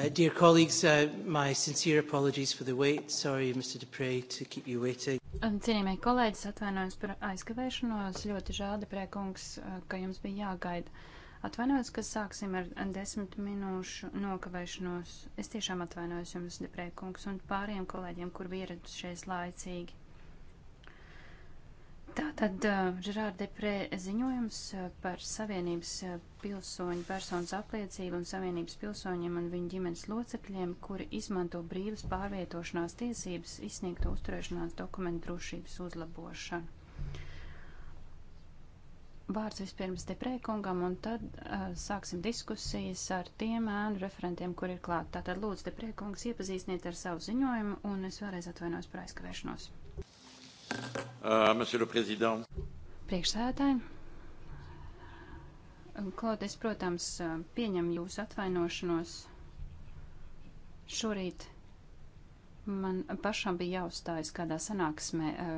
Uh, dear colleagues, uh, my sincere apologies for the wait. Sorry, Mr. Dupre, to keep you waiting. Um, cienījamie kolēģis, atvainojos par aizkavēšanos. Ļoti žēl, Dupre, kungs, uh, ka jums bija jāgaida. Atvainojos, ka sāksim ar desmit minūšu nokavēšanos. Es tiešām atvainojos jums, Dupre, kungs, un pāriem kolēģiem, kur bija ieradušies laicīgi. Tātad Žerāra Deprē ziņojums par Savienības pilsoņu personas apliecību un Savienības pilsoņiem un viņu ģimenes locekļiem, kuri izmanto brīvas pārvietošanās tiesības, izsniegto uzturēšanās dokumentu drošības uzlabošanu. Vārds vispirms Deprē kungam, un tad uh, sāksim diskusijas ar tiem ēnu referentiem, kur ir klāt. Tātad lūdzu, Deprē kungs, iepazīstiniet ar savu ziņojumu, un es vēlreiz atvainojos par aizkavēšanos. Thank you. Euh, priekšsēdētāji, Klot, es, protams, pieņemu jūsu atvainošanos. Šorīt man pašam bija jāuzstājas kādā sanāksmē eh,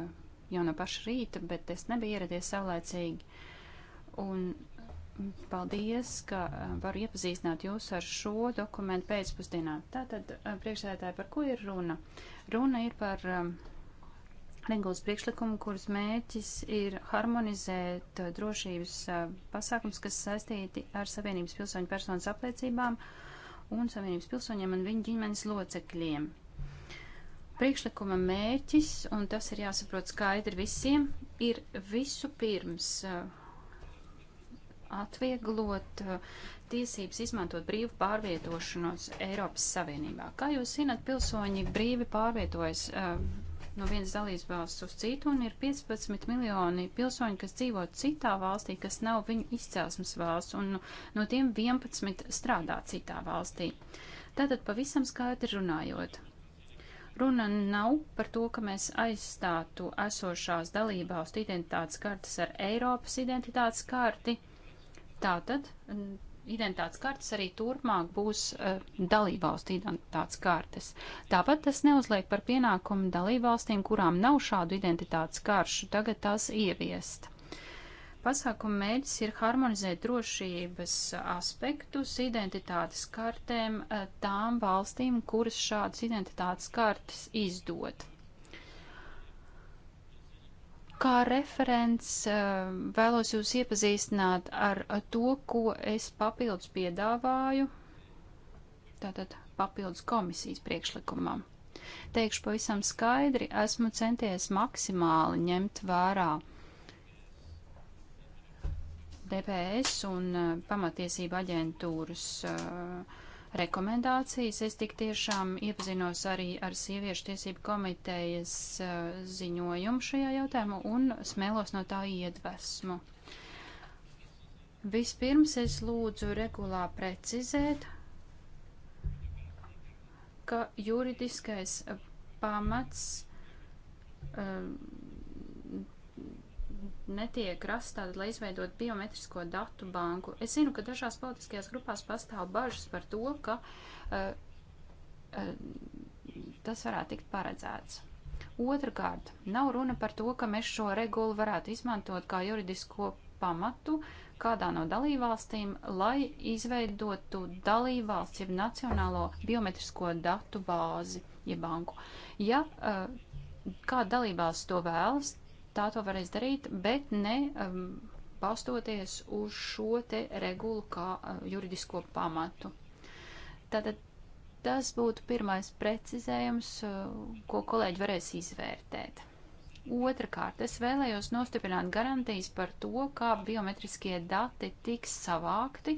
jau no paša rīta, bet es nebiju ieradies saulēcīgi. Un paldies, ka eh, varu iepazīstināt jūs ar šo dokumentu pēcpusdienā. Tātad, eh, priekšsēdētāji, par ko ir runa? Runa ir par um, regulas priekšlikumu, kuras mērķis ir harmonizēt uh, drošības uh, pasākums, kas saistīti ar Savienības pilsoņu personas apliecībām un Savienības pilsoņiem un viņu ģimenes locekļiem. Priekšlikuma mērķis, un tas ir jāsaprot skaidri visiem, ir visu pirms uh, atvieglot tiesības izmantot brīvu pārvietošanos Eiropas Savienībā. Kā jūs zinat, pilsoņi brīvi pārvietojas no vienas dalības valsts uz citu, un ir 15 miljoni pilsoņi, kas dzīvo citā valstī, kas nav viņu izcelsmes valsts, un no tiem 11 strādā citā valstī. Tātad pavisam skaidri runājot. Runa nav par to, ka mēs aizstātu esošās dalībvalstu identitātes kartes ar Eiropas identitātes karti. Tātad identitātes kartes arī turpmāk būs uh, eh, dalībvalstu identitātes kartes. Tāpat tas neuzliek par pienākumu dalībvalstīm, kurām nav šādu identitātes karšu, tagad tās ieviest. Pasākuma mērķis ir harmonizēt drošības aspektus identitātes kartēm eh, tām valstīm, kuras šādas identitātes kartes izdod. Kā referents eh, vēlos jūs iepazīstināt ar to, ko es papildus piedāvāju, tātad papildus komisijas priekšlikumam. Teikšu pavisam skaidri, esmu centies maksimāli ņemt vērā DPS un eh, pamatiesība aģentūras uh, rekomendācijas. Es tik tiešām iepazinos arī ar sieviešu tiesību komitejas uh, ziņojumu šajā jautājumā un smēlos no tā iedvesmu. Vispirms es lūdzu regulā precizēt, ka juridiskais pamats um, netiek rasts tātad, lai izveidot biometrisko datu banku. Es zinu, ka dažās politiskajās grupās pastāv bažas par to, ka uh, uh, tas varētu tikt paredzēts. Otrakārt, nav runa par to, ka mēs šo regulu varētu izmantot kā juridisko pamatu kādā no dalībvalstīm, lai izveidotu dalībvalsts jeb nacionālo biometrisko datu bāzi jeb banku. Ja uh, kāda dalībvalsts to vēlas, tā to varēs darīt, bet ne um, balstoties uz šo te regulu kā uh, juridisko pamatu. Tātad tas būtu pirmais precizējums, uh, ko kolēģi varēs izvērtēt. Otrakārt, es vēlējos nostiprināt garantijas par to, kā biometriskie dati tiks savākti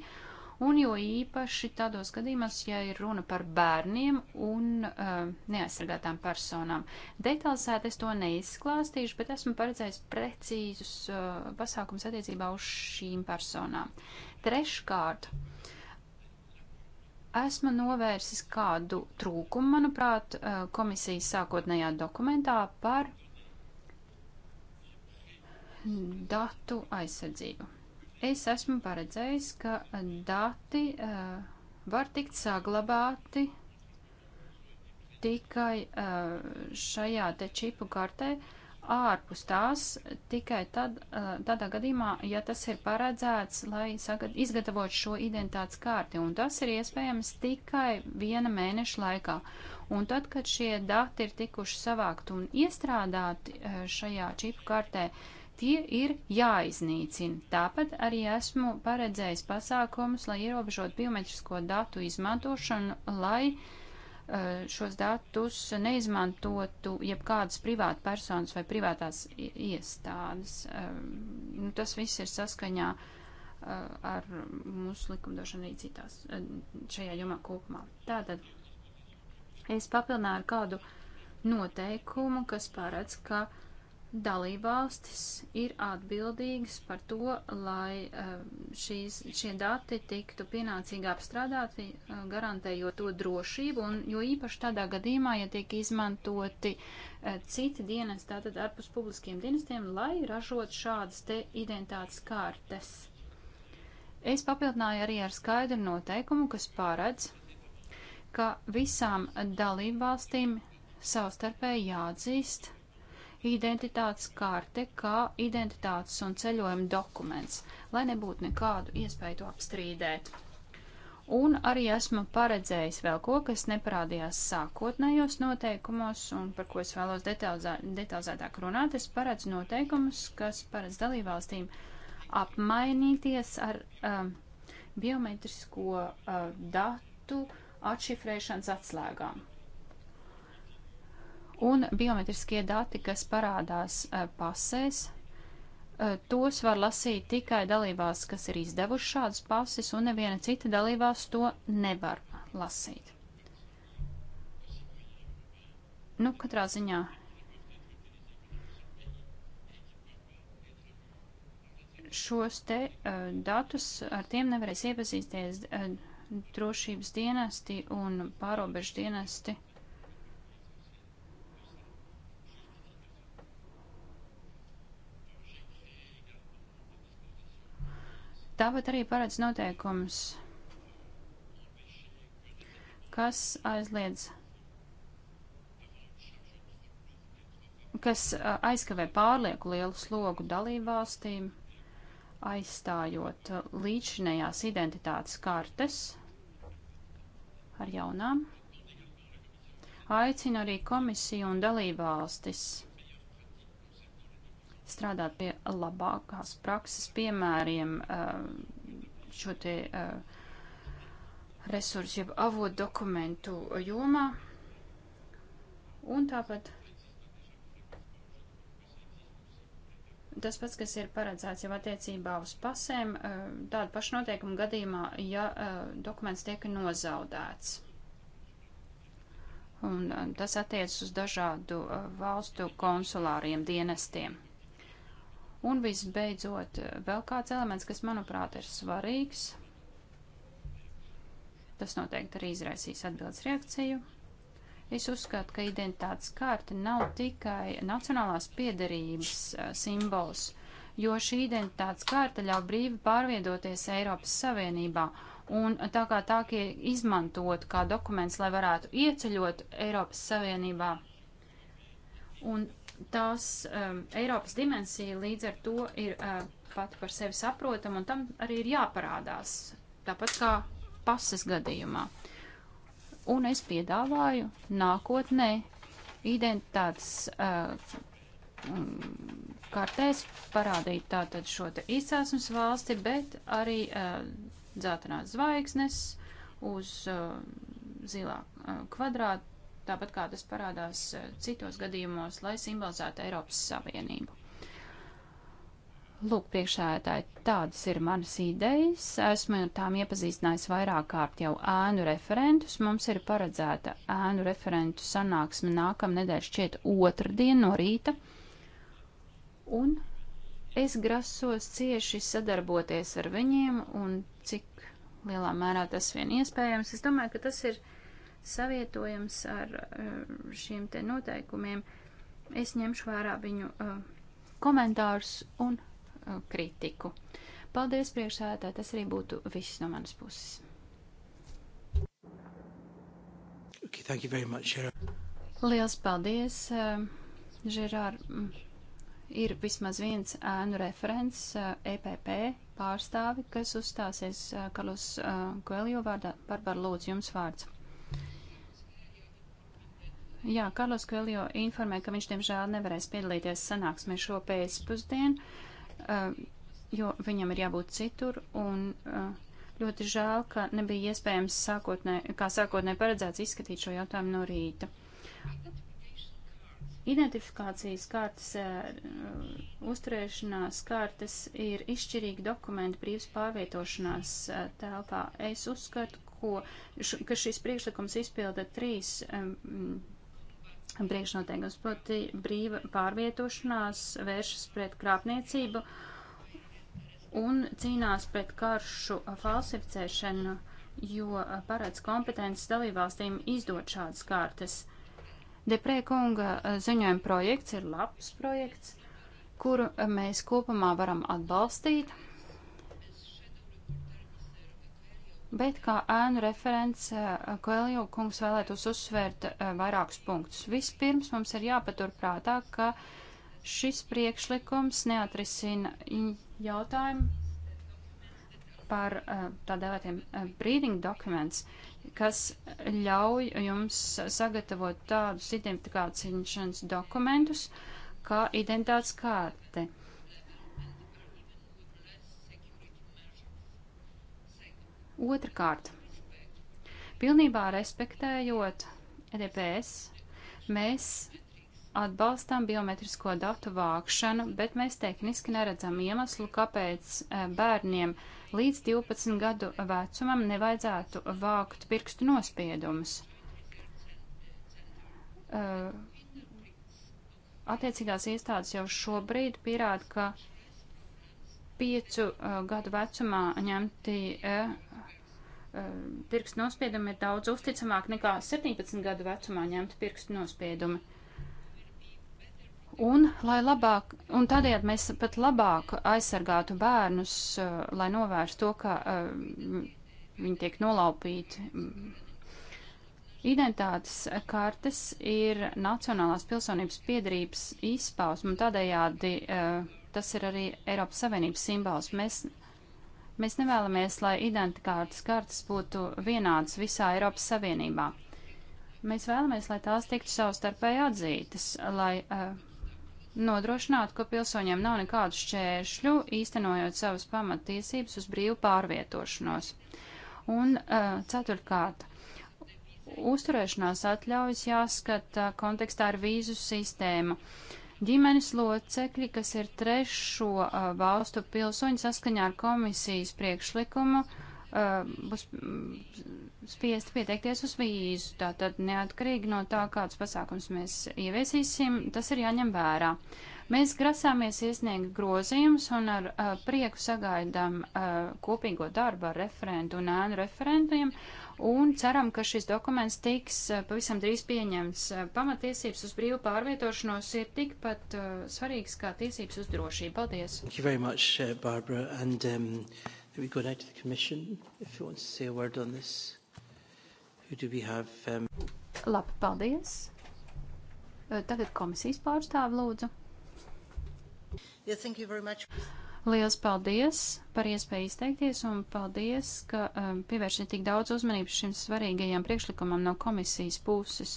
un jo īpaši tādos gadījumos, ja ir runa par bērniem un uh, neaizsargātām personām. Detalizēti es to neizklāstīšu, bet esmu paredzējis precīzus uh, pasākums attiecībā uz šīm personām. Treškārt, esmu novērsis kādu trūkumu, manuprāt, uh, komisijas sākotnējā dokumentā par datu aizsardzību. Es esmu paredzējis, ka eh, dati uh, var tikt saglabāti tikai uh, šajā te čipu kartē, ārpus tās tikai tad, uh, tādā gadījumā, ja tas ir paredzēts, lai sagad, izgatavot šo identitātes karti. Un tas ir iespējams tikai viena mēneša laikā. Un tad, kad šie dati ir tikuši savākt un iestrādāti uh, šajā čipu kartē, uh, Tie ir jāiznīcina. Tāpat arī esmu paredzējis pasākumus, lai ierobežotu biometrisko datu izmantošanu, lai eh, šos datus neizmantotu jebkādas privāta personas vai privātās iestādes. Eh, nu, tas viss ir saskaņā eh, ar mūsu likumdošanu arī citās šajā jomā kopumā. Tātad es papilnāju ar kādu noteikumu, kas paredz, ka uh, dalībvalstis ir atbildīgas par to, lai eh, šīs, šie dati tiktu pienācīgi apstrādāti, eh, garantējot to drošību, un jo īpaši tādā gadījumā, ja tiek izmantoti eh, citi dienesti, tātad ārpus publiskiem dienestiem, lai ražot šādas te identitātes kārtas. Es papildināju arī ar skaidru noteikumu, kas paredz, ka visām dalībvalstīm savstarpēji jāatzīst identitātes karte kā identitātes un ceļojuma dokuments, lai nebūtu nekādu iespēju to apstrīdēt. Un arī esmu paredzējis vēl ko, kas neparādījās sākotnējos noteikumos un par ko es vēlos detalizā, detalizētāk runāt. Es paredzu noteikumus, kas paredz dalībvalstīm apmainīties ar um, biometrisko uh, datu atšifrēšanas atslēgām un biometriskie dati, kas parādās e, pasēs, e, tos var lasīt tikai dalībās, kas ir izdevuši šādus pases, un neviena cita dalībās to nevar lasīt. Nu, katrā ziņā šos te uh, datus ar tiem nevarēs iepazīties uh, drošības dienesti un pārobežu dienesti. Uh, Tāpat arī paredz noteikums, kas aizliedz, kas aizkavē pārlieku lielu slogu dalībvalstīm, aizstājot līdzinējās identitātes kartes ar jaunām. Aicinu arī komisiju un dalībvalstis strādāt pie labākās prakses piemēriem eh, šo te eh, resursu, jeb avotu dokumentu jomā. Un tāpat tas pats, kas ir paredzēts jau attiecībā uz pasēm, eh, tāda paša noteikuma gadījumā, ja dokuments tiek nozaudēts. Un tas attiecas uz dažādu valstu konsulāriem dienestiem. Un visbeidzot, vēl kāds elements, kas manuprāt ir svarīgs, tas noteikti arī izraisīs atbildes reakciju. Es uzskatu, ka identitātes karte nav tikai nacionālās piedarības eh, simbols, jo šī identitātes karte ļauj brīvi pārviedoties Eiropas Savienībā un tā kā tā tiek izmantot kā dokuments, lai varētu ieceļot Eiropas Savienībā. Un tās um, Eiropas dimensija līdz ar to ir uh, pati par sevi saprotama, un tam arī ir jāparādās, tāpat kā pasas gadījumā. Un es piedāvāju nākotnē identitātes uh, mm, kartēs parādīt tātad šo te izcelsmes valsti, bet arī uh, dzeltenās zvaigznes uz uh, zilā uh, kvadrāta tāpat kā tas parādās eh, citos gadījumos, lai simbolizētu Eiropas Savienību. Lūk, priekšsēdētāji, tādas ir manas idejas. Esmu ar tām iepazīstinājis vairāk kārt jau ēnu referentus. Mums ir paredzēta ēnu referentu sanāksme nākamnedēļ šķiet otrdien no rīta. Un es grasos cieši sadarboties ar viņiem un cik lielā mērā tas vien iespējams. Es domāju, ka tas ir savietojams ar eh, šiem te noteikumiem, es ņemšu vērā viņu eh, komentārus un eh, kritiku. Paldies priekšsētā, tas arī būtu viss no manas puses. Okay, thank you very much, Gerard. Liels paldies, Žerār. Mm, ir vismaz viens ēnu referents EPP e pārstāvi, kas uzstāsies Kalus Kvēljo vārdā. Barbara, lūdzu, jums vārds. Jā, Karlos Kveljo informē, ka viņš, diemžēl, nevarēs piedalīties sanāksmē šo pēcpusdienu, uh, eh, jo viņam ir jābūt citur, un uh, ļoti žēl, ka nebija iespējams sākotnē, kā sākotnē paredzēts izskatīt šo jautājumu no rīta. Identifikācijas kartes, uh, uzturēšanās kartes ir izšķirīgi dokumenti brīvs pārvietošanās uh, telpā. Es uzskatu, ko, š, ka šis priekšlikums izpilda trīs um, priekšnoteikums, proti brīva pārvietošanās vēršas pret krāpniecību un cīnās pret karšu falsificēšanu, jo parāds kompetences dalībvalstīm izdot šādas kārtas. Deprē kunga eh, ziņojuma projekts ir labs projekts, kuru eh, mēs kopumā varam atbalstīt. bet kā ēnu referents eh, Koeliju kungs vēlētos uzsvērt eh, vairākus punktus. Vispirms mums ir jāpaturprātā, ka šis priekšlikums neatrisina jautājumu par eh, tā dēvētiem breeding documents, kas ļauj jums sagatavot tādus identifikācijas dokumentus kā identitātes kārte. Uh, Otrakārt, pilnībā respektējot EDPS, mēs atbalstām biometrisko datu vākšanu, bet mēs tehniski neredzam iemeslu, kāpēc e, bērniem līdz 12 gadu vecumam nevajadzētu vākt pirkstu nospiedumus. E, attiecīgās iestādes jau šobrīd pierāda, ka piecu e, gadu vecumā ņemti Ehm, pirkstu nospiedumi ir daudz uzticamāk nekā 17 gadu vecumā ņemta pirkstu nospiedumi. Un, lai labāk, un tādējādi mēs pat labāk aizsargātu bērnus, eh, lai novērstu to, ka ehm, viņi tiek nolaupīti. Identitātes kartes ir nacionālās pilsonības piedarības izpausme, un tādējādi eh, tas ir arī Eiropas Savienības simbols. Mēs Mēs nevēlamies, lai identitātes kartes būtu vienādas visā Eiropas Savienībā. Mēs vēlamies, lai tās tiktu savstarpēji atzītas, lai uh, nodrošinātu, ka pilsoņiem nav nekādu šķēršļu, īstenojot savas pamatiesības uz brīvu pārvietošanos. Un uh, ceturtkārt, uzturēšanās atļaujas jāskata kontekstā ar vīzu sistēmu. Uh, Ģimenes locekļi, kas ir trešo uh, valstu pilsoņi saskaņā ar komisijas priekšlikumu, uh, būs spiesti pieteikties uz vīzu. Tātad neatkarīgi no tā, kāds pasākums mēs ieviesīsim, tas ir jāņem vērā. Mēs grasāmies iesniegt grozījumus un ar uh, prieku sagaidām kopīgo darbu ar referentu un ēnu referentiem. Uh, un ceram, ka šis dokuments tiks eh, pavisam drīz pieņemts. Eh, pamatiesības uz brīvu pārvietošanos ir tikpat uh, svarīgas kā tiesības uz drošību. Paldies! Much, Barbara, and, um, we go now to the Commission, if you want to say a word on this. Who do we have? Um... Labi, paldies. Tagad komisijas pārstāvu lūdzu. Yeah, thank you very much. Liels paldies par iespēju izteikties un paldies, ka um, pievēršat tik daudz uzmanības šim svarīgajam priekšlikumam no komisijas puses.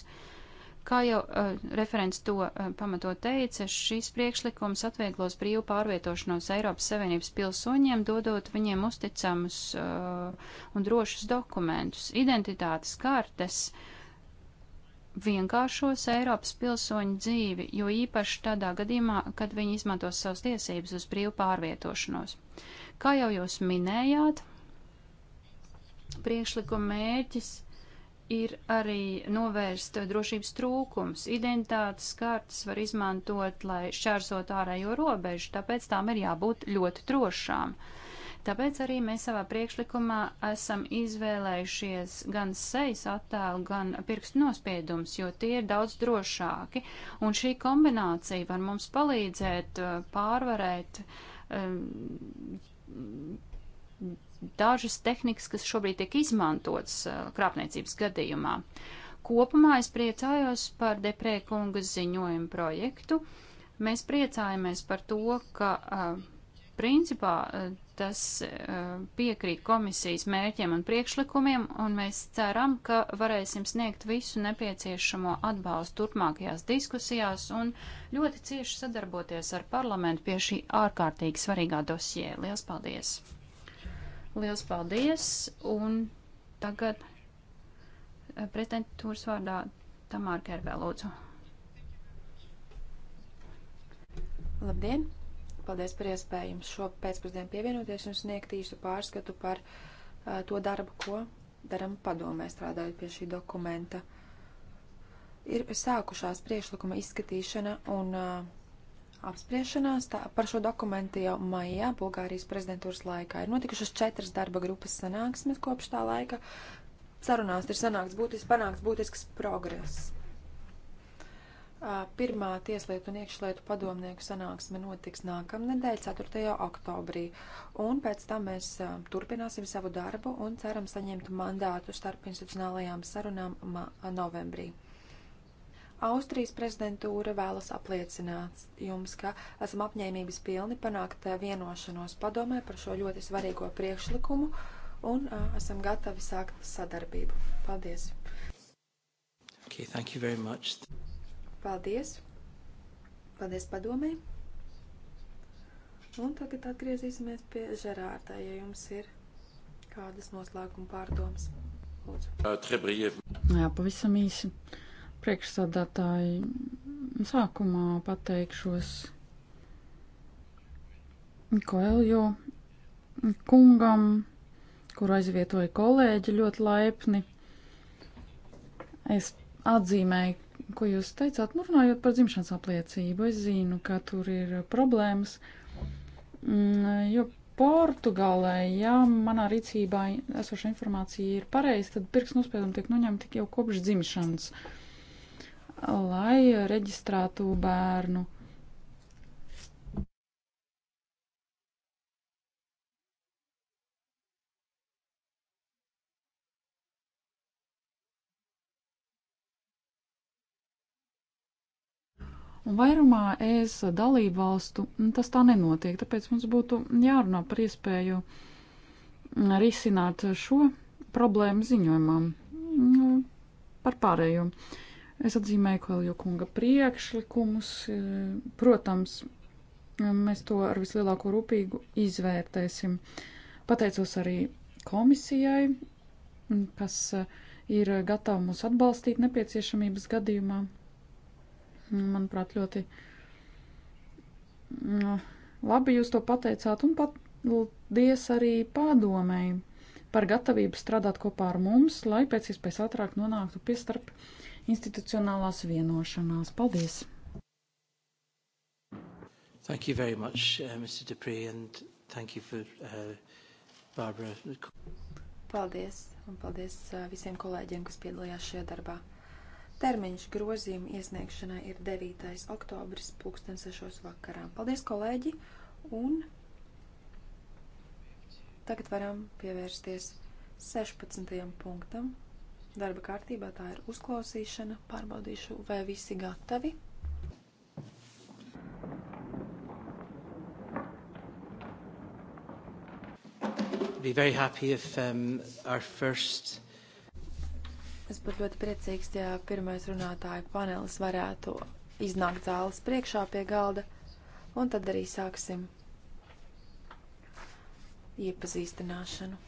Kā jau uh, referents to uh, pamatot teica, šis priekšlikums atvieglos brīvu pārvietošanos Eiropas Savienības pilsoņiem, dodot viņiem uzticamus uh, un drošus dokumentus, identitātes kartes. Uh, vienkāršos Eiropas pilsoņu dzīvi, jo īpaši tādā gadījumā, kad viņi izmantos savas tiesības uz brīvu pārvietošanos. Kā jau jūs minējāt, priekšlikuma mērķis ir arī novērst drošības trūkums. Identitātes kartas var izmantot, lai šķērsot ārējo robežu, tāpēc tām ir jābūt ļoti drošām. Uh, Tāpēc arī mēs savā priekšlikumā esam izvēlējušies gan sejas attēlu, gan pirkstu nospiedums, jo tie ir daudz drošāki. Un šī kombinācija var mums palīdzēt uh, pārvarēt um, dažas tehnikas, kas šobrīd tiek izmantotas uh, krāpniecības gadījumā. Kopumā es priecājos par deprēkungas ziņojumu projektu. Mēs priecājamies par to, ka uh, principā uh, tas eh, piekrīt komisijas mērķiem un priekšlikumiem, un mēs ceram, ka varēsim sniegt visu nepieciešamo atbalstu turpmākajās diskusijās un ļoti cieši sadarboties ar parlamentu pie šī ārkārtīgi svarīgā dosjē. Lielas paldies! Lielas paldies! Un tagad eh, pretendentūras vārdā Tamāra Kervēlūdzu. Labdien! Paldies par iespēju jums šo pēcpusdienu pievienoties un sniegt īsu pārskatu par uh, to darbu, ko daram padomē strādājot pie šī dokumenta. Ir sākušās priešlikuma izskatīšana un uh, apspriešanās tā, par šo dokumentu jau maijā Bulgārijas prezidentūras laikā. Ir notikušas četras darba grupas sanāksmes kopš tā laika. Sarunās ir sanāks būtis, panāks būtisks progress. Pirmā tieslietu un iekšlietu padomnieku sanāksme notiks nākamnedēļ, 4. oktobrī. Un pēc tam mēs turpināsim savu darbu un ceram saņemt mandātu starp institucionālajām sarunām novembrī. Austrijas prezidentūra vēlas apliecināt jums, ka esam apņēmības pilni panākt vienošanos padomē par šo ļoti svarīgo priekšlikumu un uh, esam gatavi sākt sadarbību. Paldies! Okay, thank you very much. Paldies! Paldies padomē! Un tagad atgriezīsimies pie Žerārda, ja jums ir kādas noslēguma pārdomas. Lūdzu. Jā, pavisam īsi. Priekšsādātāji sākumā pateikšos Koeljo kungam, kur aizvietoja kolēģi ļoti laipni. Es atzīmēju ko jūs teicāt, nu runājot par dzimšanas apliecību, es zinu, ka tur ir problēmas, mm, jo Portugālē, ja manā rīcībā esoša informācija ir pareiza, tad pirksnospiedumi tiek noņemti jau kopš dzimšanas, lai reģistrētu bērnu Vairumā ES dalību valstu tas tā nenotiek, tāpēc mums būtu jārunā par iespēju risināt šo problēmu ziņojumam nu, par pārējo. Es atzīmēju Koelju kunga priekšlikumus. Protams, mēs to ar vislielāko rūpīgu izvērtēsim. Pateicos arī komisijai, kas ir gatava mūs atbalstīt nepieciešamības gadījumā manuprāt, ļoti nu, labi jūs to pateicāt, un paldies arī pārdomēji par gatavību strādāt kopā ar mums, lai pēc iespējas ātrāk nonāktu pie starp institucionālās vienošanās. Paldies! Thank you very much, uh, Mr. Dupree, and thank you for uh, Barbara. Paldies, un paldies uh, visiem kolēģiem, kas piedalījās šajā darbā. Termiņš grozījuma iesniegšanai ir 9. oktobris 2006. vakarā. Paldies, kolēģi! Un tagad varam pievērsties 16. punktam. Darba kārtībā tā ir uzklausīšana. Pārbaudīšu, vai visi gatavi. Be very happy if um, our first Es būtu ļoti priecīgs, ja pirmais runātāju panelis varētu iznākt zāles priekšā pie galda, un tad arī sāksim iepazīstināšanu.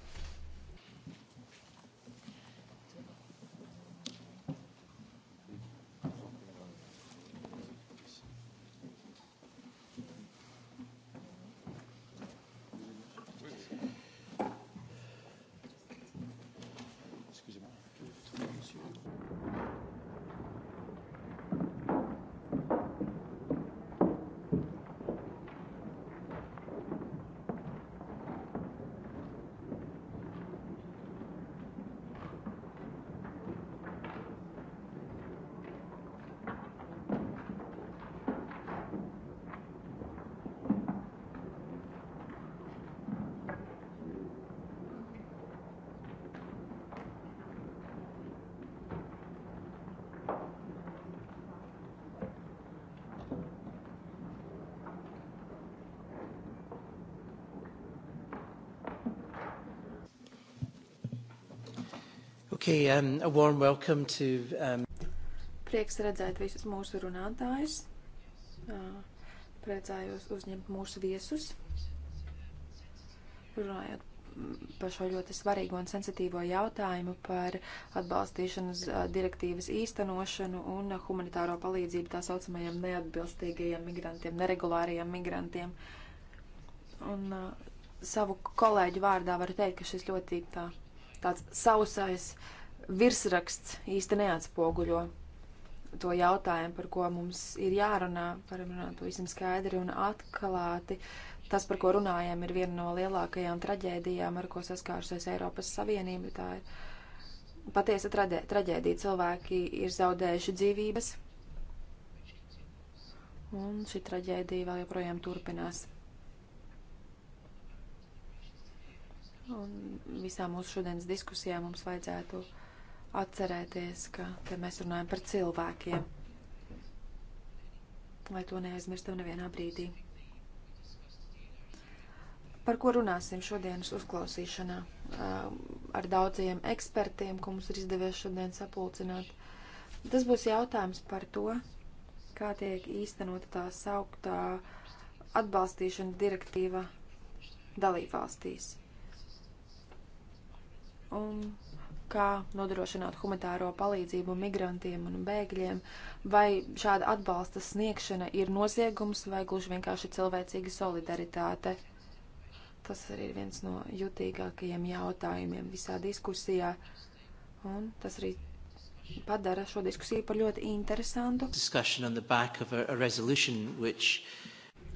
Okay, um, a warm welcome to. Um... Prieks redzēt visus mūsu runātājus. Uh, priecājos uzņemt mūsu viesus. Runājot mm, par šo ļoti svarīgo un sensitīvo jautājumu par atbalstīšanas direktīvas īstenošanu un humanitāro palīdzību tā saucamajiem neatbilstīgajiem migrantiem, neregulārajiem migrantiem. Un uh, savu kolēģu vārdā varu teikt, ka šis ļoti tā, tāds sausais uh, virsraksts īsti neatspoguļo to jautājumu, par ko mums ir jārunā, varam runāt pavisam skaidri un atklāti. Tas, par ko runājam, ir viena no lielākajām traģēdijām, ar ko saskārusies Eiropas Savienība. Tā ir patiesa traģēdija. Cilvēki ir zaudējuši dzīvības, un šī traģēdija vēl joprojām turpinās. Un visā mūsu šodienas diskusijā mums vajadzētu uh, atcerēties, ka te mēs runājam par cilvēkiem. Lai to neaizmirstam nevienā brīdī. Par ko runāsim šodienas uzklausīšanā? Ar daudziem ekspertiem, ko mums ir izdevies šodien sapulcināt. Tas būs jautājums par to, kā tiek īstenota tā sauktā atbalstīšana direktīva dalībvalstīs. Un kā nodrošināt humanitāro palīdzību migrantiem un bēgļiem, vai šāda atbalsta sniegšana ir noziegums vai gluži vienkārši cilvēcīga solidaritāte. Tas arī ir viens no jutīgākajiem jautājumiem visā diskusijā, un tas arī padara šo diskusiju par ļoti interesantu.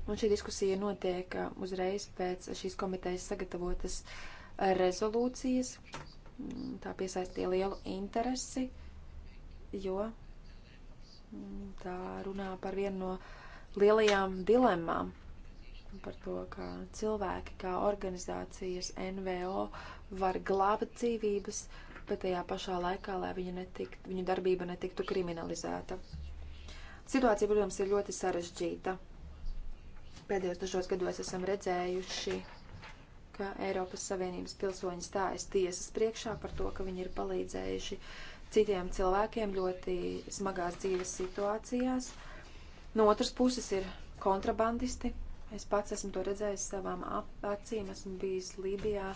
Un šī diskusija notiek uh, uzreiz pēc šīs komitejas sagatavotas uh, rezolūcijas, tā piesaistīja lielu interesi, jo mm, tā runā par vienu no lielajām dilemmām, par to, kā cilvēki, kā organizācijas, NVO var glābt dzīvības, bet tajā pašā laikā, lai viņu, netikt, viņu darbība netiktu kriminalizēta. Situācija, protams, ir ļoti sarežģīta. Pēdējos dažos gados esam redzējuši ka Eiropas Savienības pilsoņi stājas tiesas priekšā par to, ka viņi ir palīdzējuši citiem cilvēkiem ļoti smagās dzīves situācijās. No otras puses ir kontrabandisti. Es pats esmu to redzējis savām acīm, esmu bijis Lībijā,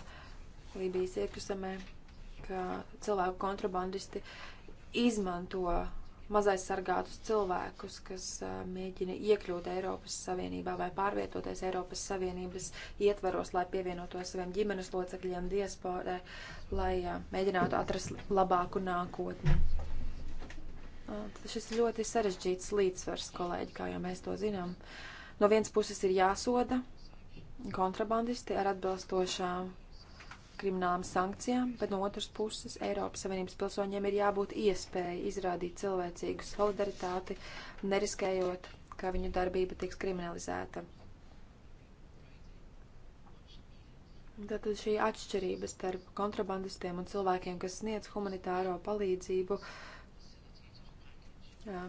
Lībijas iekšzemē, ka cilvēku kontrabandisti izmanto mazaizsargātus cilvēkus, kas uh, mēģina iekļūt Eiropas Savienībā vai pārvietoties Eiropas Savienības ietvaros, lai pievienotos saviem ģimenes locekļiem, diasporē, lai uh, mēģinātu atrast labāku nākotni. Uh, šis ir ļoti sarežģīts līdzsvars, kolēģi, kā jau mēs to zinām. No vienas puses ir jāsoda kontrabandisti ar atbilstošām kriminālām sankcijām, bet no otras puses Eiropas Savienības pilsoņiem ir jābūt iespēja izrādīt cilvēcīgu solidaritāti, neriskējot, ka viņu darbība tiks kriminalizēta. Tātad šī atšķirība starp kontrabandistiem un cilvēkiem, kas sniedz humanitāro palīdzību, uh,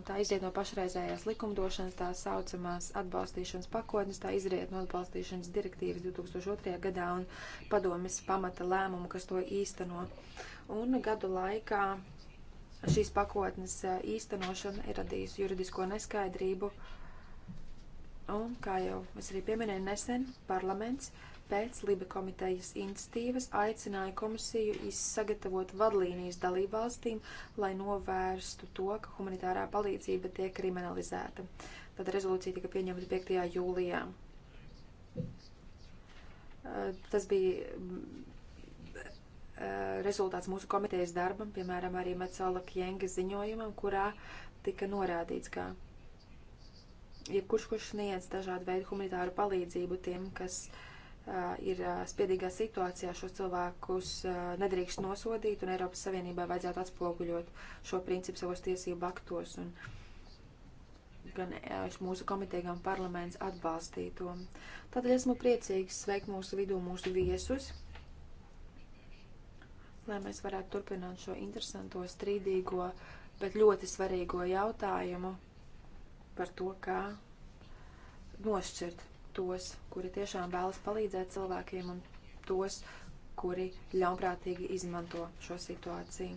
Tā izriet no pašreizējās likumdošanas, tā saucamās atbalstīšanas pakotnes, tā izriet no atbalstīšanas direktīvas 2002. gadā un padomis pamata lēmumu, kas to īsteno. Un gadu laikā šīs pakotnes īstenošana ir radījusi juridisko neskaidrību. Un, kā jau es arī pieminēju nesen, parlaments uh, pēc Liba komitejas institīvas aicināja komisiju izsagatavot vadlīnijas dalībvalstīm, lai novērstu to, ka humanitārā palīdzība tiek kriminalizēta. Tad rezolūcija tika pieņemta 5. jūlijā. Eh, tas bija eh, rezultāts mūsu komitejas darbam, piemēram, arī Mecola Kjenga ziņojumam, kurā tika norādīts, ka jebkurš, kurš sniedz dažādu veidu humanitāru palīdzību tiem, kas uh, Uh, ir uh, spiedīgā situācijā šos cilvēkus uh, nedrīkst nosodīt, un Eiropas Savienībai vajadzētu atspoguļot šo principu savos tiesību aktos. Un, gan mūsu komiteja, gan parlaments atbalstīja to. Tādēļ esmu priecīgs sveikt mūsu vidū mūsu viesus, lai mēs varētu turpināt šo interesanto, strīdīgo, bet ļoti svarīgo jautājumu par to, kā nošķirt tos, kuri tiešām vēlas palīdzēt cilvēkiem un tos, kuri ļaunprātīgi izmanto šo situāciju.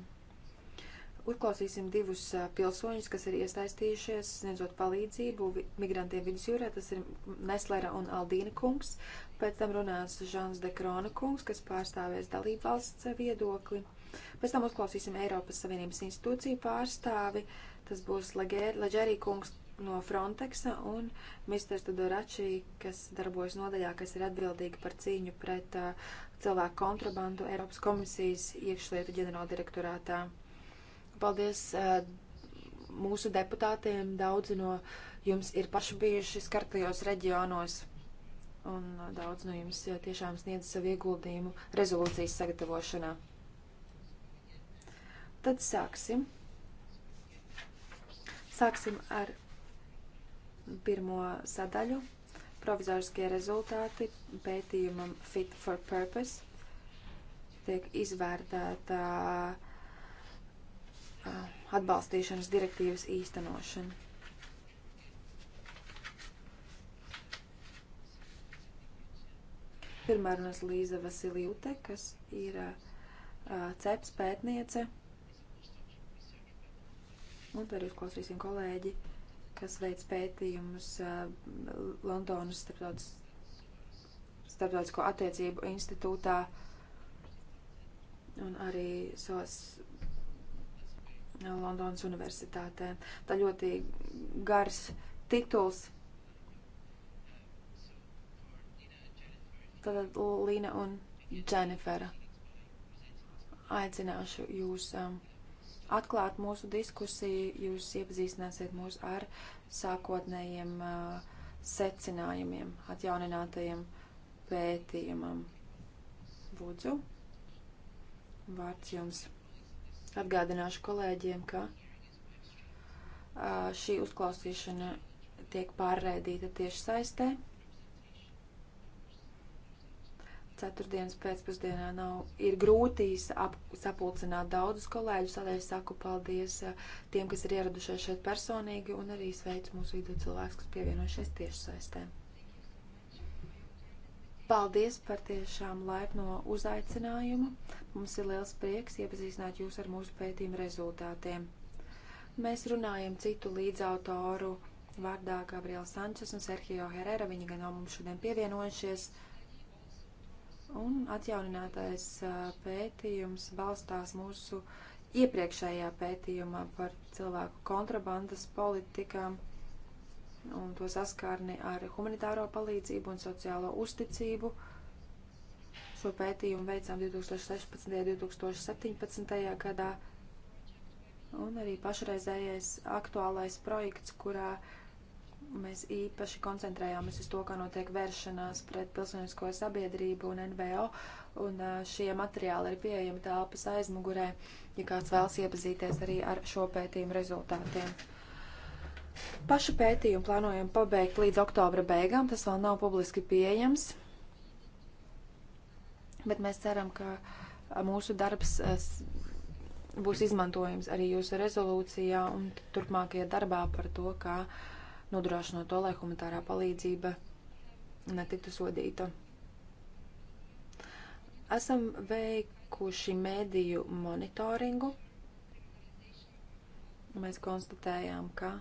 Uzklausīsim divus pilsoņus, kas ir iesaistījušies sniedzot palīdzību migrantiem vidusjūrē. Tas ir Neslera un Aldīna kungs. Pēc tam runās Žans de Krona kungs, kas pārstāvēs dalību valsts viedokli. Pēc tam uzklausīsim Eiropas Savienības institūciju pārstāvi. Tas būs Leģērī kungs, no Frontexa un Mr. Tudoračī, kas darbojas nodaļā, kas ir atbildīga par cīņu pret uh, cilvēku kontrabandu Eiropas komisijas iekšlietu ģenerāldirektorātā. Paldies uh, mūsu deputātiem, daudzi no jums ir paši bijuši skartajos reģionos un uh, daudz no jums uh, tiešām sniedz savu ieguldījumu rezolūcijas sagatavošanā. Tad sāksim. Sāksim ar pirmo sadaļu - provizoriskie rezultāti pētījumam Fit for Purpose. Tiek izvērtēta um, atbalstīšanas direktīvas īstenošana. Pirmā runas Līza Vasiljūte, kas ir uh, CEPS pētniece. Un tad uzklausīsim kolēģi kas veids pētījumus uh, Londonas starptautisko attiecību institūtā un arī SOS Londonas universitātē. Tā ļoti gars tituls. Tātad Līna un Dženifera. Aicināšu jūs um, atklāt mūsu diskusiju, jūs iepazīstināsiet mūs ar sākotnējiem uh, secinājumiem, atjauninātajiem pētījumam. Lūdzu, vārds jums. Atgādināšu kolēģiem, ka uh, šī uzklausīšana tiek pārraidīta tieši saistē. ceturtdienas pēcpusdienā nav, ir grūti ap, sapulcināt daudzus kolēģus, tādēļ saku paldies eh, tiem, kas ir ieradušies šeit personīgi, un arī sveicu mūsu vidū cilvēks, kas pievienojušies tieši saistē. Paldies par tiešām laipno uzaicinājumu. Mums ir liels prieks iepazīstināt jūs ar mūsu pētījumu rezultātiem. Mēs runājam citu līdzautoru vārdā Gabriela Sančes un Sergio Herrera. Viņi gan nav mums šodien pievienojušies. Uh, Un atjauninātais pētījums balstās mūsu iepriekšējā pētījumā par cilvēku kontrabandas politikām un to saskārni ar humanitāro palīdzību un sociālo uzticību. Šo pētījumu veicām 2016. un 2017. gadā. Un arī pašreizējais aktuālais projekts, kurā uh, Mēs īpaši koncentrējāmies uz to, kā notiek vēršanās pret pilsonisko sabiedrību un NVO, un šie materiāli ir pieejami telpas aizmugurē, ja kāds vēlas iepazīties arī ar šo pētījumu rezultātiem. Pašu pētījumu plānojam pabeigt līdz oktobra beigām, tas vēl nav publiski pieejams, bet mēs ceram, ka mūsu darbs būs izmantojams arī jūsu rezolūcijā un turpmākajā darbā par to, kā. Ka nodrošinot to, lai humanitārā palīdzība netiktu sodīta. Esam veikuši mediju monitoringu. Mēs konstatējām, ka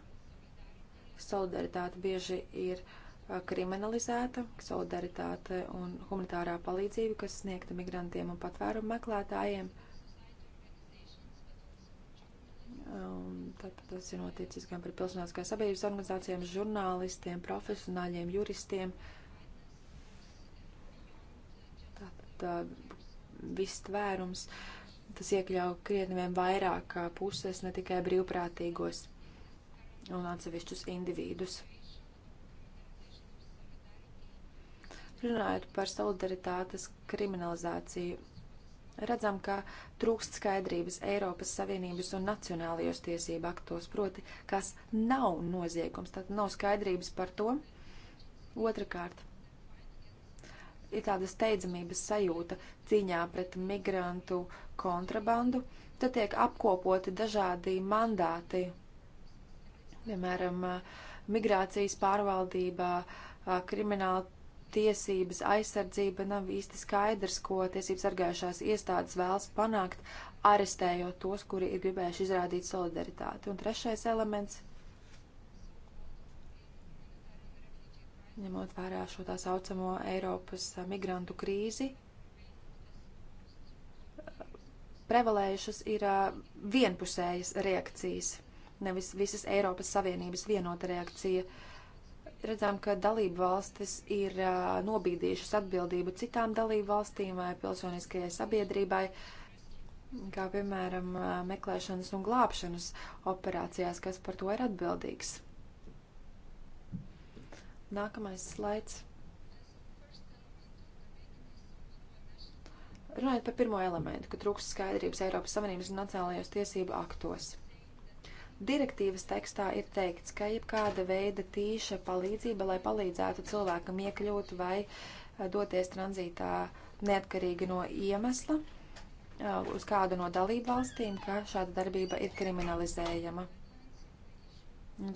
solidaritāte bieži ir kriminalizēta, solidaritāte un humanitārā palīdzība, kas sniegta migrantiem un patvērumu meklētājiem, Tātad um, tas ir noticis gan par pilsoniskās sabiedrības organizācijām, žurnālistiem, profesionāļiem, juristiem. Tātad viss tvērums, tas iekļauj krietniem vairāk uh, puses, ne tikai brīvprātīgos un atsevišķus individus. Runājot par solidaritātes kriminalizāciju, redzam, ka trūkst skaidrības Eiropas Savienības un nacionālajos tiesību aktos, proti, kas nav noziegums, tad nav skaidrības par to. Otrakārt, ir tāda steidzamības sajūta cīņā pret migrantu kontrabandu, tad tiek apkopoti dažādi mandāti, piemēram, migrācijas pārvaldībā, krimināla tiesības aizsardzība nav īsti skaidrs, ko tiesības sargājušās iestādes vēlas panākt, arestējot tos, kuri ir gribējuši izrādīt solidaritāti. Un trešais elements, ņemot vērā šo tā saucamo Eiropas migrantu krīzi, prevalējušas ir vienpusējas reakcijas, nevis visas Eiropas Savienības vienota reakcija. Uh, Redzām, ka dalību valstis ir uh, nobīdījušas atbildību citām dalību valstīm vai pilsoniskajai sabiedrībai, kā piemēram uh, meklēšanas un glābšanas operācijās, kas par to ir atbildīgs. Nākamais slaids. Runājot par pirmo elementu, ka trūks skaidrības Eiropas Savienības un nacionālajos tiesību aktos. Direktīvas tekstā ir teikts, ka jebkāda veida tīša palīdzība, lai palīdzētu cilvēkam iekļūt vai eh, doties tranzītā neatkarīgi no iemesla eh, uz kādu no dalību valstīm, ka šāda darbība ir kriminalizējama.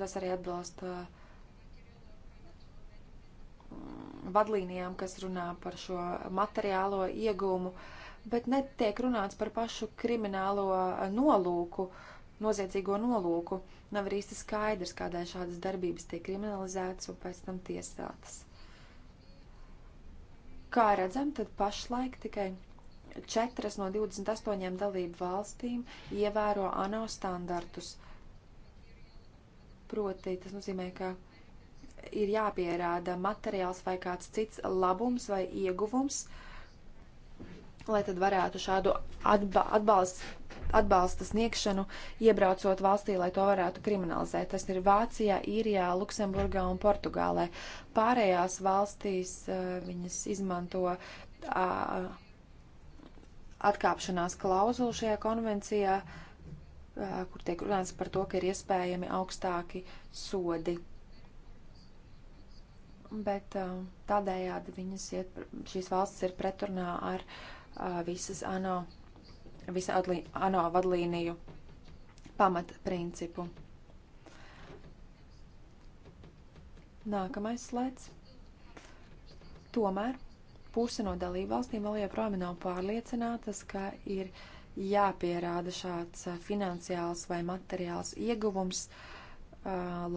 Tas arī atbilst eh, vadlīnijām, kas runā par šo materiālo iegūmu, bet netiek runāts par pašu kriminālo nolūku. Uh, noziedzīgo nolūku, nav arī īsti skaidrs, kādēļ šādas darbības tiek kriminalizētas un pēc tam tiesātas. Kā redzam, tad pašlaik tikai 4 no 28 dalību valstīm ievēro ANO standartus. Proti, tas nozīmē, ka ir jāpierāda materiāls vai kāds cits labums vai ieguvums, lai tad varētu šādu atba atbalstu atbalsta sniegšanu, iebraucot valstī, lai to varētu kriminalizēt. Tas ir Vācijā, Īrijā, Luksemburgā un Portugālē. Pārējās valstīs eh, viņas izmanto atkāpšanās klauzulu šajā konvencijā, kur tiek runāts par to, ka ir iespējami augstāki sodi. Bet tādējādi viņas iet, šīs valstis ir pretrunā ar visas ANO visa atlī, ANO vadlīniju pamatprincipu. Nākamais slaids. Tomēr puse no dalībvalstīm vēl joprojām nav pārliecinātas, ka ir jāpierāda šāds finansiāls vai materiāls ieguvums,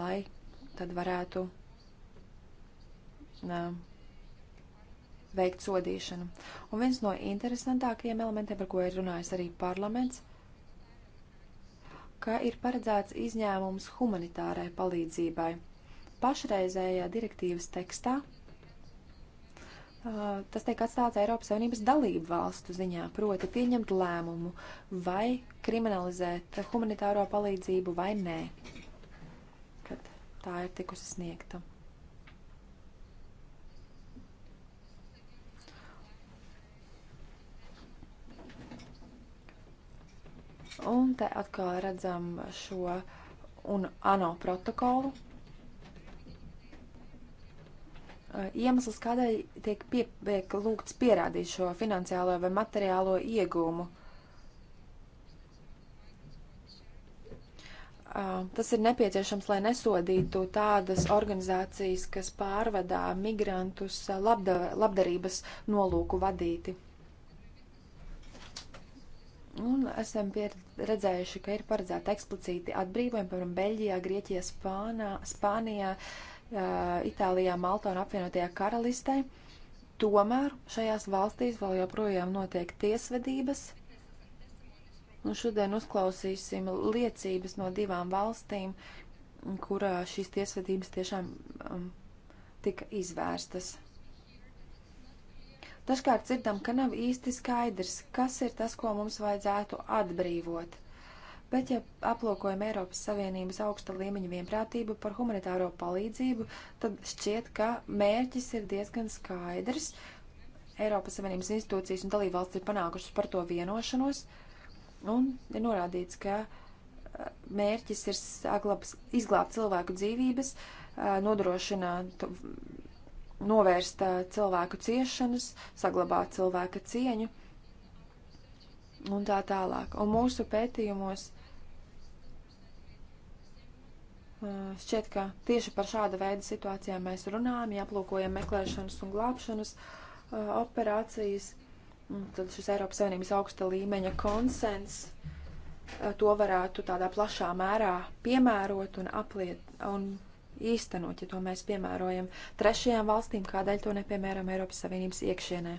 lai tad varētu veikt sodīšanu. Un viens no interesantākajiem elementiem, par ko ir runājis arī parlaments, ka ir paredzēts izņēmums humanitārai palīdzībai. Pašreizējā direktīvas tekstā uh, tas tiek atstāts Eiropas Savienības dalību valstu ziņā, proti pieņemt lēmumu, vai kriminalizēt humanitāro palīdzību vai nē, kad tā ir tikusi sniegta. Un te atkal redzam šo un ANO protokolu. Iemesls, kādēļ tiek, pie, tiek lūgts pierādīt šo finansiālo vai materiālo iegūmu. Tas ir nepieciešams, lai nesodītu tādas organizācijas, kas pārvedā migrantus labda, labdarības nolūku vadīti. Un esam redzējuši, ka ir paredzēta eksplicīti atbrīvojumi, piemēram, Beļģijā, Grieķijā, Spānā, Spānijā, Itālijā, Maltā un apvienotajā karalistē. Tomēr šajās valstīs vēl joprojām notiek tiesvedības. Un šodien uzklausīsim liecības no divām valstīm, kurā šīs tiesvedības tiešām um, tika izvērstas. Dažkārt dzirdam, ka nav īsti skaidrs, kas ir tas, ko mums vajadzētu atbrīvot. Bet, ja aplūkojam Eiropas Savienības augsta līmeņa vienprātību par humanitāro palīdzību, tad šķiet, ka mērķis ir diezgan skaidrs. Eiropas Savienības institūcijas un dalībvalsts ir panākušas par to vienošanos, un ir norādīts, ka eh, mērķis ir saglabs, izglābt cilvēku dzīvības, eh, nodrošināt novērst eh, cilvēku ciešanas, saglabāt cilvēka cieņu un tā tālāk. Un mūsu pētījumos eh, šķiet, ka tieši par šāda veida situācijām mēs runājam, ja aplūkojam meklēšanas un glābšanas eh, operācijas. Tad šis Eiropas Savienības augsta līmeņa konsens to varētu tādā plašā mērā piemērot un apliet un īstenot, ja to mēs piemērojam trešajām valstīm, kādēļ to nepiemēram Eiropas Savienības iekšienē.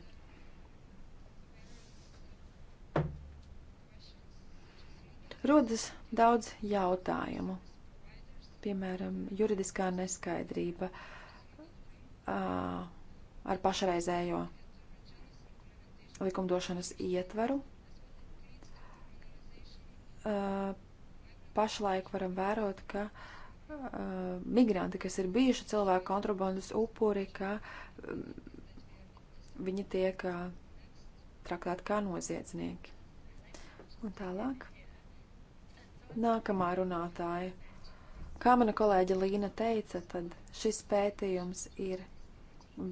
Rodas daudz jautājumu, piemēram, juridiskā neskaidrība ar pašreizējo likumdošanas ietvaru. Pašlaik varam vērot, ka uh, Uh, migranti, kas ir bijuši cilvēku kontrabandas upuri, ka um, viņi tiek uh, traktēti kā noziedznieki. Un tālāk. Nākamā runātāja. Kā mana kolēģa Līna teica, tad šis pētījums ir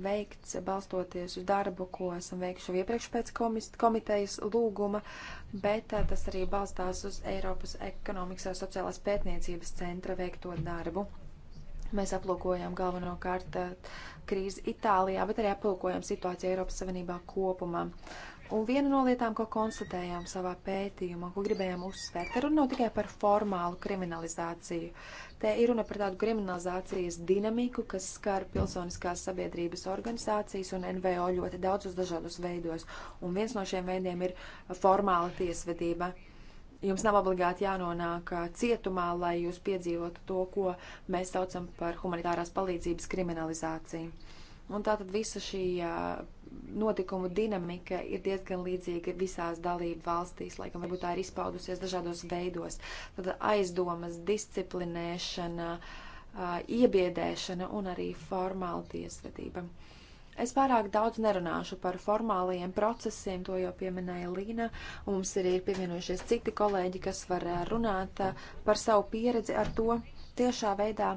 veikts balstoties uz darbu, ko esam veikuši iepriekš pēc komitejas lūguma, bet tas arī balstās uz Eiropas ekonomikas un sociālās pētniecības centra veikto darbu. Mēs aplūkojam galvenokārt krīzi Itālijā, bet arī aplūkojam situāciju Eiropas Savienībā kopumā. Un viena no lietām, ko konstatējām savā pētījumā, ko gribējām uzsvērt, te runa nav tikai par formālu kriminalizāciju. Te ir runa par tādu kriminalizācijas dinamiku, kas skar pilsoniskās sabiedrības organizācijas un NVO ļoti daudzos dažādos veidos. Un viens no šiem veidiem ir formāla tiesvedība. Jums nav obligāti jānonāk uh, cietumā, lai jūs piedzīvotu to, ko mēs saucam par humanitārās palīdzības kriminalizāciju Un tātad visa šī notikumu dinamika ir diezgan līdzīga visās dalību valstīs, laikam varbūt tā ir izpaudusies dažādos veidos. Tad aizdomas, disciplinēšana, iebiedēšana un arī formāla tiesvedība. Es pārāk daudz nerunāšu par formālajiem procesiem, to jau pieminēja Līna. Mums arī ir pievienojušies citi kolēģi, kas var runāt par savu pieredzi ar to tiešā veidā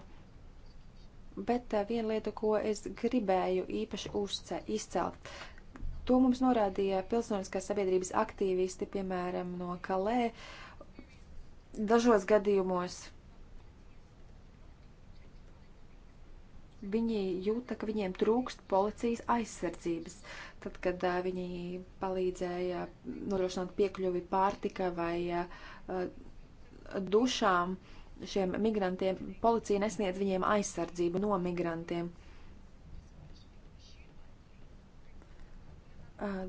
Bet eh, viena lieta, ko es gribēju īpaši uzce, izcelt, to mums norādīja pilsoniskās sabiedrības aktīvisti, piemēram, no Kalē. Dažos gadījumos viņi jūta, ka viņiem trūkst policijas aizsardzības. Tad, kad uh, viņi palīdzēja nodrošināt piekļuvi pārtika vai uh, dušām, uh, šiem migrantiem, policija nesniedz viņiem aizsardzību no migrantiem.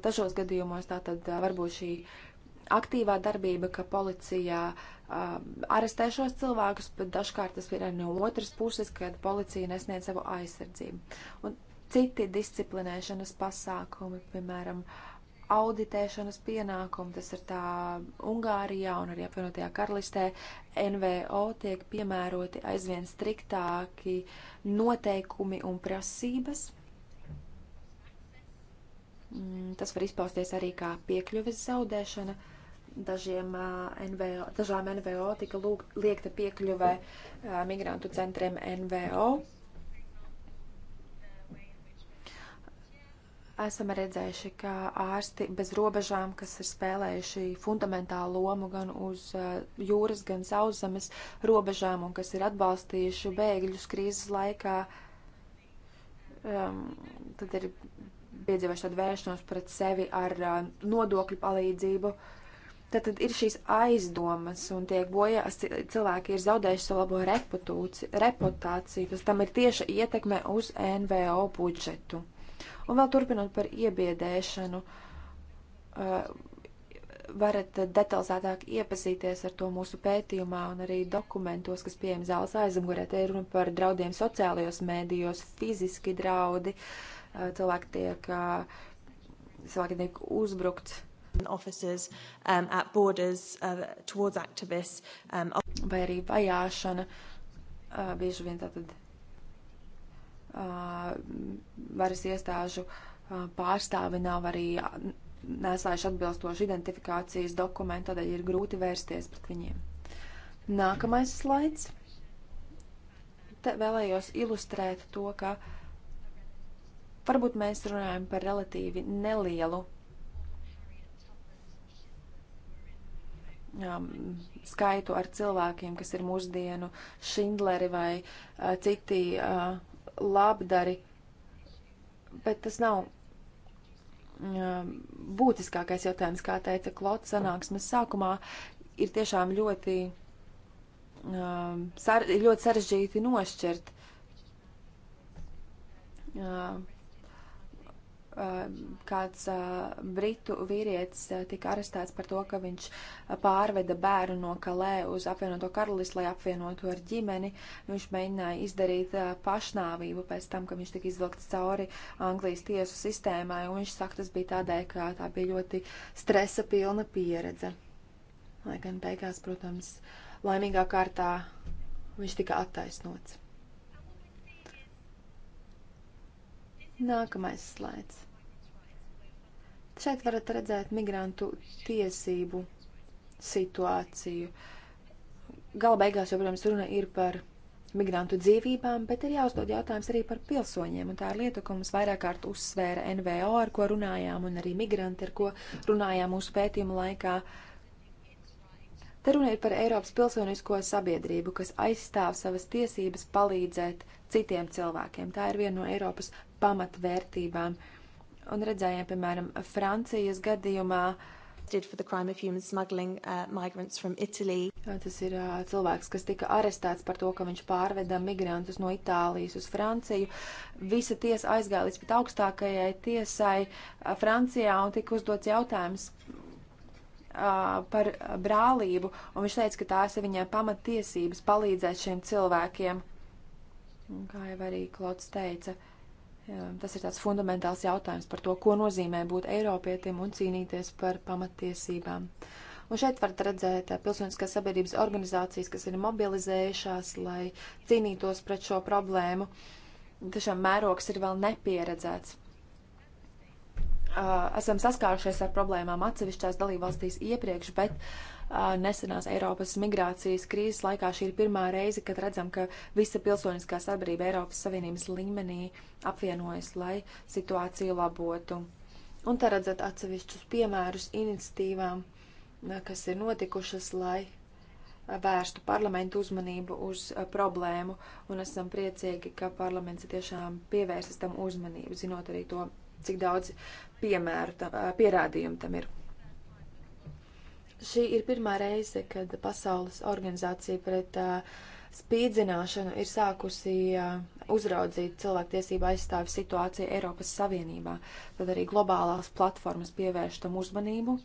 Dažos gadījumos tā tad var būt šī aktīvā darbība, ka policija arestē šos cilvēkus, bet dažkārt tas ir arī no otras puses, kad policija nesniedz savu aizsardzību. Un citi disciplinēšanas pasākumi, piemēram, uh, auditēšanas pienākumu. Tas ir tā Ungārijā un arī apvienotajā karalistē. NVO tiek piemēroti aizvien striktāki noteikumi un prasības. Mm, tas var izpausties arī kā piekļuves zaudēšana. Dažiem, NVO, dažām NVO tika lūgt, liekta piekļuvē migrantu centriem NVO Esam redzējuši, ka ārsti bez robežām, kas ir spēlējuši fundamentālu lomu gan uz uh, jūras, gan sauszemes robežām un kas ir atbalstījuši bēgļus krīzes laikā, um, tad ir piedzīvojuši tādu vēršanos pret sevi ar uh, nodokļu palīdzību. Tad, tad ir šīs aizdomas, un tiek bojā, cilvēki ir zaudējuši savu labo reputāciju. Tas tam ir tieša ietekme uz NVO budžetu. Un vēl turpinot par iebiedēšanu, eh, varat detalizētāk iepazīties ar to mūsu pētījumā un arī dokumentos, kas pieejami zāles aizmugurē. Te ir runa par draudiem sociālajos mēdījos, fiziski draudi, eh, cilvēki tiek, eh, cilvēki tiek uzbrukts officers um, at borders uh, towards activists. Um, Vai arī vajāšana, uh, bieži vien tātad varas iestāžu pārstāvi nav arī neslēgšu atbilstošu identifikācijas dokumentu, tādēļ ir grūti vērsties pret viņiem. Nākamais slaids. Te vēlējos ilustrēt to, ka varbūt mēs runājam par relatīvi nelielu um, skaitu ar cilvēkiem, kas ir mūsdienu šindleri vai uh, citi uh, labdari, bet tas nav um, būtiskākais jautājums, kā teica Klots sanāksmes sākumā, ir tiešām ļoti, um, sar, ļoti sarežģīti nošķirt um, Eh, kāds eh, britu vīrietis eh, tika arestēts par to, ka viņš pārveda bērnu no Kalē uz apvienoto karalistu, lai apvienotu ar ģimeni. Viņš mēģināja izdarīt pašnāvību pēc tam, ka viņš tika izvilkts cauri Anglijas tiesu sistēmai, un viņš saka, tas bija tādēļ, ka tā bija ļoti stresa pilna pieredze. Lai gan beigās, protams, laimīgā kārtā viņš tika attaisnots. Nākamais slaids. Šeit varat redzēt migrantu tiesību situāciju. Gala beigās jau, protams, runa ir par migrantu dzīvībām, bet ir jāuzdod jautājums arī par pilsoņiem. Un tā ir lieta, ko mums vairāk kārt uzsvēra NVO, ar ko runājām, un arī migranti, ar ko runājām mūsu pētījuma laikā. Te runa ir par Eiropas pilsonisko sabiedrību, kas aizstāv savas tiesības palīdzēt citiem cilvēkiem. Tā ir viena no Eiropas pamatvērtībām. Un redzējām, piemēram, Francijas gadījumā. Uh, Tas ir uh, cilvēks, kas tika arestēts par to, ka viņš pārveda migrantus no Itālijas uz Franciju. Visa tiesa aizgāja līdz pat augstākajai tiesai uh, Francijā un tika uzdots jautājums, uh, par brālību, un viņš teica, ka tās ir viņai pamatiesības palīdzēt šiem cilvēkiem. Un kā jau arī Klots teica, uh, Tas ir tāds fundamentāls jautājums par to, ko nozīmē būt Eiropietim un cīnīties par pamatiesībām. Un šeit varat redzēt eh, pilsoniskās sabiedrības organizācijas, kas ir mobilizējušās, lai cīnītos pret šo problēmu. Tiešām mērogs ir vēl nepieredzēts. Esam saskārušies ar problēmām atsevišķās dalībvalstīs iepriekš, bet nesenās Eiropas migrācijas krīzes laikā šī ir pirmā reize, kad redzam, ka visa pilsoniskā sabiedrība Eiropas Savienības līmenī apvienojas, lai situāciju labotu. Un te redzat atsevišķus piemērus iniciatīvām, kas ir notikušas, lai vērstu parlamentu uzmanību uz problēmu, un esam priecīgi, ka parlaments tiešām pievērsis tam uzmanību, zinot arī to, cik daudz piemēru, tā, pierādījumu tam ir. Šī ir pirmā reize, kad Pasaules organizācija pret uh, spīdzināšanu ir sākusi uh, uzraudzīt cilvēktiesību aizstāvi situāciju Eiropas Savienībā. Tad arī globālās platformas pievērš tam uzmanību.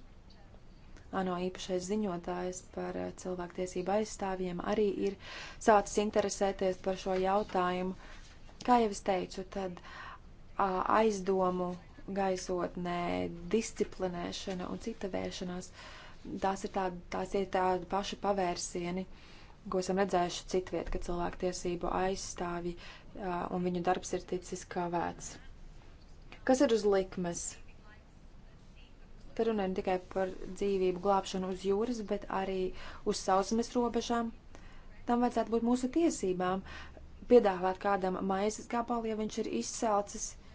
ANO īpašais ziņotājs par uh, cilvēktiesību aizstāvjiem arī ir sācis interesēties par šo jautājumu. Kā jau es teicu, tad uh, aizdomu gaisotnē disciplinēšana un cita vēršanās uh, tās ir tādi, tās ir tādi paši pavērsieni, ko esam redzējuši citviet, ka cilvēktiesību aizstāvi uh, un viņu darbs ir ticis kavēts. Kas ir uz likmes? Te runājam tikai par dzīvību glābšanu uz jūras, bet arī uz sauszemes robežām. Tam vajadzētu būt mūsu tiesībām. Piedāvāt kādam maizes gabalu, ja viņš ir izsalcis, uh,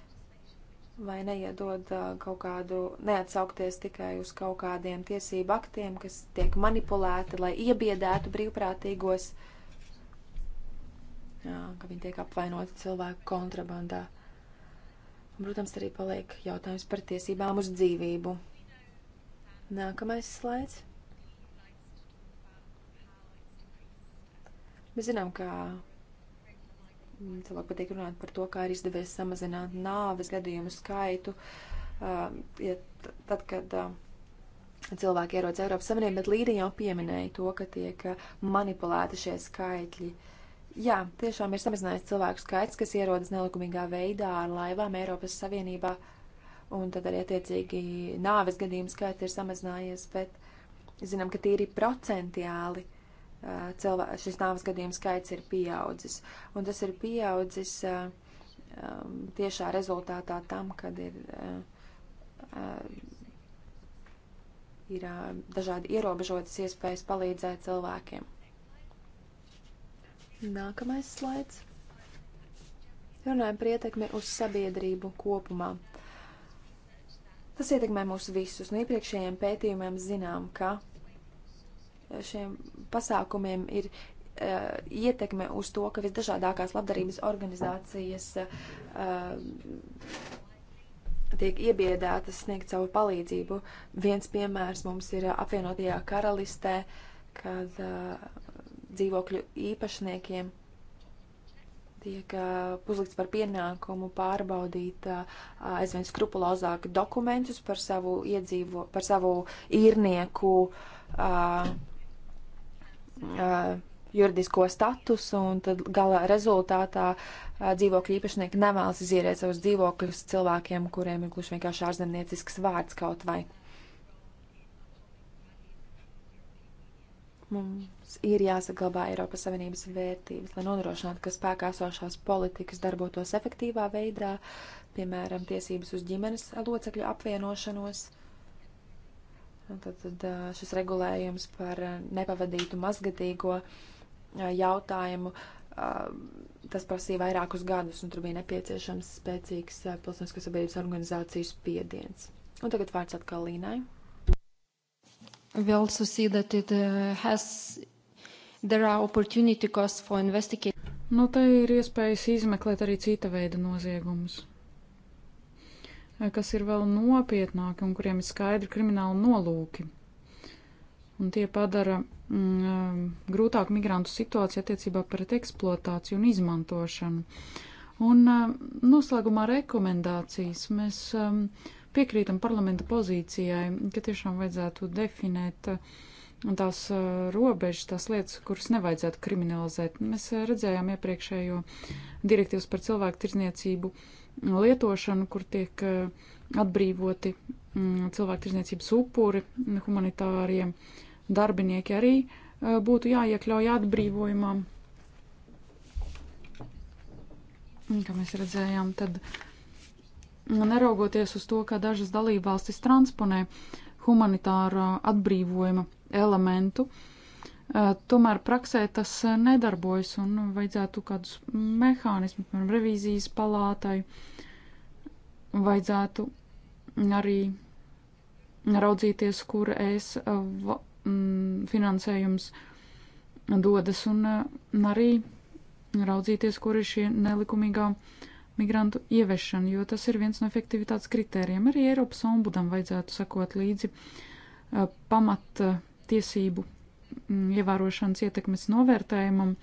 vai neiedod kaut kādu, neatsaukties tikai uz kaut kādiem tiesību aktiem, kas tiek manipulēti, lai iebiedētu brīvprātīgos, jā, ka viņi tiek apvainoti cilvēku kontrabandā. Un, protams, arī paliek jautājums par tiesībām uz dzīvību. Nākamais slaids. Mēs zinām, ka Tālāk mm, patiek runāt par to, kā ir izdevies samazināt nāves gadījumu skaitu, um, ja tad, kad um, cilvēki ierodas Eiropas Savienībā, bet Līdija jau pieminēja to, ka tiek uh, manipulēti šie skaitļi. Jā, tiešām ir samazinājies cilvēku skaits, kas ierodas nelikumīgā veidā ar laivām Eiropas Savienībā, un tad arī attiecīgi nāves gadījumu skaits ir samazinājies, bet zinām, ka tīri procentiāli uh, Cilvē, šis nāves gadījums skaits ir pieaudzis. Un tas ir pieaudzis uh, um, tiešā rezultātā tam, kad ir, uh, uh, ir dažādi ierobežotas iespējas palīdzēt cilvēkiem. Nākamais slaids. Runājam par ietekmi uz sabiedrību kopumā. Tas ietekmē mūs visus. No iepriekšējiem pētījumiem zinām, ka šiem pasākumiem ir uh, ietekme uz to, ka visdažādākās labdarības organizācijas uh, tiek iebiedētas sniegt savu palīdzību. Viens piemērs mums ir apvienotajā karalistē, kad uh, dzīvokļu īpašniekiem tiek uzlikts par pienākumu pārbaudīt aizvien skrupulozāk dokumentus par savu iedzīvo, par savu īrnieku. Uh, uh, juridisko statusu, un tad galā rezultātā uh, dzīvokļu īpašnieki nevēlas izīrēt savus dzīvokļus cilvēkiem, kuriem ir gluži vienkārši ārzemniecisks vārds kaut vai. Mums ir jāsaglabā Eiropas Savienības vērtības, lai nodrošinātu, ka spēkā esošās politikas darbotos efektīvā veidā, piemēram, tiesības uz ģimenes locekļu apvienošanos. Uh, Tad, tad šis regulējums par nepavadītu mazgadīgo jautājumu, tas prasīja vairākus gadus, un tur bija nepieciešams spēcīgs pilsoniskās sabiedrības organizācijas spiediens. Un tagad vārds atkal Līnai. We also see that it uh, has, there are opportunity costs for investigation. Nu, te ir iespējas izmeklēt arī cita veida noziegumus kas ir vēl nopietnāki un kuriem ir skaidri krimināli nolūki. Un tie padara mm, eh, grūtāk migrantu situāciju attiecībā pret eksploatāciju un izmantošanu. Un mm, noslēgumā rekomendācijas mēs mm, piekrītam parlamenta pozīcijai, ka tiešām vajadzētu definēt uh, un tās robežas, tās lietas, kuras nevajadzētu kriminalizēt. Mēs redzējām iepriekšējo direktīvas par cilvēku tirzniecību lietošanu, kur tiek atbrīvoti cilvēku tirzniecības upuri, humanitāriem darbinieki arī būtu jāiekļauj atbrīvojumā. Kā mēs redzējām, tad nu, neraugoties uz to, ka dažas dalībvalstis transponē humanitāra atbrīvojuma elementu. Eh, tomēr praksē tas eh, nedarbojas un vajadzētu kādus mehānismus, piemēram, revīzijas palātai, vajadzētu arī raudzīties, kur es eh, mm, finansējums dodas un arī raudzīties, kur ir šie nelikumīgā migrantu ievešana, jo tas ir viens no efektivitātes kritērijiem. Arī Eiropas ombudam vajadzētu sakot līdzi pamat tiesību mm, ievērošanas ietekmes novērtējumam,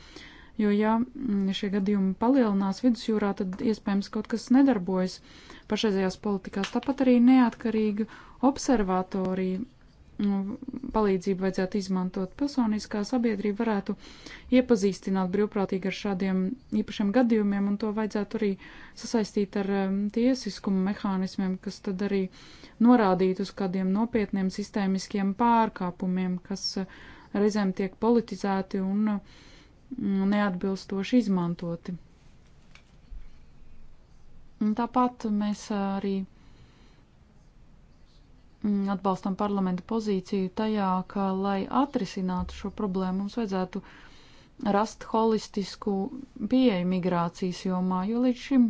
jo ja mm, šie gadījumi palielinās vidusjūrā, tad iespējams kaut kas nedarbojas pašreizējās politikās. Tāpat arī neatkarīga observatorija Nu, palīdzību vajadzētu izmantot. Pilsoniskā sabiedrība varētu iepazīstināt brīvprātīgi ar šādiem īpašiem gadījumiem, un to vajadzētu arī sasaistīt ar um, tiesiskumu mehānismiem, kas tad arī norādītu uz kādiem nopietniem sistēmiskiem pārkāpumiem, kas uh, reizēm tiek politizēti un mm, neatbilstoši izmantoti. Un tāpat mēs uh, arī uh, Mm, atbalstam parlamenta pozīciju tajā, ka, lai atrisinātu šo problēmu, mums vajadzētu rast holistisku pieeju migrācijas jomā, jo līdz šim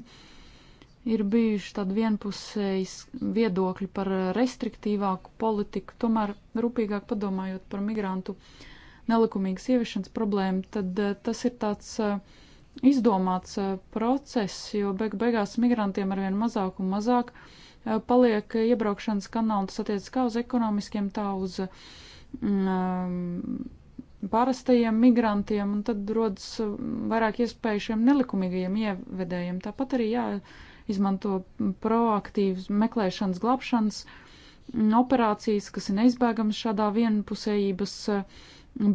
ir bijuši tādi vienpusējas viedokļi par restriktīvāku politiku, tomēr rūpīgāk padomājot par migrantu nelikumīgas ieviešanas problēmu, tad eh, tas ir tāds eh, izdomāts eh, process, jo beig beigās migrantiem arvien mazāk un mazāk uh, Eh, paliek iebraukšanas kanāli. Tas attiecas kā uz ekonomiskiem, tā uz mm, eh, parastajiem migrantiem, un tad rodas eh, vairāk iespēju šiem nelikumīgajiem ievedējiem. Tāpat arī jāizmanto proaktīvas meklēšanas, glābšanas mm, operācijas, kas ir neizbēgamas šādā vienpusējības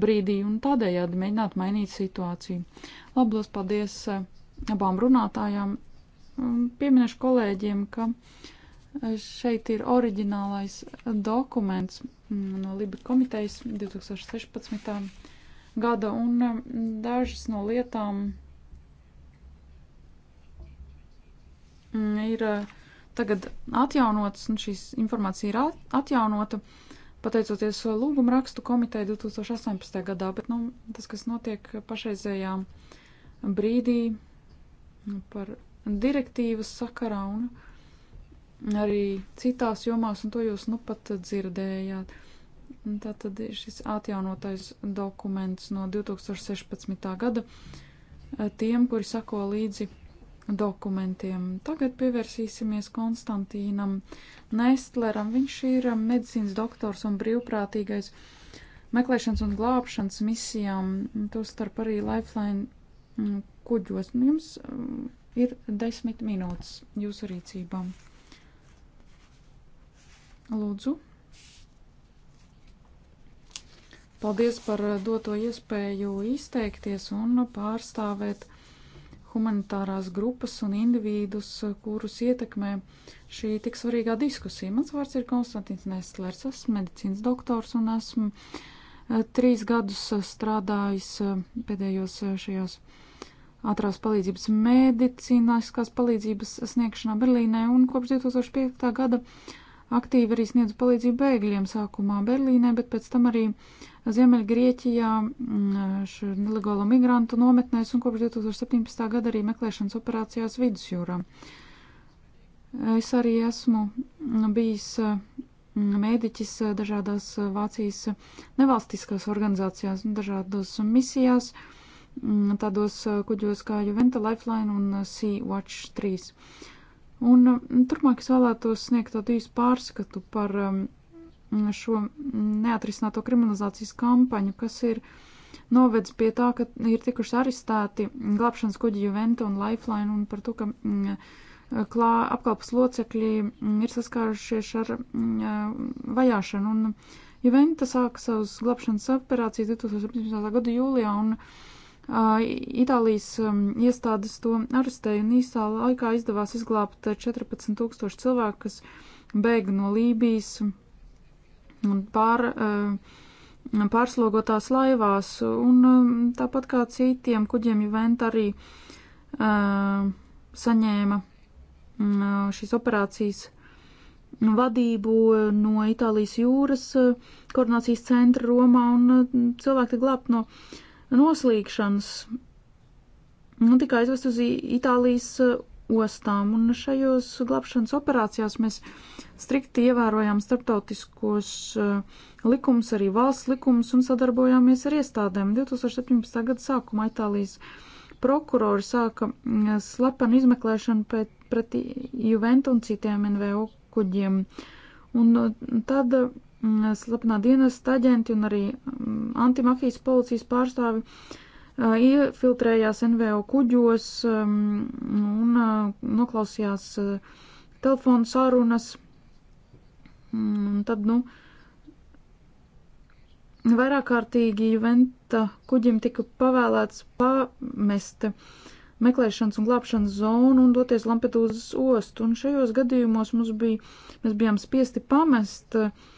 brīdī, un tādējādi mēģināt mainīt situāciju. Labos paldies abām runātājām. Pieminēšu kolēģiem, ka Šeit ir oriģinālais dokuments mm, no Liba komitejas 2016. gada, un mm, dažas no lietām mm, ir eh, tagad atjaunotas, un šīs informācija ir atjaunota, pateicoties lūguma rakstu komiteja 2018. gadā, bet nu, tas, kas notiek pašreizējā brīdī par direktīvas sakarā un arī citās jomās, un to jūs nu pat dzirdējāt. Tātad šis atjaunotais dokuments no 2016. gada eh, tiem, kuri sako līdzi dokumentiem. Tagad pievērsīsimies Konstantīnam Nestleram. Viņš ir eh, medicīnas doktors un brīvprātīgais meklēšanas un glābšanas misijām, tostarp arī Lifeline mm, kuģos. Jums mm, ir desmit minūtes jūsu rīcībām. Lūdzu. Paldies par eh, doto iespēju izteikties un pārstāvēt humanitārās grupas un individus, kurus ietekmē šī tik svarīgā diskusija. Mans vārds ir Konstantins Nestlers, esmu medicīnas doktors un esmu eh, trīs gadus strādājis eh, pēdējos šajos ātrās palīdzības medicīniskās palīdzības sniegšanā Berlīnē un kopš 2005. gada aktīvi arī sniedz palīdzību bēgļiem sākumā Berlīnē, bet pēc tam arī Ziemeļgrieķijā mm, nelegālo migrantu nometnēs un kopš 2017. gada arī meklēšanas operācijās vidusjūrā. Es arī esmu mm, bijis mm, mēdīķis dažādās Vācijas nevalstiskās organizācijās un dažādos misijās, tādos kuģos kā Juventa Lifeline un Sea Watch 3. Un mm, turpmāk es vēlētos sniegt tādu īsu pārskatu par mm, šo neatrisināto kriminalizācijas kampaņu, kas ir novedis pie tā, ka ir tikuši arestēti glābšanas kuģi Juventa un Lifeline un par to, ka mm, klā, apkalpas locekļi ir saskārušies ar vajāšanu. Un Juventa sāka savus glābšanas operācijas 2017. gada jūlijā un Itālijas um, iestādes to arestēja un īsā laikā izdevās izglābt 14 tūkstoši cilvēku, kas bēga no Lībijas un pār, pārslogotās laivās. Un um, tāpat kā citiem kuģiem Juvent arī saņēma šīs operācijas vadību no Itālijas jūras koordinācijas centra Romā un cilvēki tiek glābt no uh, noslīkšanas nu, tika aizvest uz Itālijas uh, ostām, un šajos glābšanas operācijās mēs strikti ievērojām starptautiskos uh, likums, arī valsts likums, un sadarbojāmies ar iestādēm. 2017. gada sākumā Itālijas prokurori sāka mm, slepenu izmeklēšanu pret, pret Juventu un citiem NVO kuģiem, un uh, tad Mm, slepenā dienesta aģenti un arī mm, antimafijas policijas pārstāvi iefiltrējās NVO kuģos un noklausījās telefonu sārunas. Mm, un tad, nu, vairāk kārtīgi Juventa kuģim tika pavēlēts pamest meklēšanas un glābšanas zonu un doties Lampedūzas ostu. Un šajos gadījumos mums bija, mēs bijām spiesti pamest uh,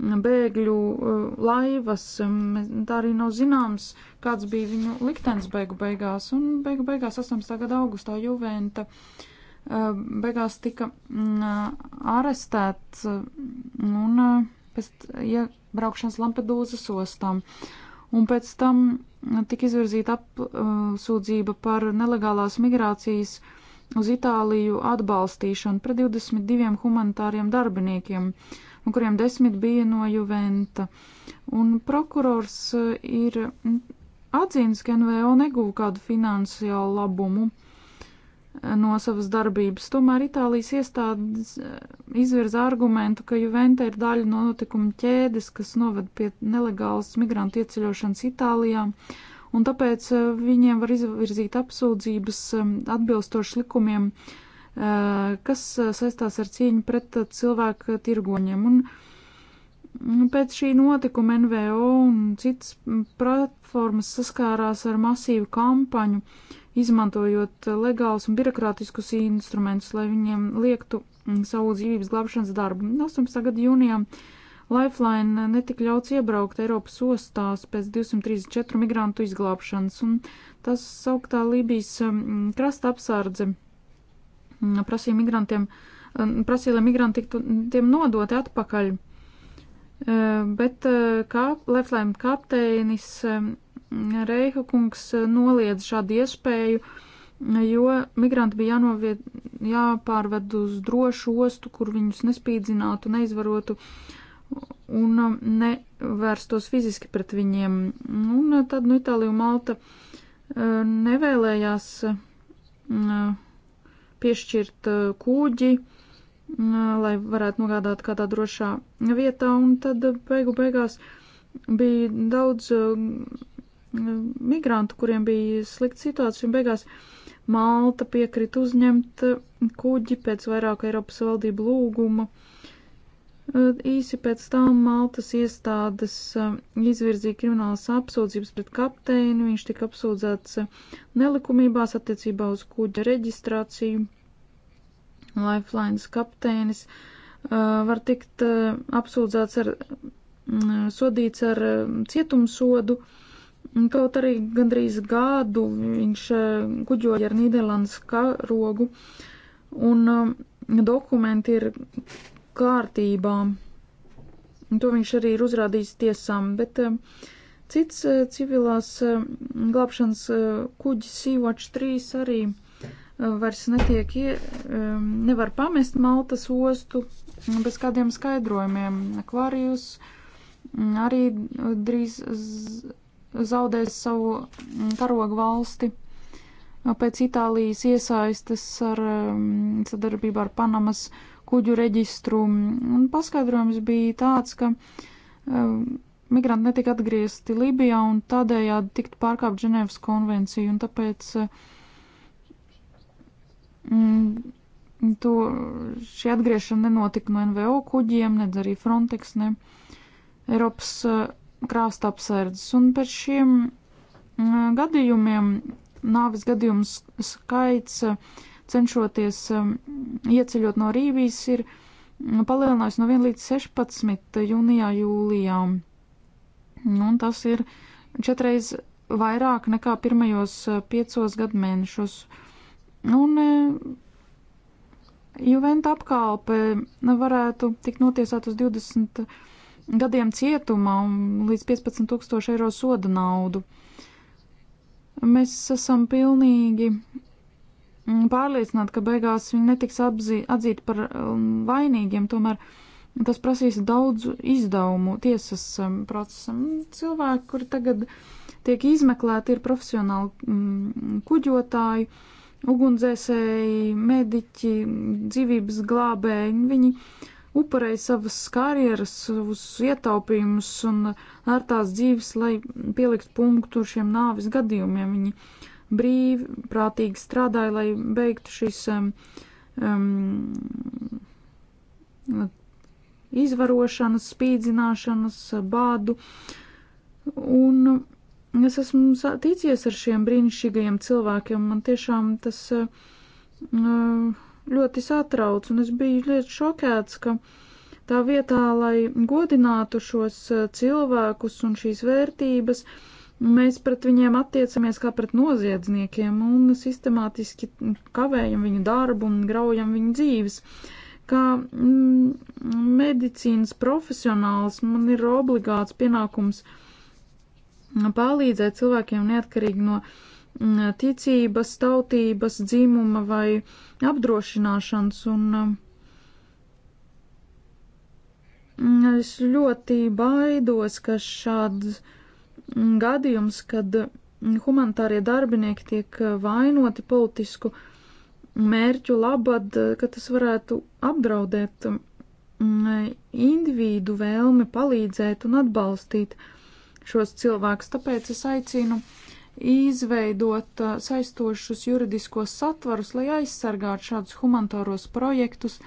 bēgļu uh, laivas. Um, tā arī nav zināms, kāds bija viņu liktenis beigu beigās. Un beigu beigās 18. gada augustā Juventa uh, beigās tika mm, uh, arestēts un pēc iebraukšanas Lampedūzas ostām. Un pēc tam tika izvirzīta apsūdzība par nelegālās migrācijas uz Itāliju atbalstīšanu pret 22 humanitāriem darbiniekiem. Uh, un kuriem desmit bija no Juventa. Un prokurors eh, ir mm, atzīmes, ka NVO neguva kādu finansiālu labumu eh, no savas darbības. Tomēr Itālijas iestādes eh, izvirza argumentu, ka Juventa ir daļa no notikuma ķēdes, kas noved pie nelegālas migrantu ieceļošanas Itālijā, un tāpēc viņiem var izvirzīt apsūdzības atbilstoši likumiem Eh, kas eh, saistās ar cīņu pret eh, cilvēku tirgoņiem. Un mm, pēc šī notikuma NVO un citas mm, platformas saskārās ar masīvu kampaņu, izmantojot legālus un birokrātiskus instrumentus, lai viņiem liektu mm, savu dzīvības glābšanas darbu. 18. gada jūnijā Lifeline netika ļauts iebraukt Eiropas ostās pēc 234 migrantu izglābšanas, un tas sauktā Lībijas krasta apsārdze prasīja migrantiem, prasīja, lai migranti tiktu tiem nodoti atpakaļ. E, bet e, kā Leflēm kapteinis e, Reiha kungs noliedz šādu iespēju, jo migranti bija jānoviet, jāpārved uz drošu ostu, kur viņus nespīdzinātu, neizvarotu un nevērstos fiziski pret viņiem. Un tad, nu, Itālija un Malta nevēlējās uh, piešķirt uh, kūģi, mm, lai varētu nogādāt kādā drošā vietā, un tad beigu beigās bija daudz uh, migrantu, kuriem bija slikta situācija, un beigās Malta piekrita uzņemt uh, kuģi pēc vairāku Eiropas valdību lūgumu. Īsi pēc tam Maltas iestādes um, izvirzīja kriminālas apsūdzības pret kapteini. Viņš tika apsūdzēts uh, nelikumībās attiecībā uz kuģa reģistrāciju. Lifelines kapteinis uh, var tikt uh, apsūdzēts ar mm, sodīts ar um, cietumsodu. Kaut arī gandrīz gādu viņš kuģoja ar Nīderlandes karogu, un um, dokumenti ir kārtībām. Un to viņš arī ir uzrādījis tiesām, bet eh, cits eh, civilās eh, glābšanas kuģis Sīvačs 3 arī vairs netiek, nevar pamest Maltas ostu bez kādiem skaidrojumiem. Akvārijus mm, arī drīz zaudēs savu mm, karogu valsti pēc Itālijas iesaistes ar mm, sadarbību ar Panamas kuģu reģistru. Un paskaidrojums bija tāds, ka um, migranti netika atgriezti Libijā un tādējādi tikt pārkāpt Ženēvas konvenciju, un tāpēc uh, mm, to šī atgriešana nenotika no NVO kuģiem, nedz arī Frontex, ne Eiropas uh, krāsta apsērdzes. Un pēc šiem mm, gadījumiem nāvis gadījumu skaits uh, cenšoties um, ieceļot no Rīvijas, ir mm, palielinājis no 1 līdz 16 jūnijā, jūlijā. Un tas ir četreiz vairāk nekā pirmajos uh, piecos gadmēnešos. Un uh, Juventa apkalpe varētu tikt notiesāt uz 20 gadiem cietumā un līdz 15 tūkstoši eiro soda naudu. Mēs esam pilnīgi Mm, pārliecināti, ka beigās viņi netiks apzī, atzīti par um, vainīgiem, tomēr tas prasīs daudz izdevumu tiesas um, procesam. Cilvēki, kuri tagad tiek izmeklēti, ir profesionāli mm, kuģotāji, ugunsdzēsēji, mediķi, dzīvības glābēji. Viņi upurēja savas karjeras, savus ietaupījumus un ērtās dzīves, lai pielikt punktu šiem nāvis gadījumiem. Viņi brīvprātīgi strādāja, lai beigtu šis um, um, izvarošanas, spīdzināšanas, bādu. Un es esmu ticies ar šiem brīnišķīgajiem cilvēkiem. Man tiešām tas uh, ļoti satrauc, un es biju ļoti šokēts, ka tā vietā, lai godinātu šos uh, cilvēkus un šīs vērtības, uh, Mēs pret viņiem attiecamies kā pret noziedzniekiem un sistemātiski kavējam viņu darbu un graujam viņu dzīves. Kā mm, medicīnas profesionāls man ir obligāts pienākums palīdzēt cilvēkiem neatkarīgi no mm, ticības, tautības, dzimuma vai apdrošināšanas. Un mm, es ļoti baidos, ka šāds gadījums, kad humanitārie darbinieki tiek eh, vainoti politisku mērķu labad, eh, ka tas varētu apdraudēt mm, individu vēlmi palīdzēt un atbalstīt šos cilvēkus. Tāpēc es aicinu izveidot eh, saistošus juridiskos satvarus, lai aizsargātu šādus humanitāros projektus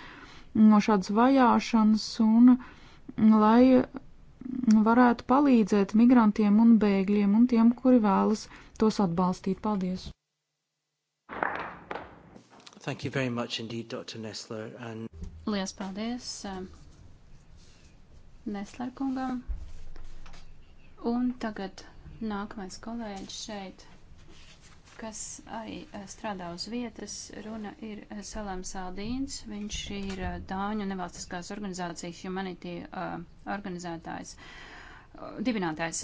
no šādas vajāšanas un mm, lai varētu palīdzēt migrantiem un bēgļiem un tiem, kuri vēlas tos atbalstīt. Paldies! Thank you very much indeed, Dr. Nestler. And... Lielas paldies um, Nestler kungam. Un tagad nākamais kolēģis šeit kas arī eh, strādā uz vietas. Runa ir eh, Salams Aldīns, viņš ir eh, Dāņu nevalstiskās organizācijas Humanity uh, organizētājs, uh, dibinātājs.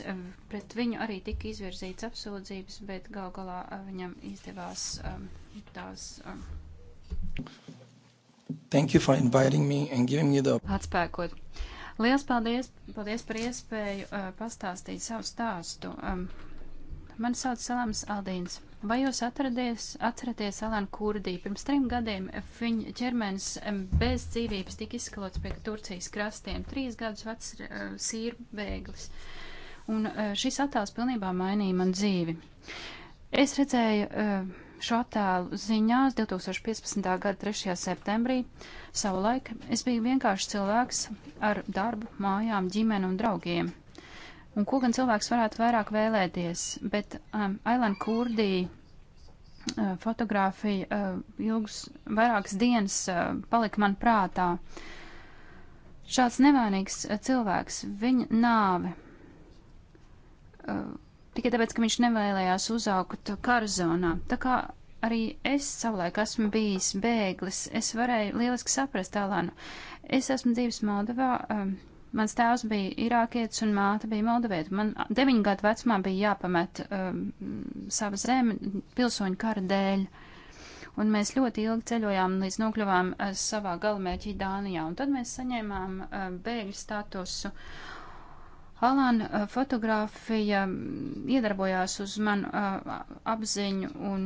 Pret viņu arī tika izvirzīts apsūdzības, bet gal galā viņam izdevās um, tās. Um, Thank you for inviting me and giving me the. Atspēkot. Liels paldies, paldies par iespēju uh, pastāstīt savu stāstu. Um, mani sauc Salams Aldīns. Vai jūs atradies, atceraties Alanu Kurdī? Pirms trim gadiem viņa ķermenis bez dzīvības tika izskalots pie Turcijas krastiem. Trīs gadus vecs uh, sīru bēglis. Un uh, šis attēls pilnībā mainīja man dzīvi. Es redzēju uh, šo attēlu ziņās 2015. gada 3. septembrī. Savulaik es biju vienkārši cilvēks ar darbu, mājām, ģimeni un draugiem un ko gan cilvēks varētu vairāk vēlēties. Bet um, Ailan Kurdī uh, fotografija uh, ilgus vairākas dienas uh, palika man prātā. Šāds nevainīgs uh, cilvēks, viņa nāve, uh, tikai tāpēc, ka viņš nevēlējās uzaugt karzonā. Tā kā arī es savulaik esmu bijis bēglis, es varēju lieliski saprast Alanu. Es esmu dzīves Moldovā, um, Mans tēvs bija irākietis un māte bija moldavieta. Man deviņu gadu vecumā bija jāpamet um, sava zeme pilsoņu kara dēļ. Un mēs ļoti ilgi ceļojām, līdz nokļuvām uh, savā galamērķī Dānijā. Un tad mēs saņēmām uh, bēgļu statusu. Alāna uh, fotografija mm, iedarbojās uz manu uh, apziņu un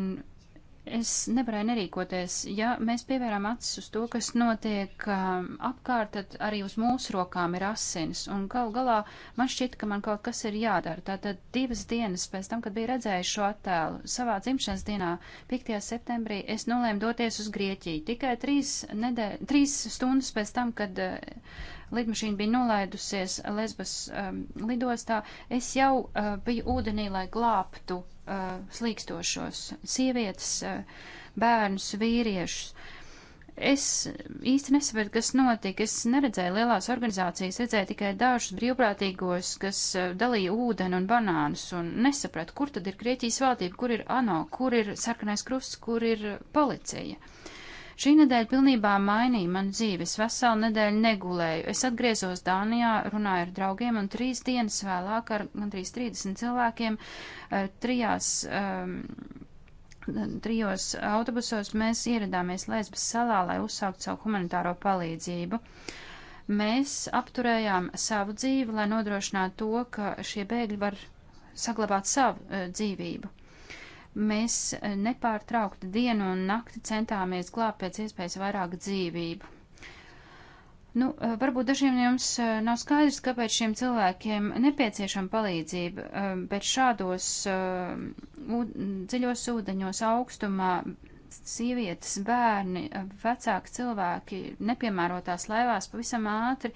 Es nevarēju nerīkoties. Ja mēs pievērām acis uz to, kas notiek um, apkārt, tad arī uz mūsu rokām ir asins. Un gal galā man šķita, ka man kaut kas ir jādara. Tātad divas dienas pēc tam, kad biju redzējis šo attēlu, savā dzimšanas dienā, 5. septembrī, es nolēmu doties uz Grieķiju. Tikai trīs, nedēļ, trīs stundas pēc tam, kad. Uh, lidmašīna bija nolaidusies Lesbas um, lidostā, es jau uh, biju ūdenī, lai glābtu uh, slīkstošos - sievietes, uh, bērnus, vīriešus. Es īsti nesaprotu, kas notika. Es neredzēju lielās organizācijas, redzēju tikai dažus brīvprātīgos, kas uh, dalīja ūdeni un banānus, un nesapratu, kur tad ir Grieķijas valdība, kur ir ANO, kur ir sarkanais krusts, kur ir policija. Uh, Šī nedēļa pilnībā mainīja man dzīvi. Es veselu nedēļu negulēju. Es atgriezos Dānijā, runāju ar draugiem, un trīs dienas vēlāk ar gandrīz 30 cilvēkiem eh, trijās. Um, Trijos autobusos mēs ieradāmies Lēsbas salā, lai uzsākt savu humanitāro palīdzību. Mēs apturējām savu dzīvi, lai nodrošinātu to, ka šie bēgļi var saglabāt savu uh, dzīvību. Mēs e, nepārtraukti dienu un nakti centāmies glābt pēc iespējas vairāk dzīvību. Nu, e, varbūt dažiem jums e, nav skaidrs, kāpēc šiem cilvēkiem nepieciešama palīdzība, bet šādos ūd, dziļos ūdeņos augstumā sievietes, bērni, vecāki cilvēki nepiemērotās laivās pavisam ātri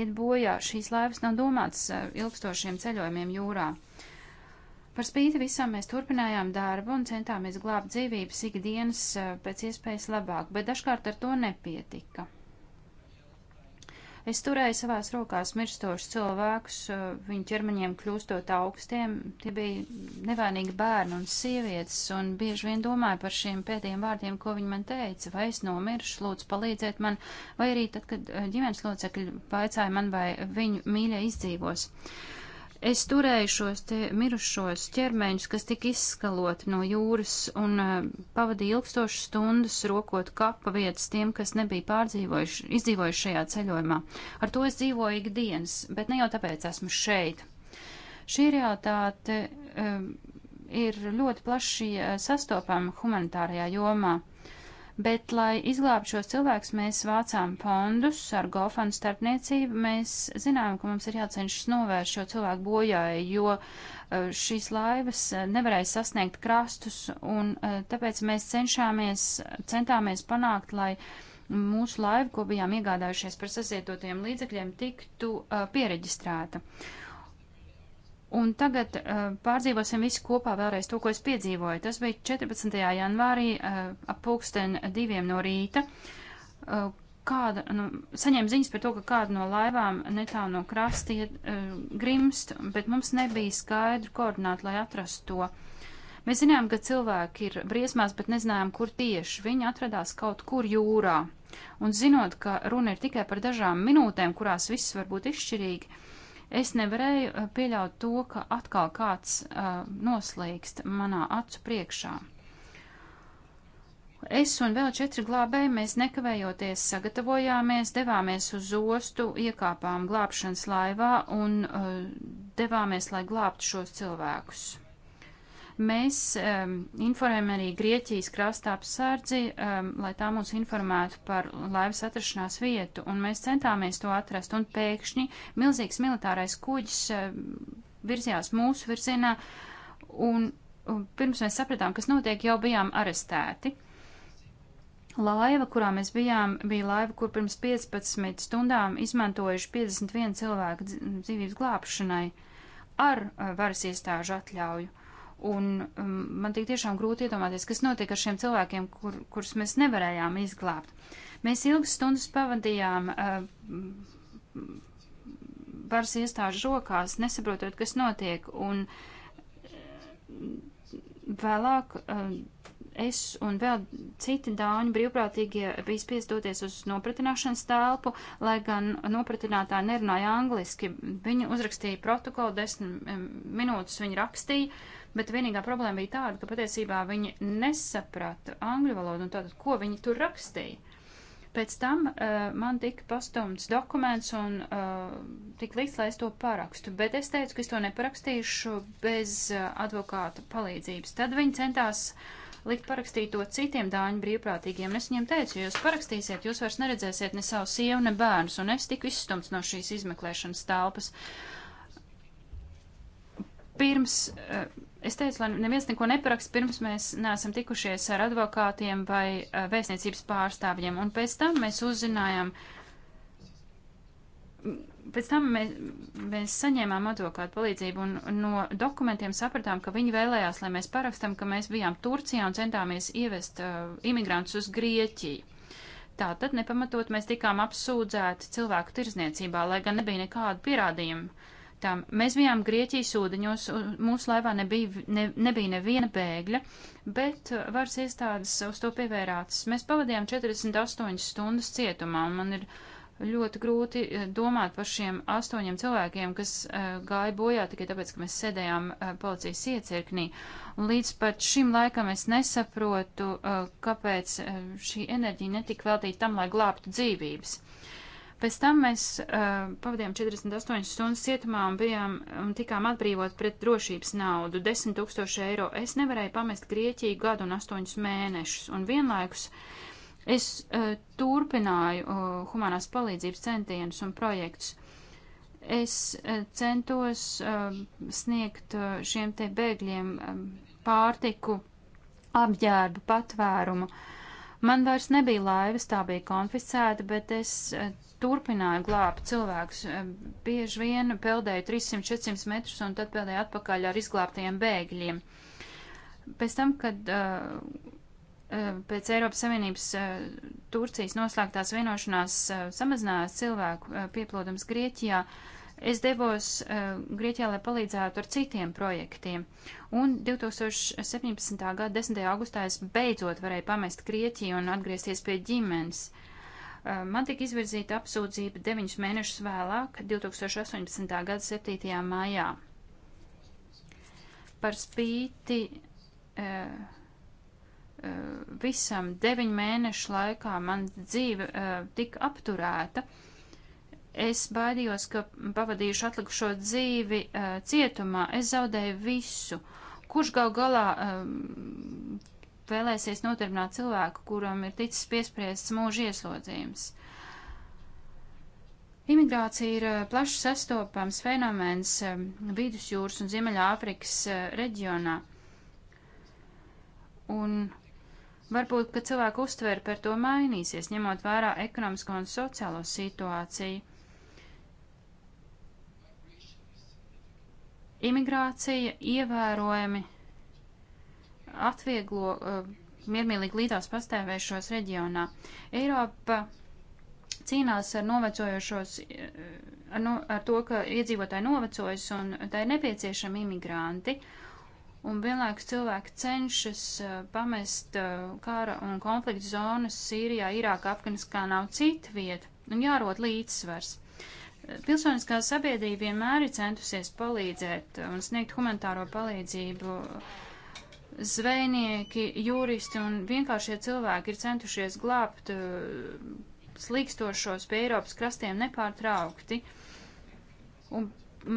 iet bojā. Šīs laivas nav domātas ilgstošiem ceļojumiem jūrā. Par spīti visam mēs turpinājām darbu un centāmies glābt dzīvības ikdienas eh, pēc iespējas labāk, bet dažkārt ar to nepietika. Es turēju savās rokās mirstošus cilvēkus, eh, viņu ķermeņiem kļūstot augstiem. Tie bija nevainīgi bērni un sievietes, un bieži vien domāju par šiem pēdējiem vārdiem, ko viņi man teica. Vai es nomiršu, lūdzu, palīdziet man, vai arī tad, kad eh, ģimenes locekļi vaicāja man, vai viņu mīļa izdzīvos. Uh, Es turējušos te mirušos ķermeņus, kas tika izskaloti no jūras un uh, pavadīju ilgstošas stundas rokot kapa vietas tiem, kas nebija pārdzīvojuši, izdzīvojuši šajā ceļojumā. Ar to es dzīvoju ikdienas, bet ne jau tāpēc esmu šeit. Šī realitāte uh, ir ļoti plaši uh, sastopama humanitārajā jomā bet, lai izglābtu šos cilvēkus, mēs vācām fondus ar golfanu starpniecību. Mēs zinām, ka mums ir jācenšas novērst šo cilvēku bojāju, jo eh, šīs laivas eh, nevarēja sasniegt krastus, un eh, tāpēc mēs cenšāmies, centāmies panākt, lai mūsu laiva, ko bijām iegādājušies par sasietotajiem līdzekļiem, tiktu uh, piereģistrēta. Uh, Un tagad uh, pārdzīvosim visu kopā vēlreiz to, ko es piedzīvoju. Tas bija 14. janvārī uh, ap pulksten diviem no rīta. Uh, kāda, nu, saņēma ziņas par to, ka kāda no laivām netālu no krasta iet, uh, grimst, bet mums nebija skaidru koordinātu, lai atrastu to. Mēs zinām, ka cilvēki ir briesmās, bet nezinājām, kur tieši. Viņi atradās kaut kur jūrā. Un zinot, ka runa ir tikai par dažām minūtēm, kurās viss var būt izšķirīgi, uh, Es nevarēju eh, pieļaut to, ka atkal kāds uh, eh, noslīkst manā acu priekšā. Es un vēl četri glābēji mēs nekavējoties sagatavojāmies, devāmies uz ostu, iekāpām glābšanas laivā un uh, devāmies, lai glābtu šos cilvēkus. Mēs um, informējam arī Grieķijas krasta apsardzi, um, ehm, lai tā mūs informētu par laivas atrašanās vietu, un mēs centāmies to atrast, un pēkšņi milzīgs militārais kuģis um, virzījās mūsu virzienā, un, un pirms mēs sapratām, kas notiek, jau bijām arestēti. Laiva, kurā mēs bijām, bija laiva, kur pirms 15 stundām izmantojuši 51 cilvēku dzīvības glābšanai ar eh, varas iestāžu atļauju. Un um, man tik tiešām grūti iedomāties, kas notiek ar šiem cilvēkiem, kur, kurus mēs nevarējām izglābt. Mēs ilgas stundas pavadījām uh, varas iestāžu rokās, nesaprotot, kas notiek. Un uh, vēlāk uh, es un vēl citi dāņu brīvprātīgie bija spiest doties uz nopratināšanas telpu, lai gan nopratinātāji nerunāja angliski. Viņi uzrakstīja protokolu, desmit mm, minūtes viņi rakstīja bet vienīgā problēma bija tāda, ka patiesībā viņi nesaprata angļu valodu un tātad, ko viņi tur rakstīja. Pēc tam uh, man tika pastumts dokuments un uh, eh, tik līdz, lai es to parakstu, bet es teicu, ka es to neparakstīšu bez uh, advokāta palīdzības. Tad viņi centās likt parakstīt to citiem dāņu brīvprātīgiem. Es viņiem teicu, ja jūs parakstīsiet, jūs vairs neredzēsiet ne savu sievu, ne bērnus, un es tiku izstumts no šīs izmeklēšanas telpas. Pirms. Uh, Es teicu, lai neviens neko neparakst, pirms mēs neesam tikušies ar advokātiem vai vēstniecības pārstāvjiem. Un pēc tam mēs uzzinājām, pēc tam mēs, mēs saņēmām advokātu palīdzību un no dokumentiem sapratām, ka viņi vēlējās, lai mēs parakstam, ka mēs bijām Turcijā un centāmies ievest uh, imigrantus uz Grieķiju. Tātad nepamatot mēs tikām apsūdzēti cilvēku tirzniecībā, lai gan nebija nekādu pierādījumu lietām. Mēs bijām Grieķijas ūdeņos, mūsu laivā nebija, ne, nebija neviena bēgļa, bet uh, varas iestādes uz to pievērātas. Mēs pavadījām 48 stundas cietumā, un man ir ļoti grūti uh, domāt par šiem astoņiem cilvēkiem, kas uh, gāja bojā tikai tāpēc, ka mēs sēdējām uh, policijas iecirknī. Un līdz pat šim laikam es nesaprotu, uh, kāpēc uh, šī enerģija netika veltīta tam, lai glābtu dzīvības. Uh, Pēc tam mēs uh, pavadījām 48 stundas cietumā un bijām un tikām atbrīvot pret drošības naudu 10 tūkstoši eiro. Es nevarēju pamest Grieķiju gadu un 8 mēnešus. Un vienlaikus es uh, turpināju uh, humanās palīdzības centienus un projektus es centos uh, sniegt uh, šiem te bēgļiem um, pārtiku, apģērbu, patvērumu. Uh, Man vairs nebija laivas, tā bija konfiscēta, bet es eh, turpināju glābt cilvēkus. Eh, bieži vien peldēju 300-400 metrus un tad peldēju atpakaļ ar izglābtajiem bēgļiem. Pēc tam, kad uh, pēc Eiropas Savienības Turcijas noslēgtās vienošanās samazinājās cilvēku pieplūdums Grieķijā, uh, Es devos uh, Grieķijā, lai palīdzētu ar citiem projektiem. Un 2017. gada 10. augustā es beidzot varēju pamest Grieķiju un atgriezties pie ģimenes. Uh, man tika izvirzīta apsūdzība 9 mēnešus vēlāk, 2018. gada 7. maijā. Par spīti uh, uh, visam 9 mēnešu laikā man dzīve uh, tika apturēta. Uh, Es baidījos, ka pavadīšu atlikušo dzīvi uh, cietumā. Es zaudēju visu. Kurš gal galā um, vēlēsies notirināt cilvēku, kuram ir ticis piespriests mūža ieslodzījums? Imigrācija ir uh, plaši sastopams fenomens um, Vidusjūras un Ziemeļā Āfrikas uh, reģionā. Un varbūt, ka cilvēku uztvere par to mainīsies, ņemot vērā ekonomisko un sociālo situāciju Imigrācija ievērojami atvieglo uh, miermīlīgi līdās pastāvēšos reģionā. Eiropa cīnās ar novecojošos, eh, ar, no, ar to, ka iedzīvotāji novecojas un tā ir nepieciešami imigranti. Un vienlaikus cilvēki cenšas uh, pamest uh, kara un konflikta zonas Sīrijā, Irākā, Afganistānā un citu vietu. Un jārot līdzsvars. Pilsoniskā sabiedrība vienmēr ir centusies palīdzēt un sniegt humanitāro palīdzību. Zvejnieki, juristi un vienkāršie cilvēki ir centušies glābt uh, slīkstošos pie Eiropas krastiem nepārtraukti. Un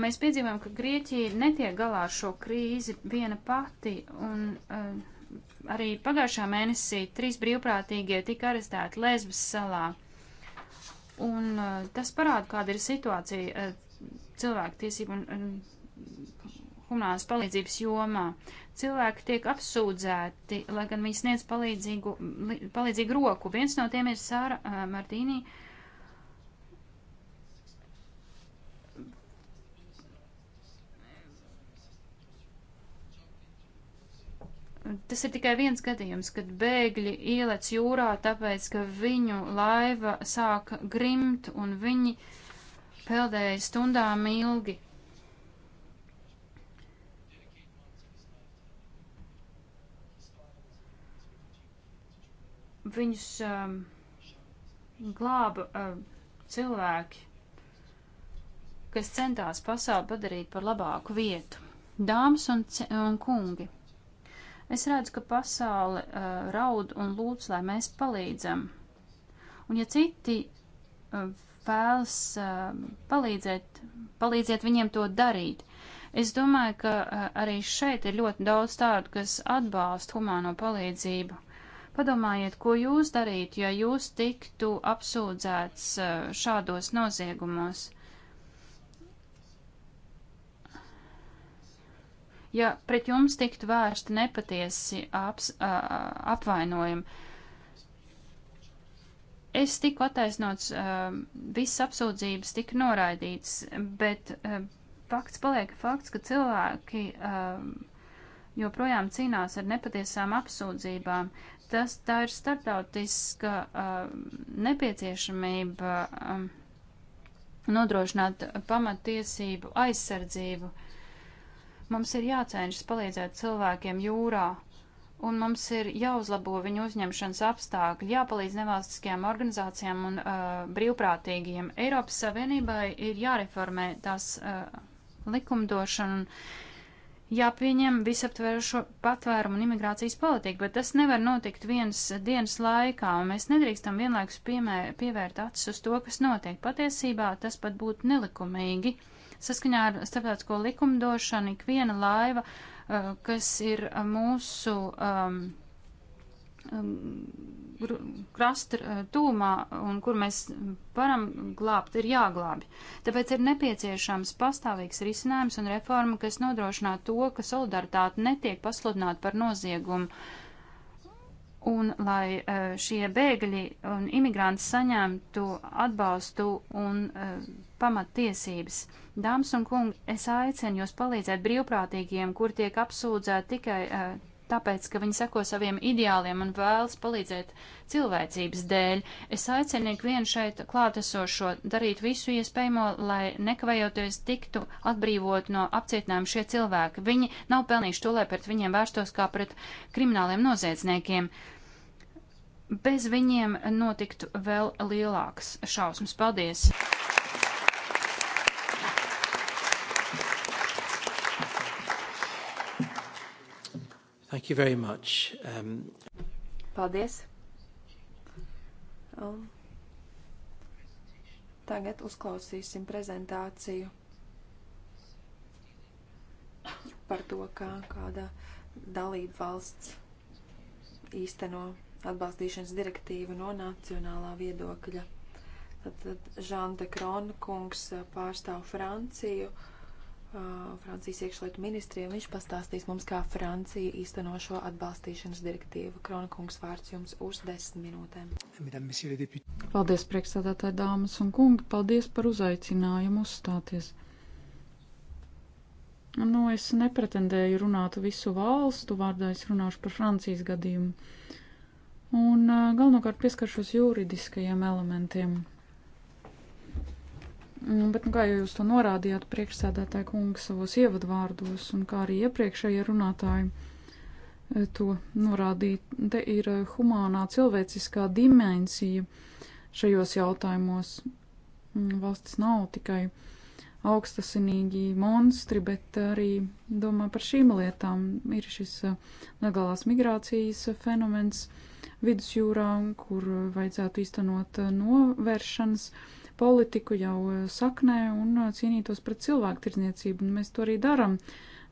mēs piedzīvojam, ka Grieķija netiek galā ar šo krīzi viena pati. Un, uh, arī pagājušā mēnesī trīs brīvprātīgie tika arestēti Lesbas salā. Un eh, tas parāda, kāda ir situācija eh, cilvēku tiesību un humanās palīdzības jomā. Cilvēki tiek apsūdzēti, lai gan viņi sniedz palīdzīgu, palīdzīgu roku. Viens no tiem ir Sāra eh, Martīnija Tas ir tikai viens gadījums, kad bēgļi ielec jūrā, tāpēc, ka viņu laiva sāka grimt un viņi peldēja stundām ilgi. Viņus um, glāba um, cilvēki, kas centās pasauli padarīt par labāku vietu. Dāmas un, un kungi! Es redzu, ka pasaule uh, raud un lūdz, lai mēs palīdzam. Un ja citi uh, vēlas uh, palīdzēt, palīdziet viņiem to darīt. Es domāju, ka uh, arī šeit ir ļoti daudz tādu, kas atbalsta humāno palīdzību. Padomājiet, ko jūs darītu, ja jūs tiktu apsūdzēts šādos noziegumos. ja pret jums tiktu vērsti nepatiesi aps, apvainojumi. Es tiku attaisnots, visas apsūdzības tika noraidītas, bet fakts paliek fakts, ka cilvēki joprojām cīnās ar nepatiesām apsūdzībām. Tas, tā ir startautiska nepieciešamība nodrošināt pamatiesību aizsardzību. Mums ir jācenšas palīdzēt cilvēkiem jūrā, un mums ir jāuzlabo viņu uzņemšanas apstākļi, jāpalīdz nevalstiskajām organizācijām un uh, brīvprātīgiem. Eiropas Savienībai ir jāreformē tās uh, likumdošana un jāpieņem visaptverošo patvērumu un imigrācijas politiku, bet tas nevar notikt vienas dienas laikā, un mēs nedrīkstam vienlaikus piemēr, pievērt acis uz to, kas notiek. Patiesībā tas pat būtu nelikumīgi. Uh, Saskaņā ar starptautisko likumdošanu ikviena laiva, eh, kas ir mūsu um, krasta eh, tūmā un kur mēs varam glābt, ir jāglābi. Tāpēc ir nepieciešams pastāvīgs risinājums un reforma, kas nodrošinā to, ka solidaritāte netiek pasludināta par noziegumu. Un lai eh, šie bēgļi un imigranti saņemtu atbalstu un pamattiesības. Dāmas un kungi, es aicinu jūs palīdzēt brīvprātīgiem, kur tiek apsūdzēti tikai uh, tāpēc, ka viņi seko saviem ideāliem un vēlas palīdzēt cilvēcības dēļ. Es aicinu ikvienu šeit klātesošo darīt visu iespējamo, lai nekavējoties tiktu atbrīvot no apcietinājuma šie cilvēki. Viņi nav pelnījuši to, lai pret viņiem vērstos kā pret krimināliem noziedzniekiem. Bez viņiem notiktu vēl lielāks šausmas. Paldies! Thank you very much. Um... Paldies. Um, tagad uzklausīsim prezentāciju par to, kā kāda dalība valsts īsteno atbalstīšanas direktīvu no nacionālā viedokļa. Tad, tad Žanta Kronkungs uh, pārstāv Franciju. Uh, Francijas iekšlietu ministriem. Viņš pastāstīs mums, kā Francija īsteno šo atbalstīšanas direktīvu. Kronikungs vārds jums uz desmit minūtēm. Paldies, priekšsādātāji dāmas un kungi. Paldies par uzaicinājumu uzstāties. Nu, es nepretendēju runāt visu valstu vārdā, es runāšu par Francijas gadījumu. Un galvenokārt pieskaršos juridiskajiem elementiem Mm, bet, nu, kā jūs to norādījāt, priekšsēdētāja kungs savos ievadvārdos, un kā arī iepriekšējie runātāji eh, to norādīja, te ir eh, humānā cilvēciskā dimensija šajos jautājumos. Mm, valstis nav tikai augstasinīgi monstri, bet arī domā par šīm lietām. Ir šis eh, negalās migrācijas fenomens vidusjūrā, kur vajadzētu īstenot novēršanas politiku jau e, saknē un e, cīnītos pret cilvēku tirdzniecību, un mēs to arī darām.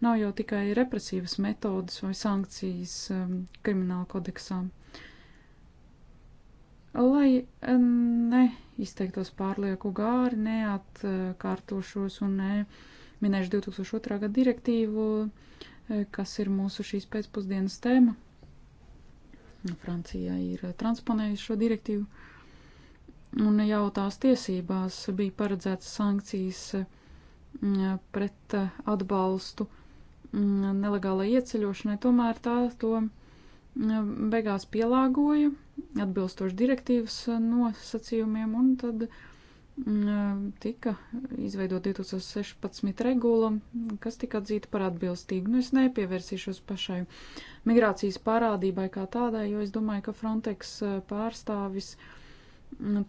Nav jau tikai represīvas metodas vai sankcijas e, krimināla kodeksā. Lai neizteiktos pārlieku gāri, neatkārtošos un ne minēšu 2002. gada direktīvu, kas ir mūsu šīs pēcpusdienas tēma. Francijā ir transponējusi šo direktīvu un jau tās tiesībās bija paredzētas sankcijas mm, pret eh, atbalstu mm, nelegālai ieceļošanai, tomēr tā to mm, beigās pielāgoja atbilstoši direktīvas eh, nosacījumiem, un tad tika izveidot 2016 regula, kas tika atzīta par atbilstīgu. Nu, es nepievērsīšos pašai migrācijas parādībai kā tādai, jo es domāju, ka Frontex eh, pārstāvis uh,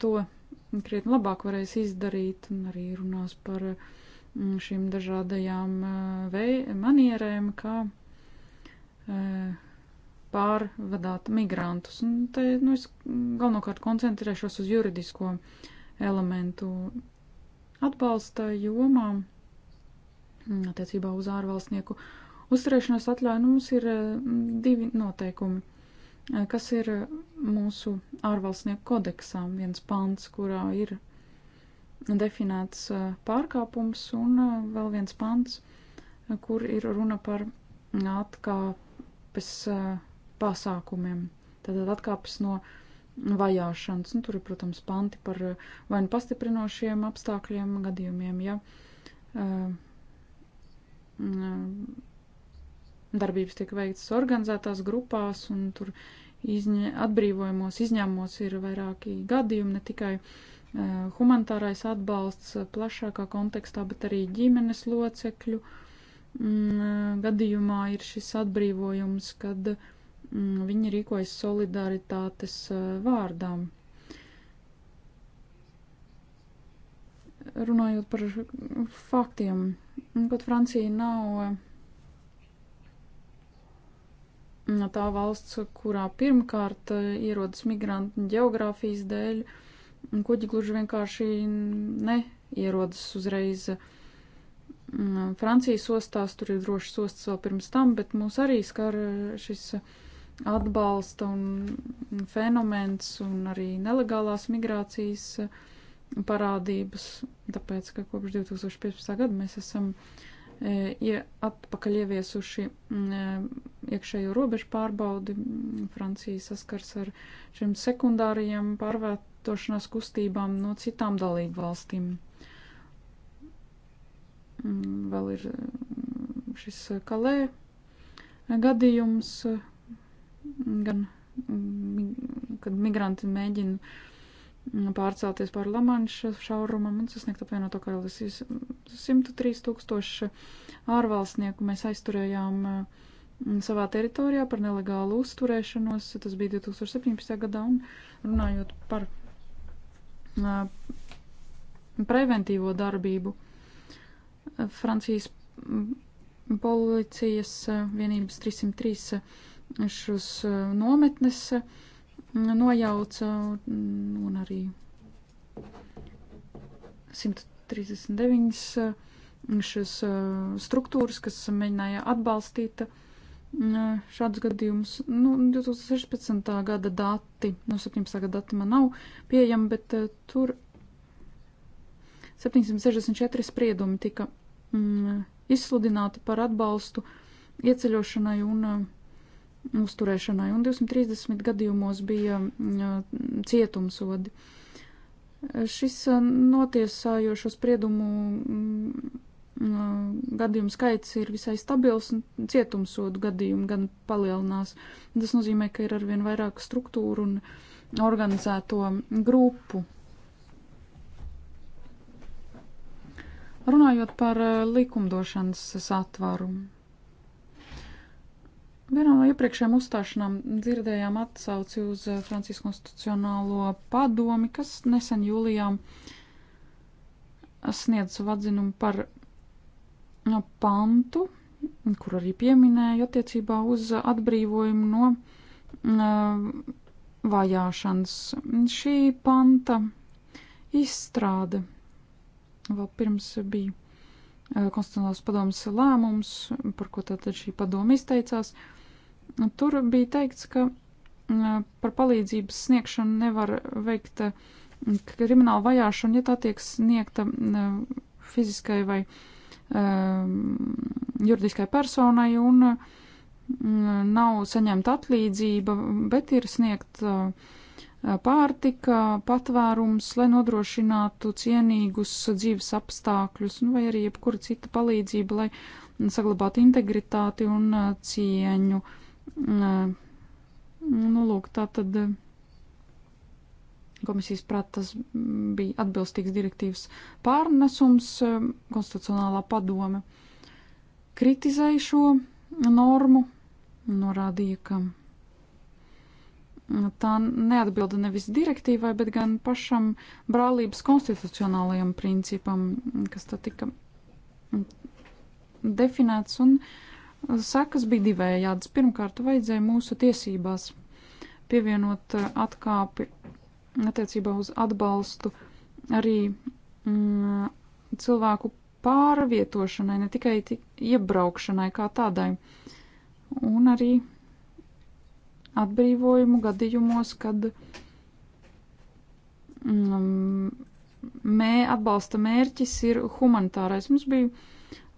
to krietni labāk varēs izdarīt un arī runās par mm, šīm dažādajām eh, vei, manierēm, kā eh, pārvadāt migrantus. Un te, nu, es galvenokārt koncentrēšos uz juridisko elementu atbalsta jomām mm, attiecībā uz ārvalstnieku uzturēšanās atļauju. Nu, mums ir eh, divi noteikumi kas ir mūsu ārvalstnieku kodeksā, viens pants, kurā ir definēts pārkāpums, un vēl viens pants, kur ir runa par atkāpes pasākumiem. Tātad atkāpes no vajāšanas. Nu, tur ir, protams, panti par vai nu pastiprinošiem apstākļiem gadījumiem, ja darbības tiek veikts organizētās grupās, un tur izņē, atbrīvojumos izņēmumos ir vairāki gadījumi, ne tikai uh, humanitārais atbalsts eh, plašākā kontekstā, bet arī ģimenes locekļu mm, eh, gadījumā ir šis atbrīvojums, kad mm, viņi rīkojas solidaritātes uh, vārdām. Runājot par faktiem, kaut Francija nav uh, tā valsts, kurā pirmkārt eh, ierodas migranti geogrāfijas dēļ, kuģi gluži vienkārši neierodas uzreiz mm, Francijas ostās, tur ir drošas ostas vēl pirms tam, bet mūs arī skar eh, šis atbalsta un fenomens un arī nelegālās migrācijas eh, parādības, tāpēc, ka kopš 2015. gada mēs esam uh, ja atpakaļ ieviesuši iekšējo robežu pārbaudi. Francija saskars ar šiem sekundārajiem pārvērtošanās kustībām no citām dalību valstīm. Vēl ir šis kalē gadījums, gan, kad migranti mēģina Mm, pārcelties pār Lamanšu šaurumu un sasniegt apvienoto karalisīs 103 tūkstoši ārvalstnieku mēs aizturējām mm, savā teritorijā par nelegālu uzturēšanos. Tas bija 2017. gadā un runājot par mm, preventīvo darbību. Francijas policijas vienības 303 šos nometnes nojauca un arī 139 šīs uh, struktūras, kas mēģināja atbalstīt uh, šādus gadījumus. Nu, 2016. gada dati, no nu, 17. gada dati man nav pieejami, bet uh, tur 764 spriedumi tika mm, izsludināti par atbalstu ieceļošanai un uh, uzturēšanai, un 230 gadījumos bija mm, cietumsodi. Šis notiesājošo spriedumu mm, gadījumu skaits ir visai stabils, un cietumsodu gadījumu gan palielinās. Tas nozīmē, ka ir arvien vairāk struktūru un organizēto grupu. Runājot par likumdošanas satvarumu. Vienā no iepriekšējām uzstāšanām dzirdējām atsauci uz eh, Francijas konstitucionālo padomi, kas nesen jūlijā sniedz savu atzinumu par eh, pantu, kur arī pieminēja attiecībā uz atbrīvojumu no uh, vajāšanas. Šī panta izstrāde vēl pirms bija uh, konstitucionālās padomas lēmums, par ko tātad šī padoma izteicās. Uh, Nu, tur bija teikts, ka mm, par palīdzības sniegšanu nevar veikt mm, kriminālu vajāšanu, ja tā tiek sniegta mm, fiziskai vai juridiskai personai un nav saņemta atlīdzība, bet ir sniegta pārtika, patvērums, lai nodrošinātu cienīgus dzīves apstākļus, nu, vai arī jebkura cita palīdzība, lai saglabātu integritāti un cieņu. Uh, Nu, lūk, tā tad eh, komisijas prāt tas bija atbilstīgs direktīvas pārnesums, eh, konstitucionālā padome kritizēja šo normu, norādīja, ka tā neatbilda nevis direktīvai, bet gan pašam brālības konstitucionālajam principam, kas tā tika definēts un uh, Sekas bija divējādas. Pirmkārt, vajadzēja mūsu tiesībās pievienot eh, atkāpi attiecībā uz atbalstu arī mm, cilvēku pārvietošanai, ne tikai iebraukšanai kā tādai, un arī atbrīvojumu gadījumos, kad mm, mē, atbalsta mērķis ir humanitārais. Mums bija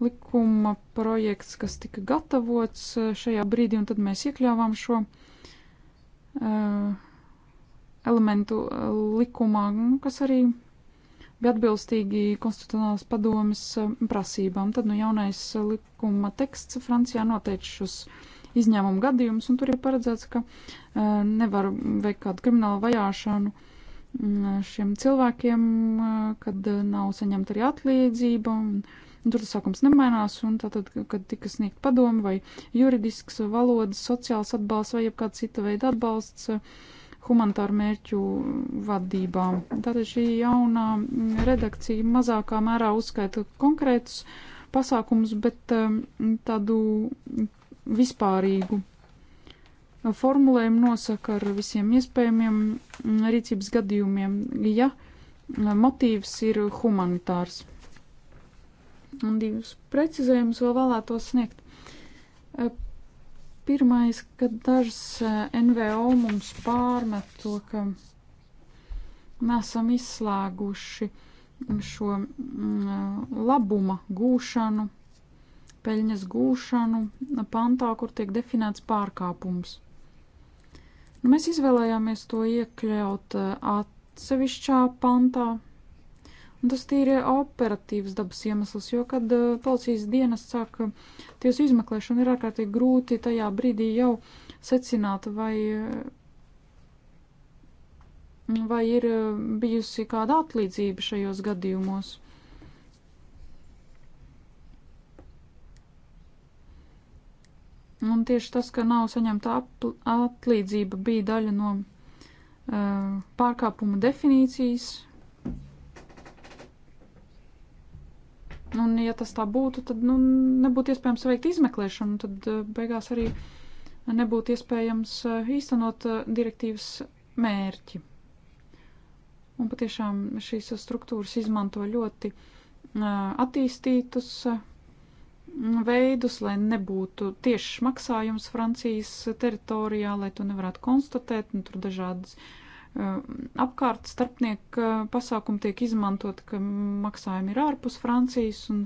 likuma projekts, kas tika gatavots e, šajā brīdī, un tad mēs iekļāvām šo uh, elementu e, likumā, nu, kas arī bija atbilstīgi konstitucionālas padomas prasībām. Tad nu jaunais likuma teksts Francijā noteica šos izņēmumu gadījumus, un tur ir paredzēts, ka uh, nevar veikt kādu kriminālu vajāšanu mm, šiem cilvēkiem, kad nav saņemta arī atlīdzība. Un, Nu, tur tas sākums nemainās, un tātad, kad tika sniegt padomu vai juridisks, valodas, sociāls atbalsts vai jebkāda cita veida atbalsts humanitāru mērķu vadībām. Tātad šī jaunā mm, redakcija mazākā mērā uzskaita konkrētus pasākumus, bet mm, tādu vispārīgu formulējumu nosaka ar visiem iespējamiem mm, rīcības gadījumiem, ja motīvs ir humanitārs. Un divus precizējumus vēl vēlētos sniegt. Eh, pirmais, ka dažas eh, NVO mums pārmet to, ka nesam izslēguši šo mm, eh, labuma gūšanu, peļņas gūšanu pantā, kur tiek definēts pārkāpums. Nu, mēs izvēlējāmies to iekļaut atsevišķā pantā, Un tas tīri operatīvs dabas iemesls, jo, kad eh, policijas dienas sāk tiesu izmeklēšanu, ir ārkārtīgi grūti tajā brīdī jau secināt, vai, eh, vai ir eh, bijusi kāda atlīdzība šajos gadījumos. Un tieši tas, ka nav saņemta atlīdzība, bija daļa no uh, pārkāpuma definīcijas Un, ja tas tā būtu, tad nu, nebūtu iespējams veikt izmeklēšanu, tad eh, beigās arī nebūtu iespējams eh, īstenot eh, direktīvas mērķi. Un patiešām šīs struktūras izmanto ļoti attīstītus veidus, lai nebūtu tieši maksājums Francijas teritorijā, lai to nevarētu konstatēt, un nu, tur dažādas uh, apkārt starpnieku pasākumi tiek izmantot, ka maksājumi ir ārpus Francijas, un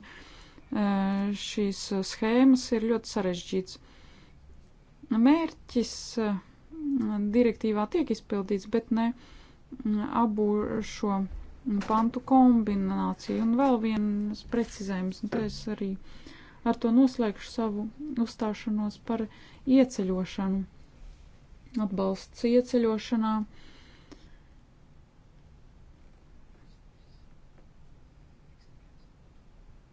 šīs schēmas ir ļoti sarežģītas. Mērķis direktīvā tiek izpildīts, bet ne abu šo pantu kombināciju. Un vēl viens precizējums, un tā es arī ar to noslēgšu savu uzstāšanos par ieceļošanu. Atbalsts ieceļošanā. Uh,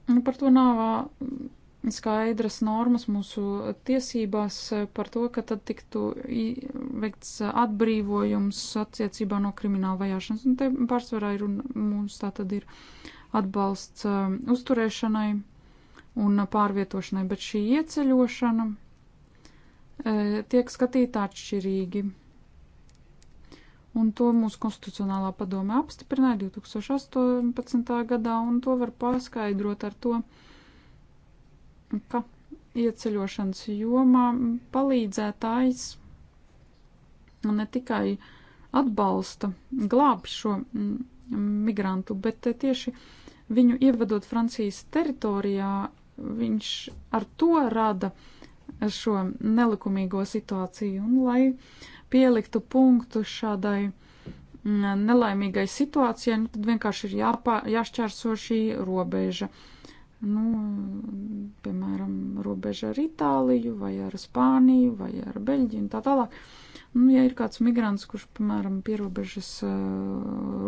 Nu, par to nav mm, skaidras normas mūsu tiesībās par to, ka tad tiktu veikts atbrīvojums attiecībā no krimināla vajāšanas. Un te pārsvarā ir un mums tā tad ir atbalsts um, uzturēšanai un pārvietošanai, bet šī ieceļošana eh, tiek skatīta atšķirīgi un to mūsu konstitucionālā padome apstiprināja 2018. gadā, un to var paskaidrot ar to, ka ieceļošanas jomā palīdzētājs ne tikai atbalsta, glāb šo mm, migrantu, bet tieši viņu ievedot Francijas teritorijā, viņš ar to rada šo nelikumīgo situāciju. Un, lai pieliktu punktu šādai mm, nelaimīgai situācijai, nu, tad vienkārši ir jāpā, jāšķērso šī robeža. Nu, piemēram, robeža ar Itāliju, vai ar Spāniju, vai ar Beļģiju un tā tālāk. Nu, ja ir kāds migrants, kurš, piemēram, pierobežas eh,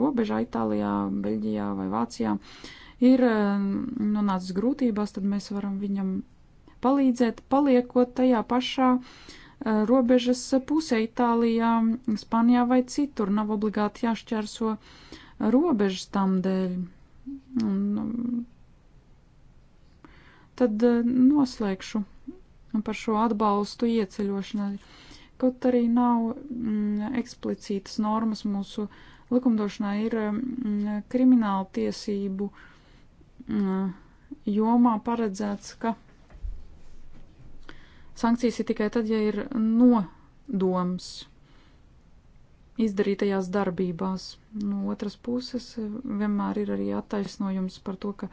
robežā Itālijā, Beļģijā vai Vācijā, ir eh, nonācis grūtībās, tad mēs varam viņam palīdzēt, paliekot tajā pašā uh, Eh, robežas pusē, Itālijā, Spānijā vai citur. Nav obligāti jāšķērso robežas tam dēļ. Un, mm, tad eh, noslēgšu par šo atbalstu ieceļošanai. Kaut arī nav mm, eksplicītas normas mūsu likumdošanā, ir mm, krimināla tiesību mm, jomā paredzēts, ka Sankcijas ir tikai tad, ja ir nodoms izdarītajās darbībās. No otras puses, vienmēr ir arī attaisnojums par to, ka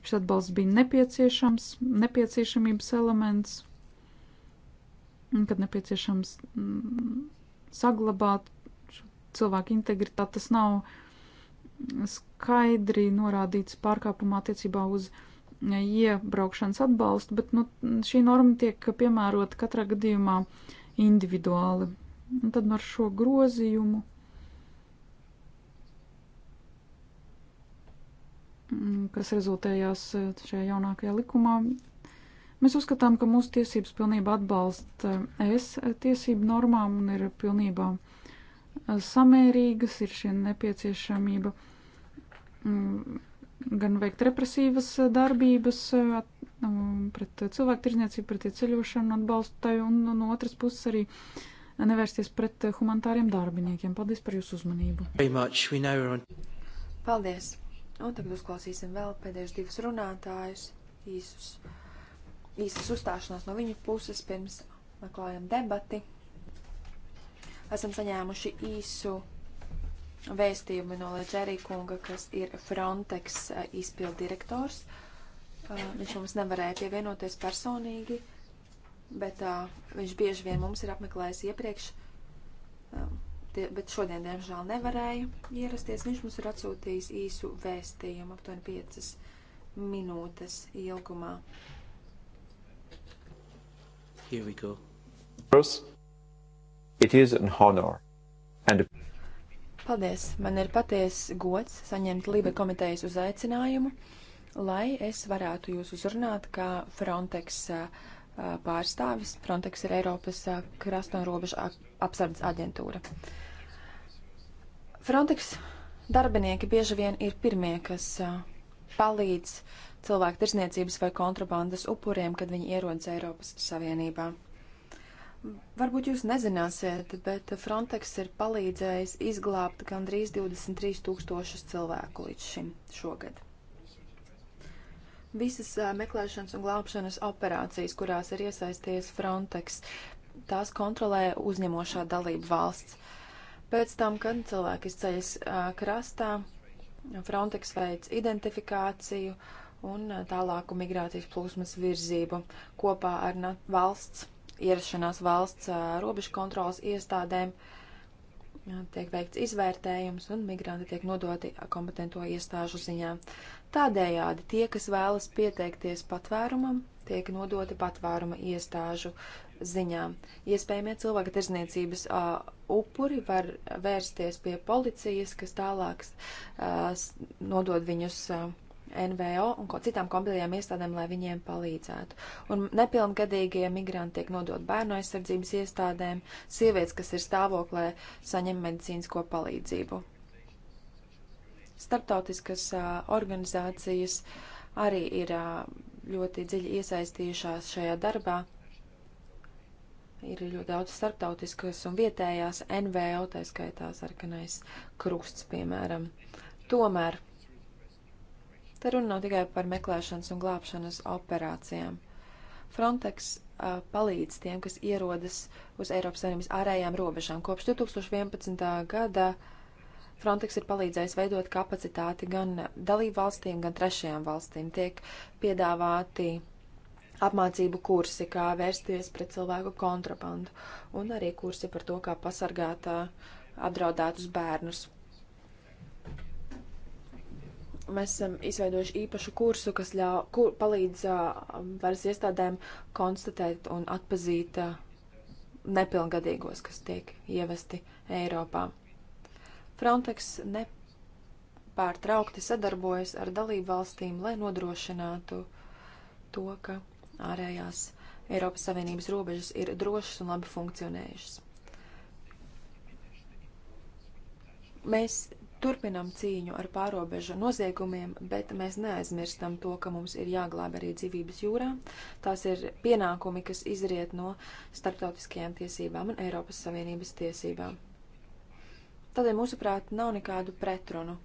šis atbalsts bija nepieciešams, nepieciešamības elements, kad nepieciešams mm, saglabāt cilvēku integritāti. Tas nav skaidri norādīts pārkāpumā attiecībā uz cilvēku iebraukšanas atbalstu, bet nu, šī norma tiek piemērota katrā gadījumā individuāli. Un tad ar šo grozījumu kas rezultējās eh, šajā jaunākajā likumā. Mēs uzskatām, ka mūsu tiesības pilnībā atbalsta es tiesību normām un ir pilnībā eh, samērīgas, ir šī nepieciešamība mm, gan veikt represīvas eh, darbības eh, um, pret eh, cilvēku tirdzniecību, pret ieceļošanu atbalstāju, un no otras puses arī nevērsties pret humanitāriem darbiniekiem. Paldies par jūsu uzmanību. Paldies. Un tagad uzklausīsim vēl pēdējos divus runātājus, īsus, īsas uzstāšanās no viņu puses pirms meklējam debati. Esam saņēmuši īsu vēstījumi no Leģerī kunga, kas ir Frontex eh, izpildirektors. Eh, viņš mums nevarēja pievienoties personīgi, bet eh, viņš bieži vien mums ir apmeklējis iepriekš, bet šodien, diemžēl, nevarēja ierasties. Viņš mums ir atsūtījis īsu vēstījumu, aptuveni 5 minūtes ilgumā. Here we go. First, it is an honor and a Paldies! Man ir patiesa gods saņemt Libe komitejas uzaicinājumu, lai es varētu jūs uzrunāt kā Frontex pārstāvis. Frontex ir Eiropas krasta un robeža apsardzes aģentūra. Frontex darbinieki bieži vien ir pirmie, kas palīdz cilvēku tirsniecības vai kontrabandas upuriem, kad viņi ierodas Eiropas Savienībā. Varbūt jūs nezināsiet, bet Frontex ir palīdzējis izglābt gandrīz 23 tūkstošus cilvēku līdz šim šogad. Visas meklēšanas un glābšanas operācijas, kurās ir iesaisties Frontex, tās kontrolē uzņemošā dalība valsts. Pēc tam, kad cilvēki izceļas krastā, Frontex veids identifikāciju un tālāku migrācijas plūsmas virzību kopā ar valsts ierašanās valsts robežu kontrolas iestādēm tiek veikts izvērtējums un migranti tiek nodoti kompetento iestāžu ziņā. Tādējādi tie, kas vēlas pieteikties patvērumam, tiek nodoti patvēruma iestāžu ziņā. Iespējamie cilvēka tirzniecības uh, upuri var vērsties pie policijas, kas tālāk uh, nodod viņus uh, NVO un ko citām kompetentiem iestādēm, lai viņiem palīdzētu. Un nepilngadīgie migranti tiek nodot bērnu aizsardzības iestādēm, sievietes, kas ir stāvoklē, saņem medicīnisko palīdzību. Startautiskas uh, organizācijas arī ir uh, ļoti dziļi iesaistījušās šajā darbā. Ir ļoti daudz starptautiskas un vietējās NVO, tā skaitā sarkanais krusts, piemēram. Tomēr Te runa nav tikai par meklēšanas un glābšanas operācijām. Frontex uh, palīdz tiem, kas ierodas uz Eiropas Savienības ārējām robežām. Kopš 2011. gada Frontex ir palīdzējis veidot kapacitāti gan dalību valstīm, gan trešajām valstīm. Tiek piedāvāti apmācību kursi, kā vērsties pret cilvēku kontrabandu, un arī kursi par to, kā pasargāt apdraudētus bērnus. Mēs esam izveidojuši īpašu kursu, kas ļau, kur, palīdz varas iestādēm konstatēt un atpazīt nepilngadīgos, kas tiek ievesti Eiropā. Frontex nepārtraukti sadarbojas ar dalību valstīm, lai nodrošinātu to, ka ārējās Eiropas Savienības robežas ir drošas un labi funkcionējušas. Mēs Turpinam cīņu ar pārobežu noziegumiem, bet mēs neaizmirstam to, ka mums ir jāglāb arī dzīvības jūrā. Tās ir pienākumi, kas izriet no starptautiskajām tiesībām un Eiropas Savienības tiesībām. Tādēļ, mūsuprāt, nav nekādu pretrunu uh,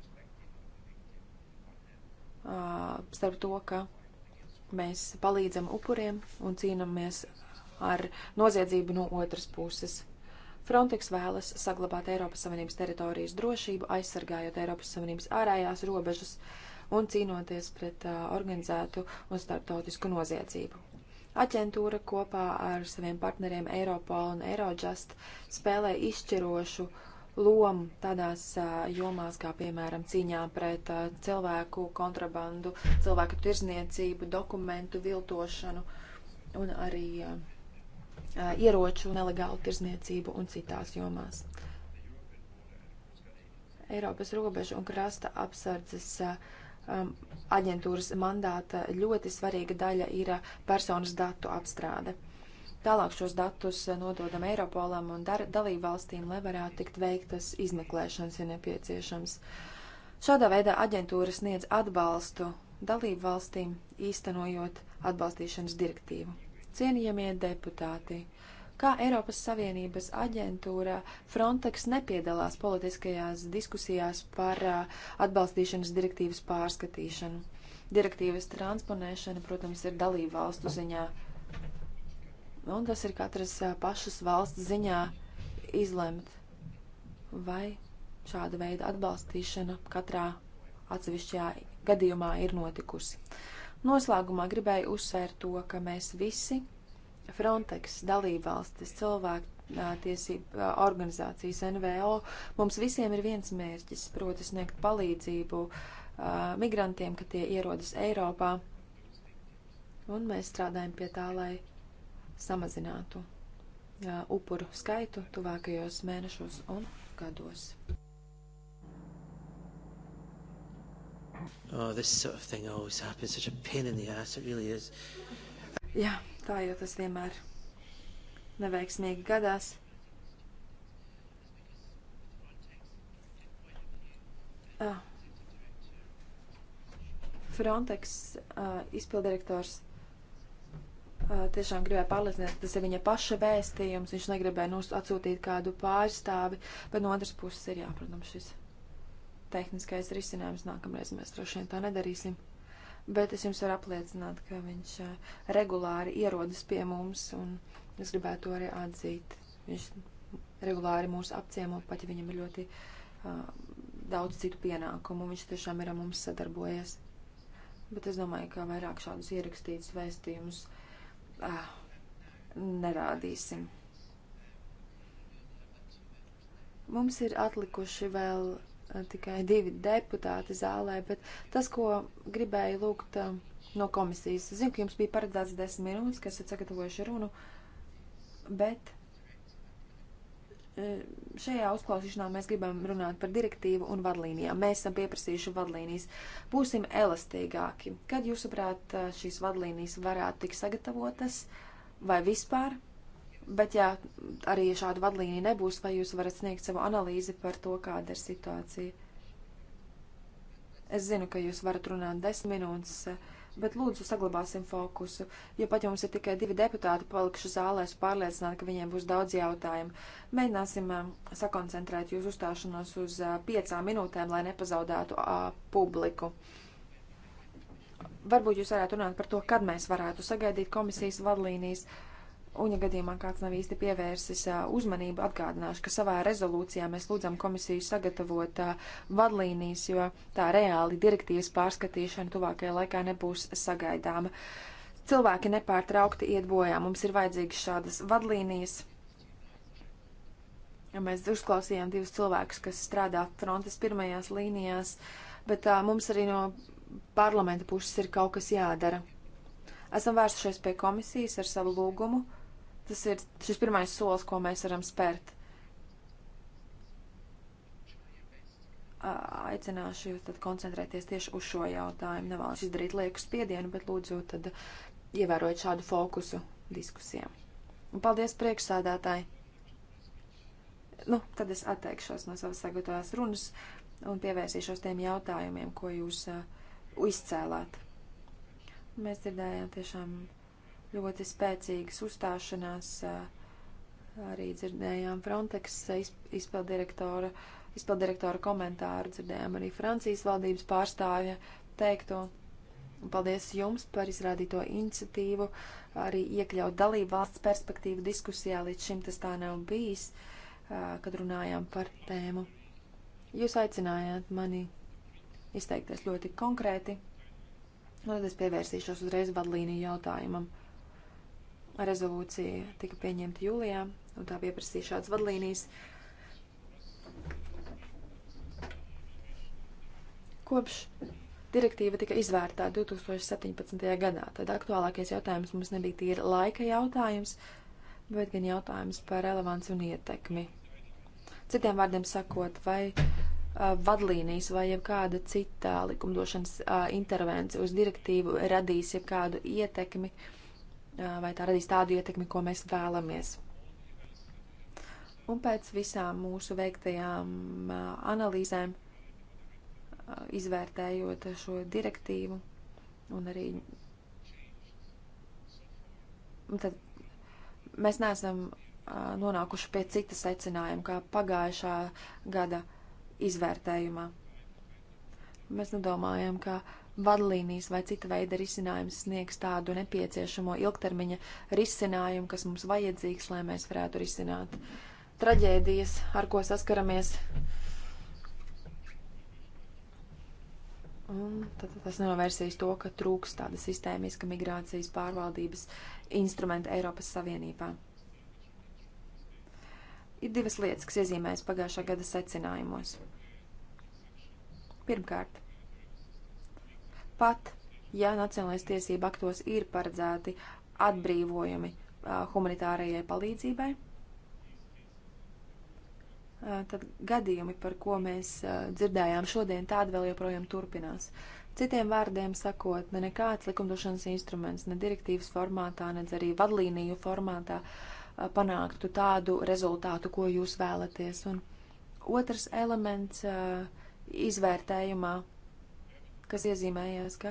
starp to, ka mēs palīdzam upuriem un cīnamies ar noziedzību no otras puses. Frontex vēlas saglabāt Eiropas Savienības teritorijas drošību, aizsargājot Eiropas Savienības ārējās robežas un cīnoties pret uh, organizētu un starptautisku noziedzību. Aģentūra kopā ar saviem partneriem Eiropol un Eurojust spēlē izšķirošu lomu tādās uh, jomās, kā piemēram cīņā pret uh, cilvēku kontrabandu, cilvēku tirzniecību, dokumentu viltošanu un arī uh, ieroču nelegālu tirzniecību un citās jomās. Eiropas robežu un krasta apsardzes um, aģentūras mandāta ļoti svarīga daļa ir personas datu apstrāde. Tālāk šos datus nododam Eiropolam un dalību valstīm, lai varētu tikt veiktas izmeklēšanas, ja nepieciešams. Šādā veidā aģentūra sniedz atbalstu dalību valstīm, īstenojot atbalstīšanas direktīvu. Cienījamie deputāti! Kā Eiropas Savienības aģentūra Frontex nepiedalās politiskajās diskusijās par atbalstīšanas direktīvas pārskatīšanu. Direktīvas transponēšana, protams, ir dalību valstu ziņā, un tas ir katras pašas valsts ziņā izlemt, vai šāda veida atbalstīšana katrā atsevišķajā gadījumā ir notikusi. Noslēgumā gribēju uzsvērt to, ka mēs visi, Frontex, dalībvalstis, cilvēku tiesību organizācijas, NVO, mums visiem ir viens mērķis, proti sniegt palīdzību uh, migrantiem, kad tie ierodas Eiropā. Un mēs strādājam pie tā, lai samazinātu uh, upuru skaitu tuvākajos mēnešos un gados. Oh, this sort of thing always happens. Such a pain in the ass, it really is. Jā, tā jau tas vienmēr neveiksmīgi gadās. Ah. Frontex uh, izpildirektors uh, tiešām gribēja pārliecināt, tas ir viņa paša vēstījums, viņš negribēja atsūtīt kādu pārstāvi, bet no otras puses ir jāprotams šis tehniskais risinājums. Nākamreiz mēs droši vien tā nedarīsim. Bet es jums varu apliecināt, ka viņš eh, regulāri ierodas pie mums, un es gribētu to arī atzīt. Viņš regulāri mūs apciemo, pat ja viņam ir ļoti uh, daudz citu pienākumu. Viņš tiešām ir ar mums sadarbojies. Bet es domāju, ka vairāk šādus ierakstītus vēstījumus uh, nerādīsim. Mums ir atlikuši vēl Eh, tikai divi deputāti zālē, bet tas, ko gribēju lūgt eh, no komisijas, zinu, ka jums bija paredzēts desmit minūtes, kas ir sagatavojuši runu, bet eh, šajā uzklausīšanā mēs gribam runāt par direktīvu un vadlīnijām. Mēs esam pieprasījuši vadlīnijas. Būsim elastīgāki. Kad, jūsuprāt, šīs vadlīnijas varētu tikt sagatavotas vai vispār? Bet, ja arī šāda vadlīnija nebūs, vai jūs varat sniegt savu analīzi par to, kāda ir situācija? Es zinu, ka jūs varat runāt desmit minūtes, bet lūdzu saglabāsim fokusu. Jo pat jums ir tikai divi deputāti palikuši zālē, es pārliecināti, ka viņiem būs daudz jautājumu. Mēģināsim sakoncentrēt jūs uzstāšanos uz piecām minūtēm, lai nepazaudētu publiku. Varbūt jūs varētu runāt par to, kad mēs varētu sagaidīt komisijas vadlīnijas. Uh, Uņa gadījumā kāds nav īsti pievērsis uzmanību, atgādināšu, ka savā rezolūcijā mēs lūdzam komisiju sagatavot vadlīnijas, jo tā reāli direktīvas pārskatīšana tuvākajā laikā nebūs sagaidāma. Cilvēki nepārtraukti iet bojā, mums ir vajadzīgas šādas vadlīnijas. Mēs uzklausījām divus cilvēkus, kas strādā frontes pirmajās līnijās, bet uh, mums arī no parlamenta puses ir kaut kas jādara. Esam vērsušies pie komisijas ar savu lūgumu Tas ir šis pirmais solis, ko mēs varam spērt. Aicināšu jūs tad koncentrēties tieši uz šo jautājumu. Nevēlas izdarīt lieku spiedienu, bet lūdzu tad ievērojot šādu fokusu diskusijām. Un paldies priekšsādātāji! Nu, tad es atteikšos no savas sagatavotās runas un pievērsīšos tiem jautājumiem, ko jūs uh, izcēlāt. Mēs dzirdējām tiešām ļoti spēcīgas uzstāšanās. Arī dzirdējām Frontex izpildirektora, izpildirektora komentāru, dzirdējām arī Francijas valdības pārstāvja teikto. Paldies jums par izrādīto iniciatīvu, arī iekļaut dalību valsts perspektīvu diskusijā, līdz šim tas tā nav bijis, kad runājām par tēmu. Jūs aicinājāt mani izteikties ļoti konkrēti, un tad es pievērsīšos uzreiz vadlīniju jautājumam. Uh, Rezolūcija tika pieņemta jūlijā, un tā pieprasīja šādas vadlīnijas. Kopš direktīva tika izvērtā 2017. gadā, tad aktuālākais jautājums mums nebija tīri laika jautājums, bet gan jautājums par relevanci un ietekmi. Citiem vārdiem sakot, vai uh, vadlīnijas vai jebkāda cita likumdošanas uh, intervence uz direktīvu radīs jebkādu ietekmi uh, vai tā radīs tādu ietekmi, ko mēs vēlamies. Un pēc visām mūsu veiktajām analīzēm, izvērtējot šo direktīvu un arī. Tad mēs neesam nonākuši pie cita secinājuma, kā pagājušā gada izvērtējumā. Mēs nedomājam, ka uh, vadlīnijas vai cita veida risinājums sniegs tādu nepieciešamo ilgtermiņa risinājumu, kas mums vajadzīgs, lai mēs varētu risināt traģēdijas, ar ko saskaramies. Un tad tas nenovērsīs to, ka trūks tāda sistēmiska migrācijas pārvaldības instrumenta Eiropas Savienībā. Ir divas lietas, kas iezīmējas pagājušā gada secinājumos. Pirmkārt, Pat, ja Nacionālais tiesība aktos ir paredzēti atbrīvojumi humanitārajai palīdzībai, tad gadījumi, par ko mēs dzirdējām šodien, tādi vēl joprojām turpinās. Citiem vārdiem sakot, ne nekāds likumdošanas instruments, ne direktīvas formātā, ne arī vadlīniju formātā panāktu tādu rezultātu, ko jūs vēlaties. Un otrs elements izvērtējumā kas iezīmējās, ka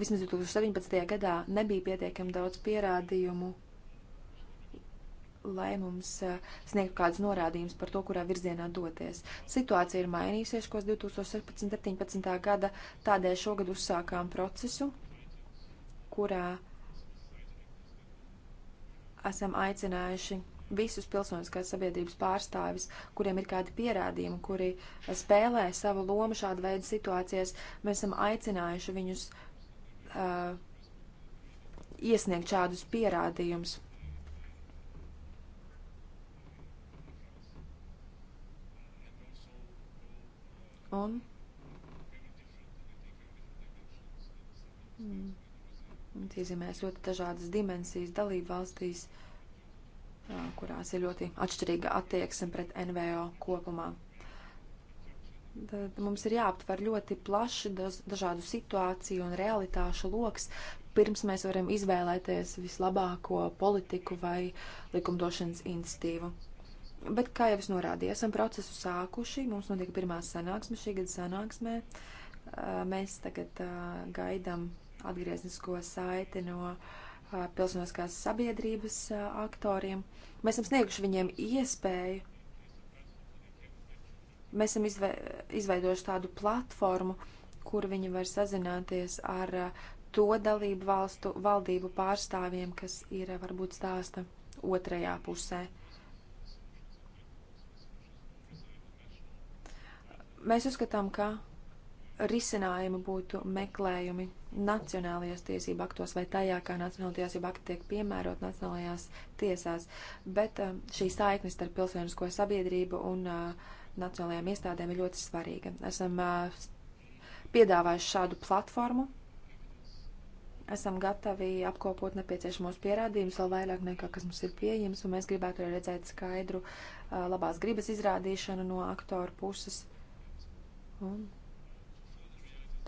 vismaz 2017. gadā nebija pietiekami daudz pierādījumu, lai mums eh, sniegtu kādas norādījumus par to, kurā virzienā doties. Situācija ir mainījusies, ko 2017. gada tādēļ šogad uzsākām procesu, kurā esam aicinājuši visus pilsoniskās sabiedrības pārstāvis, kuriem ir kādi pierādījumi, kuri spēlē savu lomu šādu veidu situācijās. Mēs esam aicinājuši viņus uh, iesniegt šādus pierādījumus. Un? Mm. Tas iezīmēs ļoti dažādas dimensijas dalību valstīs. Uh, kurās ir ļoti atšķirīga attieksme pret NVO kopumā. Tad mums ir jāaptver ļoti plaši dažādu situāciju un realitāšu lokus, pirms mēs varam izvēlēties vislabāko politiku vai likumdošanas institīvu. Bet, kā jau es norādīju, esam procesu sākuši. Mums notika pirmā sanāksme šī gada sanāksmē. Mēs tagad gaidām atgrieznisko saiti no uh, pilsoniskās sabiedrības aktoriem. Mēs esam snieguši viņiem iespēju. Mēs esam izve izveidojuši tādu platformu, kur viņi var sazināties ar to dalību valstu valdību pārstāvjiem, kas ir varbūt stāsta otrajā pusē. Mēs uzskatām, ka risinājumi būtu meklējumi nacionālajos tiesību aktos vai tajā, kā nacionāla tiesība akti tiek piemērot nacionālajās tiesās, bet um, šī saiknis starp pilsonisko sabiedrību un uh, nacionālajām iestādēm ir ļoti svarīga. Esam uh, piedāvājuši šādu platformu, esam gatavi apkopot nepieciešamos pierādījumus vēl vairāk nekā kas mums ir pieejams, un mēs gribētu arī redzēt skaidru uh, labās gribas izrādīšanu no aktoru puses. Un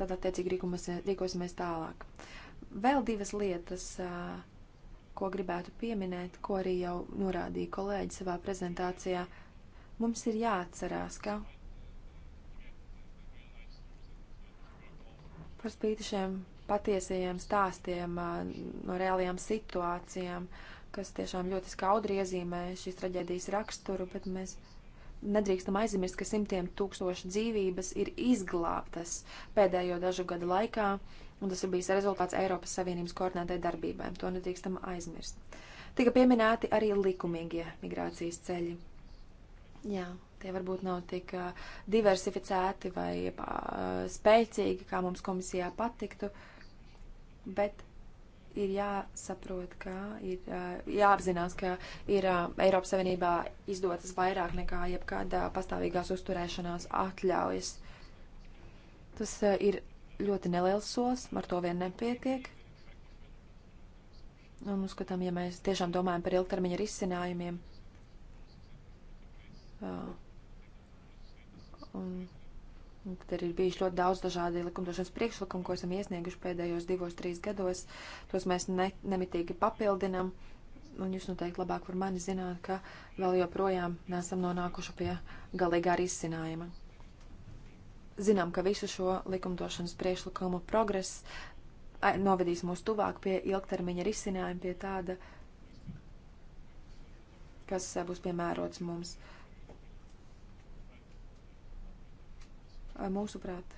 tad attiecīgi rīkosimies tālāk. Vēl divas lietas, ko gribētu pieminēt, ko arī jau norādīja kolēģi savā prezentācijā. Mums ir jāatcerās, ka par spīti šiem patiesajiem stāstiem no reālajām situācijām, kas tiešām ļoti skaudri iezīmē šīs traģēdijas raksturu, bet mēs nedrīkstam aizmirst, ka simtiem tūkstoši dzīvības ir izglābtas pēdējo dažu gadu laikā, un tas ir bijis rezultāts Eiropas Savienības koordinētai darbībai. To nedrīkstam aizmirst. Tika pieminēti arī likumīgie migrācijas ceļi. Jā, tie varbūt nav tik uh, diversificēti vai uh, spēcīgi, kā mums komisijā patiktu, bet ir jāsaprot, ka ir jāapzinās, ka ir Eiropas Savienībā izdotas vairāk nekā jebkāda pastāvīgās uzturēšanās atļaujas. Tas ir ļoti neliels solis, ar to vien nepietiek. Un uzskatām, ja mēs tiešām domājam par ilgtermiņa risinājumiem. Un Tur ir bijuši ļoti daudz dažādi likumdošanas priekšlikumi, ko esam iesnieguši pēdējos divos, trīs gados. Tos mēs ne, nemitīgi papildinam. Un jūs noteikti labāk par mani zināt, ka vēl joprojām nesam nonākuši pie galīgā risinājuma. Zinām, ka visu šo likumdošanas priekšlikumu progress novedīs mūs tuvāk pie ilgtermiņa risinājuma, pie tāda, kas būs piemērots mums. Uh, Mūsuprāt,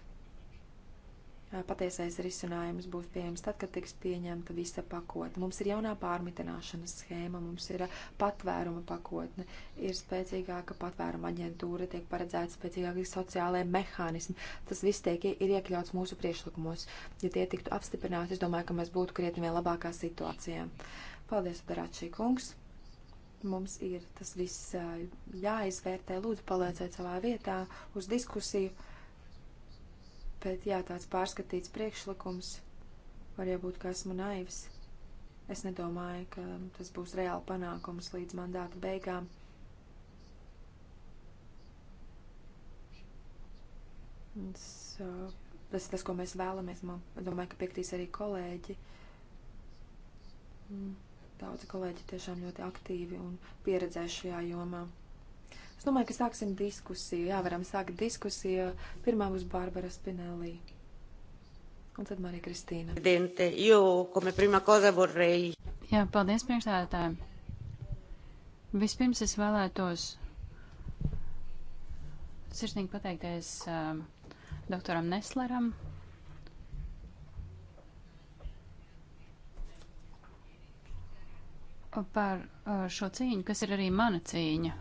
patiesais risinājums būs pieejams tad, kad tiks pieņemta visa pakotne. Mums ir jaunā pārmitināšanas schēma, mums ir patvēruma pakotne, ir spēcīgāka patvēruma aģentūra, tiek paredzēti spēcīgāki sociālai mehānismi. Tas viss tiek ir iekļauts mūsu priešlikumos. Ja tie tiktu apstiprināti, es domāju, ka mēs būtu krietni vēl labākā situācijā. Paldies, Darāčī kungs! Mums ir tas viss jāizvērtē. Lūdzu, palieciet savā vietā uz diskusiju. Bet jā, tāds pārskatīts priekšlikums var jau būt, ka esmu naivs. Es nedomāju, ka tas būs reāli panākums līdz mandāta beigām. Tas, tas ir tas, ko mēs vēlamies. Man domāju, ka piektīs arī kolēģi. Mm, daudzi kolēģi tiešām ļoti aktīvi un pieredzējuši šajā jomā. Es domāju, ka sāksim diskusiju. Jā, varam sākt diskusiju. Pirmā būs Bārbara Spinelli. Un tad Marija Kristīna. Jā, paldies priekšstādātājiem. Vispirms es vēlētos sirsnīgi pateikties uh, doktoram Nesleram. Par uh, šo cīņu, kas ir arī mana cīņa,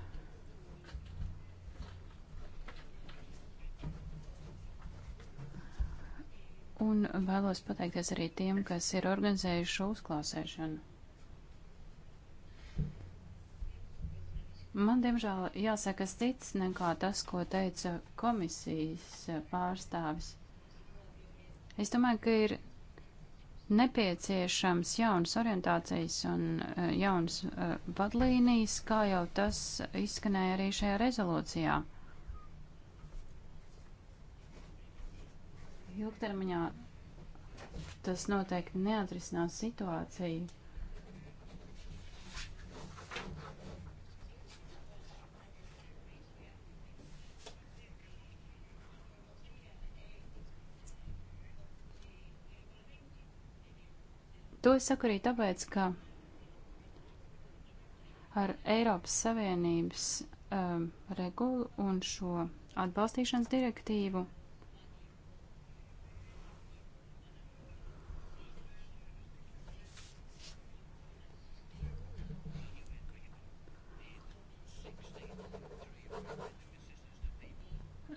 un vēlos pateikties arī tiem, kas ir organizējuši šo uzklausēšanu. Man, diemžēl, jāsaka cits nekā tas, ko teica komisijas pārstāvis. Es domāju, ka ir nepieciešams jaunas orientācijas un eh, jaunas eh, vadlīnijas, kā jau tas izskanēja arī šajā rezolūcijā. Ilgtermiņā Tas noteikti neatrisinās situāciju. To es saku arī tāpēc, ka ar Eiropas Savienības um, regulu un šo atbalstīšanas direktīvu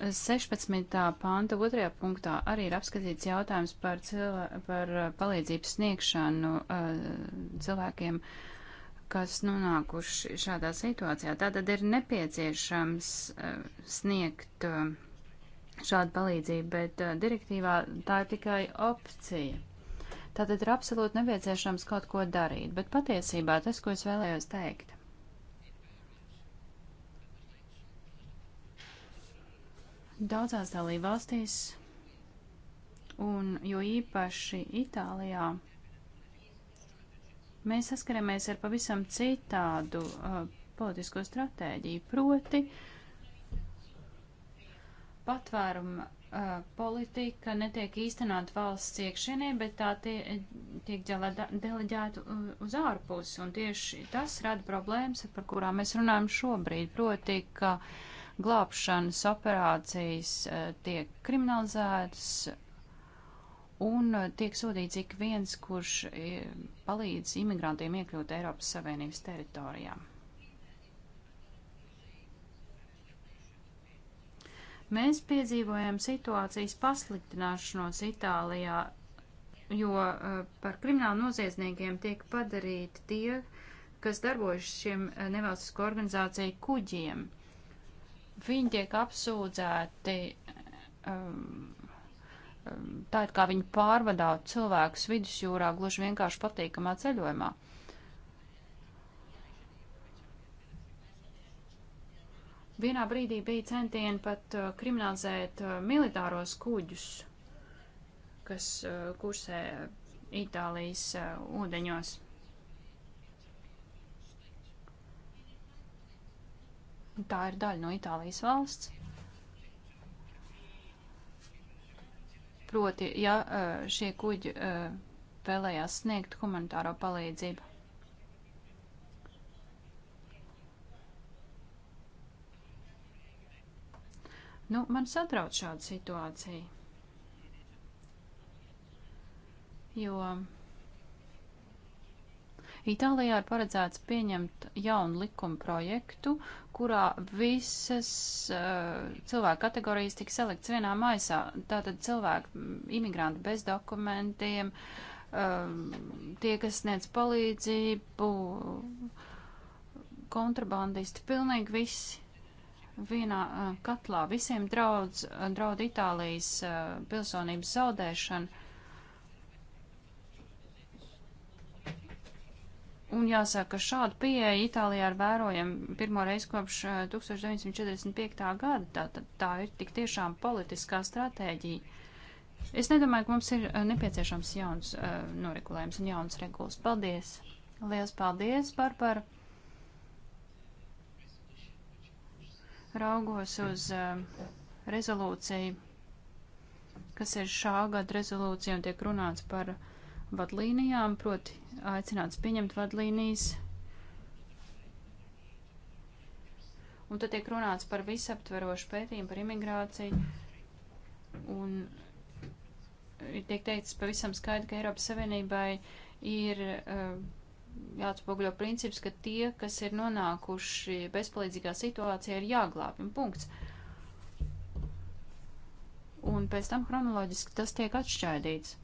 16. panta otrajā punktā arī ir apskatīts jautājums par, cilvē, par uh, palīdzības sniegšanu uh, cilvēkiem, kas nonākuši šādā situācijā. Tātad ir nepieciešams uh, sniegt uh, šādu palīdzību, bet uh, direktīvā tā ir tikai opcija. Tātad ir absolūti nepieciešams kaut ko darīt, bet patiesībā tas, ko es vēlējos teikt, daudzās dalībvalstīs, un jo īpaši Itālijā, mēs saskaramies ar pavisam citādu uh, politisko stratēģiju, proti patvērumu uh, politika netiek īstenot valsts iekšienē, bet tā tie, tiek deleģēta uh, uz ārpusi, un tieši tas rada problēmas, par kurām mēs runājam šobrīd, proti, ka uh, glābšanas operācijas eh, tiek kriminalizētas un eh, tiek sodīts ik viens, kurš eh, palīdz imigrantiem iekļūt Eiropas Savienības teritorijā. Mēs piedzīvojam situācijas pasliktināšanos Itālijā, jo par kriminālu noziedzniekiem tiek padarīti tie, kas darbojas šiem nevalstisko organizāciju kuģiem. Uh, Viņi tiek apsūdzēti um, um, tā, it kā viņi pārvadātu cilvēkus vidusjūrā gluži vienkārši patīkamā ceļojumā. Vienā brīdī bija centieni pat uh, kriminalizēt uh, militāros kuģus, kas uh, kursē Itālijas uh, ūdeņos. Tā ir daļa no Itālijas valsts. Proti, ja eh, šie kuģi eh, vēlējās sniegt humanitāro palīdzību. Nu, man satrauc šāda situācija, jo Itālijā ir paredzēts pieņemt jaunu likuma projektu, kurā visas uh, cilvēku kategorijas tika salikts vienā maisā. Tātad cilvēki, imigranti bez dokumentiem, uh, tie, kas sniedz palīdzību, kontrabandisti, pilnīgi visi vienā uh, katlā. Visiem draudz, draud Itālijas uh, pilsonības zaudēšana. Un jāsaka, ka šāda pieeja Itālijā ir vērojama pirmo reizi kopš 1945. Eh, gada. Tā, tā, tā ir tik tiešām politiskā stratēģija. Es nedomāju, ka mums ir eh, nepieciešams jauns uh, noregulējums un jauns regulas. Paldies! Lielas paldies, Barbara! Raugos uz uh, rezolūciju, kas ir šā gada rezolūcija un tiek runāts par. Uh, vadlīnijām, proti aicināts pieņemt vadlīnijas. Un tad tiek runāts par visaptverošu pētījumu par imigrāciju. Un tiek teikts pavisam skaidri, ka Eiropas Savienībai ir uh, jāatspoguļo princips, ka tie, kas ir nonākuši bezpalīdzīgā situācijā, ir jāglābj un punkts. Un pēc tam chronoloģiski tas tiek atšķaidīts.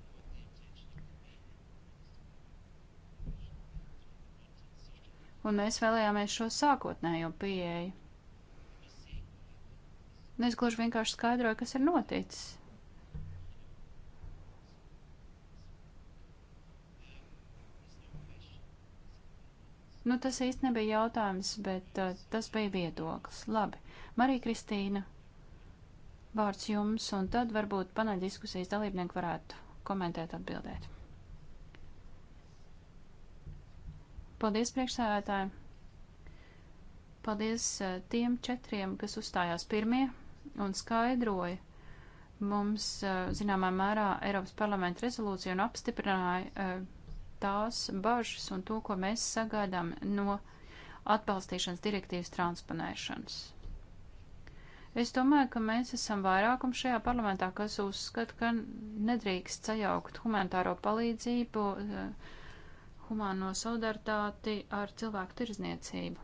un mēs vēlējāmies šo sākotnējo pieeju. Un es gluži vienkārši skaidroju, kas ir noticis. Nu, tas īsti nebija jautājums, bet uh, tas bija viedoklis. Labi, Marija Kristīna, vārds jums, un tad varbūt paneļa diskusijas dalībnieki varētu komentēt, atbildēt. Paldies, priekšsēdētāji! Paldies eh, tiem četriem, kas uzstājās pirmie un skaidroja mums, eh, zināmā mērā, Eiropas parlamenta rezolūcija un apstiprināja eh, tās bažas un to, ko mēs sagaidām no atbalstīšanas direktīvas transponēšanas. Es domāju, ka mēs esam vairākums šajā parlamentā, kas uzskata, ka nedrīkst sajaukt humanitāro palīdzību uh, humāno solidaritāti ar cilvēku tirzniecību.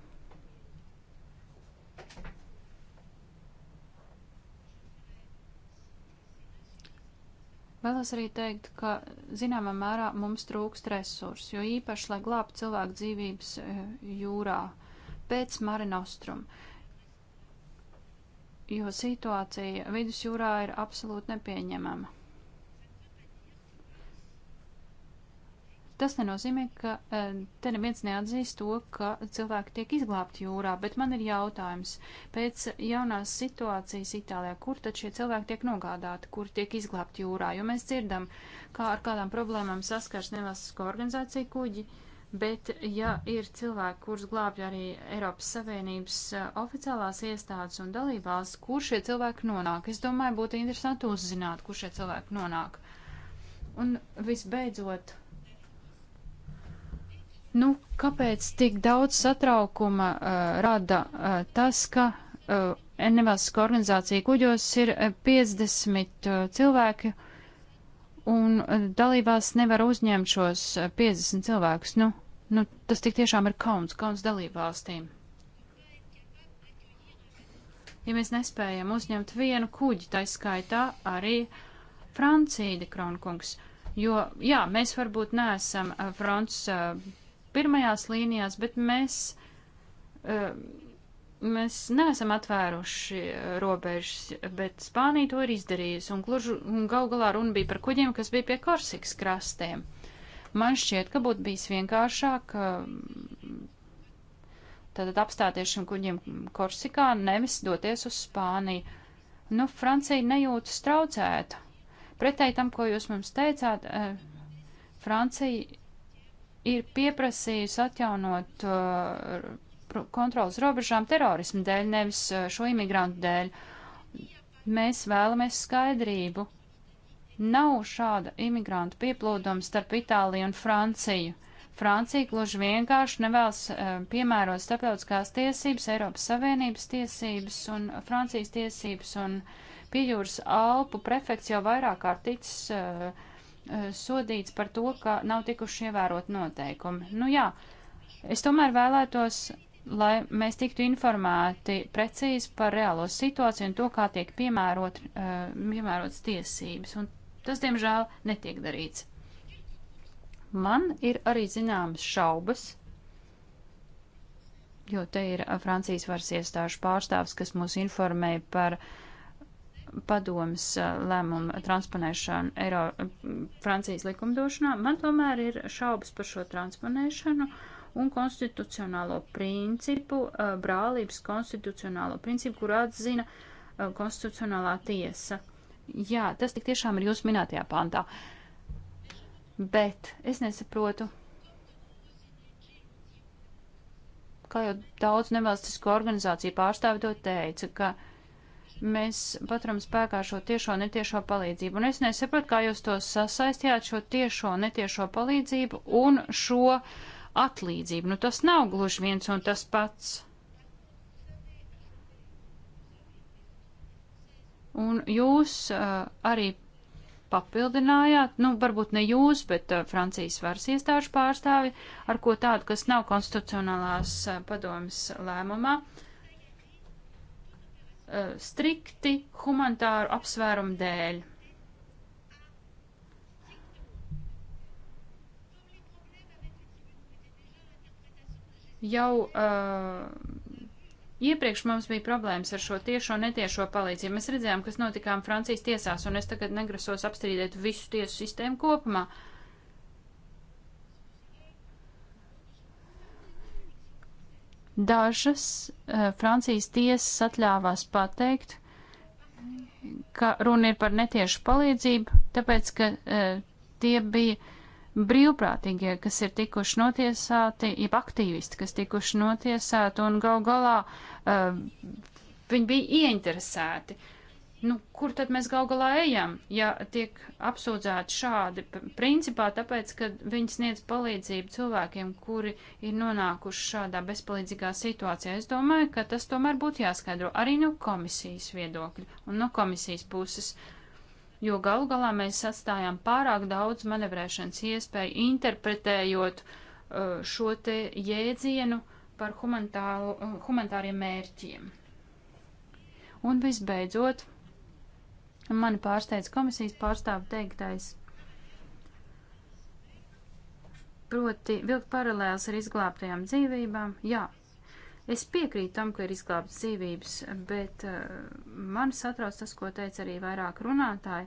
Vēlos arī teikt, ka zināmā mērā mums trūkst resursu, jo īpaši, lai glābtu cilvēku dzīvības eh, jūrā pēc marinostrum, jo situācija vidusjūrā ir absolūti nepieņemama. Tas nenozīmē, ka e, te neviens neatzīst to, ka cilvēki tiek izglābti jūrā, bet man ir jautājums, pēc jaunās situācijas Itālijā, kur tad šie cilvēki tiek nogādāti, kur tiek izglābti jūrā, jo mēs dzirdam, kā ar kādām problēmām saskars nevalstisko organizāciju kuģi, bet ja ir cilvēki, kurus glābj arī Eiropas Savienības e, oficiālās iestādes un dalībās, kur šie cilvēki nonāk, es domāju, būtu interesanti uzzināt, kur šie cilvēki nonāk. Un visbeidzot, Nu, kāpēc tik daudz satraukuma uh, rada uh, tas, ka uh, nevalstiskā organizācija kuģos ir 50 uh, uh, cilvēki un uh, dalībās nevar uzņemt šos uh, 50 cilvēkus? Nu, nu, tas tik tiešām ir kauns, kauns dalībvalstīm. Ja mēs nespējam uzņemt vienu kuģi, tā skaitā arī Francija, Kronkungs, jo, jā, mēs varbūt neesam uh, Frants. Uh, pirmajās līnijās, bet mēs, um, mēs neesam atvēruši uh, robežas, bet Spānija to ir izdarījusi, un gluži gal galā runa bija par kuģiem, kas bija pie Korsikas krastiem. Man šķiet, ka būtu bijis vienkāršāk um, tātad apstāties šim kuģim Korsikā, nevis doties uz Spāniju. Nu, Francija nejūtas traucēta. Pretēji tam, ko jūs mums teicāt, uh, Francija ir pieprasījusi atjaunot uh, kontrolas robežām terorismu dēļ, nevis uh, šo imigrantu dēļ. Mēs vēlamies skaidrību. Nav šāda imigrantu pieplūduma starp Itāliju un Franciju. Francija gluži vienkārši nevēlas uh, piemērot starptautiskās tiesības, Eiropas Savienības tiesības un Francijas tiesības, un pie jūras Alpu prefekts jau vairāk kārt ticis uh, Eh, sodīts par to, ka nav tikuši ievērot noteikumi. Nu jā, es tomēr vēlētos, lai mēs tiktu informēti precīzi par reālo situāciju un to, kā tiek piemērot, eh, piemērotas tiesības. Un tas, diemžēl, netiek darīts. Man ir arī zināmas šaubas, jo te ir Francijas varas iestāžu pārstāvs, kas mūs informēja par uh, padomas eh, lēmumu transponēšanu Eiro, eh, Francijas likumdošanā. Man tomēr ir šaubas par šo transponēšanu un konstitucionālo principu, eh, brālības konstitucionālo principu, kur atzina konstitucionālā tiesa. Jā, tas tik tiešām ir jūs minētajā pantā. Bet es nesaprotu, kā jau daudz nevalstisko organizāciju pārstāvi to teica, ka mēs paturam spēkā šo tiešo netiešo palīdzību. Un es nesaprotu, kā jūs to sasaistījāt, šo tiešo netiešo palīdzību un šo atlīdzību. Nu, tas nav gluži viens un tas pats. Un jūs uh, arī papildinājāt, nu, varbūt ne jūs, bet uh, Francijas varas iestāžu pārstāvi, ar ko tādu, kas nav konstitucionālās uh, padomas lēmumā. Uh, Eh, strikti humanitāru apsvērumu dēļ. Jau uh, iepriekš mums bija problēmas ar šo tiešo un netiešo palīdzību. Mēs redzējām, kas notikām Francijas tiesās, un es tagad negrasos apstrīdēt visu tiesu sistēmu kopumā. Uh, Dažas eh, Francijas tiesas atļāvās pateikt, ka runa ir par netiešu palīdzību, tāpēc, ka eh, tie bija brīvprātīgie, kas ir tikuši notiesāti, jeb aktīvisti, kas tikuši notiesāti un gal galā eh, viņi bija ieinteresēti. Uh, Nu, kur tad mēs gal galā ejam, ja tiek apsūdzēti šādi? Principā tāpēc, ka viņi sniedz palīdzību cilvēkiem, kuri ir nonākuši šādā bezpalīdzīgā situācijā. Es domāju, ka tas tomēr būtu jāskaidro arī no komisijas viedokļa un no komisijas puses. Jo galu galā mēs atstājām pārāk daudz manevrēšanas iespēju, interpretējot uh, šo te jēdzienu par uh, humanitāriem mērķiem. Un visbeidzot, Mani pārsteidz komisijas pārstāvu teiktais. Proti, vilkt paralēls ar izglābtajām dzīvībām. Jā, es piekrītu tam, ka ir izglābtas dzīvības, bet uh, man satrauc tas, ko teica arī vairāk runātāji.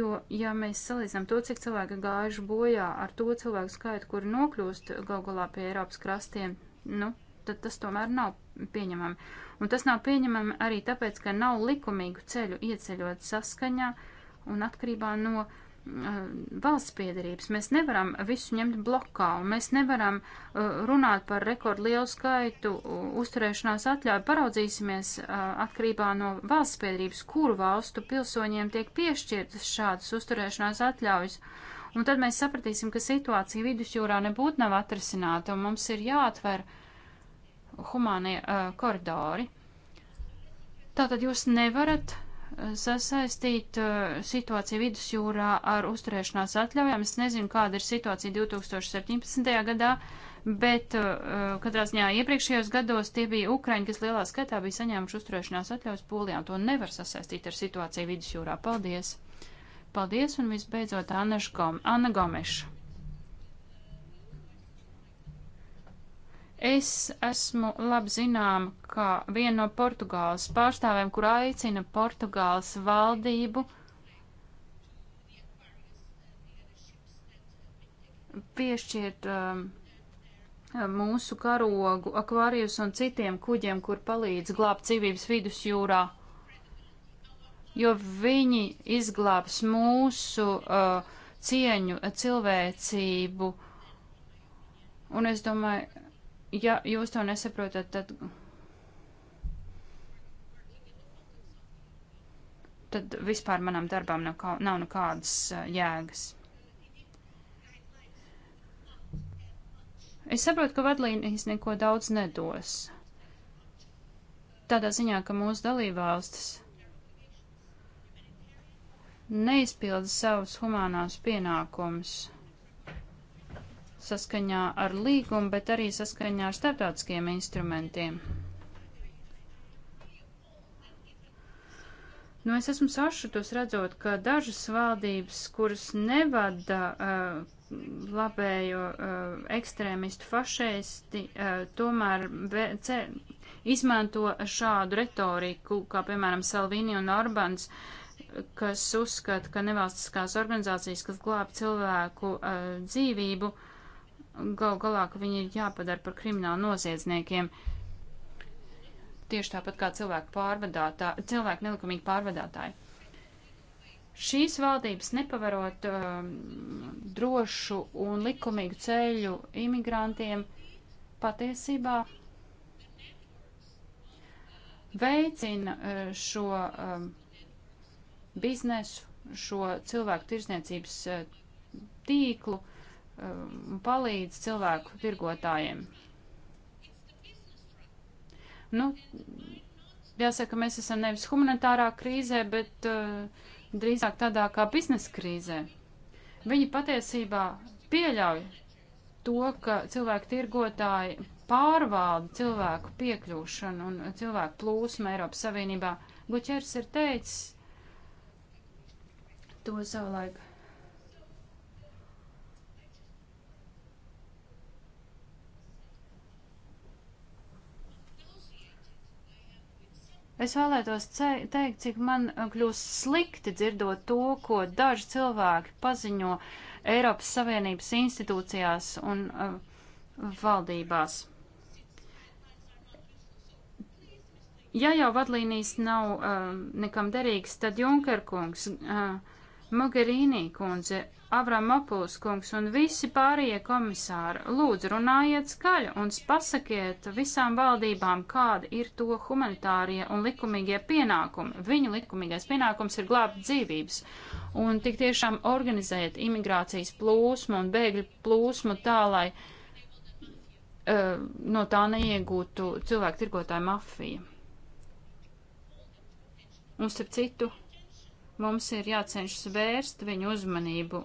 Jo, ja mēs salīdzinām to, cik cilvēki gājuši bojā ar to cilvēku skaitu, kuri nokļūst galu galā pie Eiropas krastiem, nu, tad tas tomēr nav pieņemami. Un tas nav pieņemami arī tāpēc, ka nav likumīgu ceļu ieceļot saskaņā un atkarībā no uh, valsts piedarības. Mēs nevaram visu ņemt blokā, un mēs nevaram uh, runāt par rekordlielu skaitu uh, uzturēšanās atļauju. Paraudzīsimies eh, atkarībā no valsts piedarības, kuru valstu pilsoņiem tiek piešķirtas šādas uzturēšanās atļaujas. Un tad mēs sapratīsim, ka situācija vidusjūrā nebūtu nav atrisināta, un mums ir jāatver uh, humānie uh, koridori. Tātad jūs nevarat sasaistīt uh, situāciju vidusjūrā ar uzturēšanās atļaujām. Es nezinu, kāda ir situācija 2017. gadā, bet uh, katrā ziņā iepriekšējos gados tie bija Ukraiņi, kas lielā skaitā bija saņēmuši uzturēšanās atļaujas polijām. To nevar sasaistīt ar situāciju vidusjūrā. Paldies! Paldies un visbeidzot Anna Gomeša. Es esmu labi zinām, ka viena no Portugāles pārstāvēm, kur aicina Portugāles valdību piešķirt um, mūsu karogu akvārijus un citiem kuģiem, kur palīdz glābt dzīvības vidusjūrā, jo viņi izglābs mūsu uh, cieņu, cilvēcību. Un es domāju, Ja jūs to nesaprotat, tad. Tad vispār manam darbam nav, kā, nav nekādas uh, jēgas. Es saprotu, ka vadlīnijas neko daudz nedos. Tādā ziņā, ka mūsu dalībvalstis neizpilda savus humānās pienākumus saskaņā ar līgumu, bet arī saskaņā ar starptautiskiem instrumentiem. Nu, es esmu sašutos redzot, ka dažas valdības, kuras nevada uh, labējo uh, ekstrēmistu fašēsti, uh, tomēr vece, izmanto šādu retoriku, kā piemēram Salvini un Orbans, kas uzskata, ka nevalstiskās organizācijas, kas glāb cilvēku uh, dzīvību, uh, gal galā, ka viņi ir jāpadara par kriminālu noziedzniekiem. Tieši tāpat kā cilvēku pārvadātāji, cilvēku nelikumīgi pārvadātāji. Šīs valdības nepavarot uh, drošu un likumīgu ceļu imigrantiem patiesībā veicina uh, šo uh, biznesu, šo cilvēku tirzniecības uh, tīklu, uh, un um, palīdz cilvēku tirgotājiem. Nu, jāsaka, mēs esam nevis humanitārā krīzē, bet uh, drīzāk tādā kā biznesa krīzē. Viņi patiesībā pieļauj to, ka cilvēku tirgotāji pārvalda cilvēku piekļūšanu un cilvēku plūsmu Eiropas Savienībā. Guķers ir teicis to savulaik Es vēlētos teikt, cik man kļūst slikti dzirdot to, ko daži cilvēki paziņo Eiropas Savienības institūcijās un uh, valdībās. Ja jau vadlīnijas nav uh, nekam derīgs, tad Junkerkungs, uh, Mogherīnī kundze, Avramopuls kungs un visi pārējie komisāri, lūdzu runājiet skaļi un pasakiet visām valdībām, kāda ir to humanitārie un likumīgie pienākumi. Viņu likumīgais pienākums ir glābt dzīvības un tik tiešām organizēt imigrācijas plūsmu un bēgļu plūsmu tā, lai uh, no tā neiegūtu cilvēku tirgotāju mafija. Un starp citu, mums ir jācenšas vērst viņu uzmanību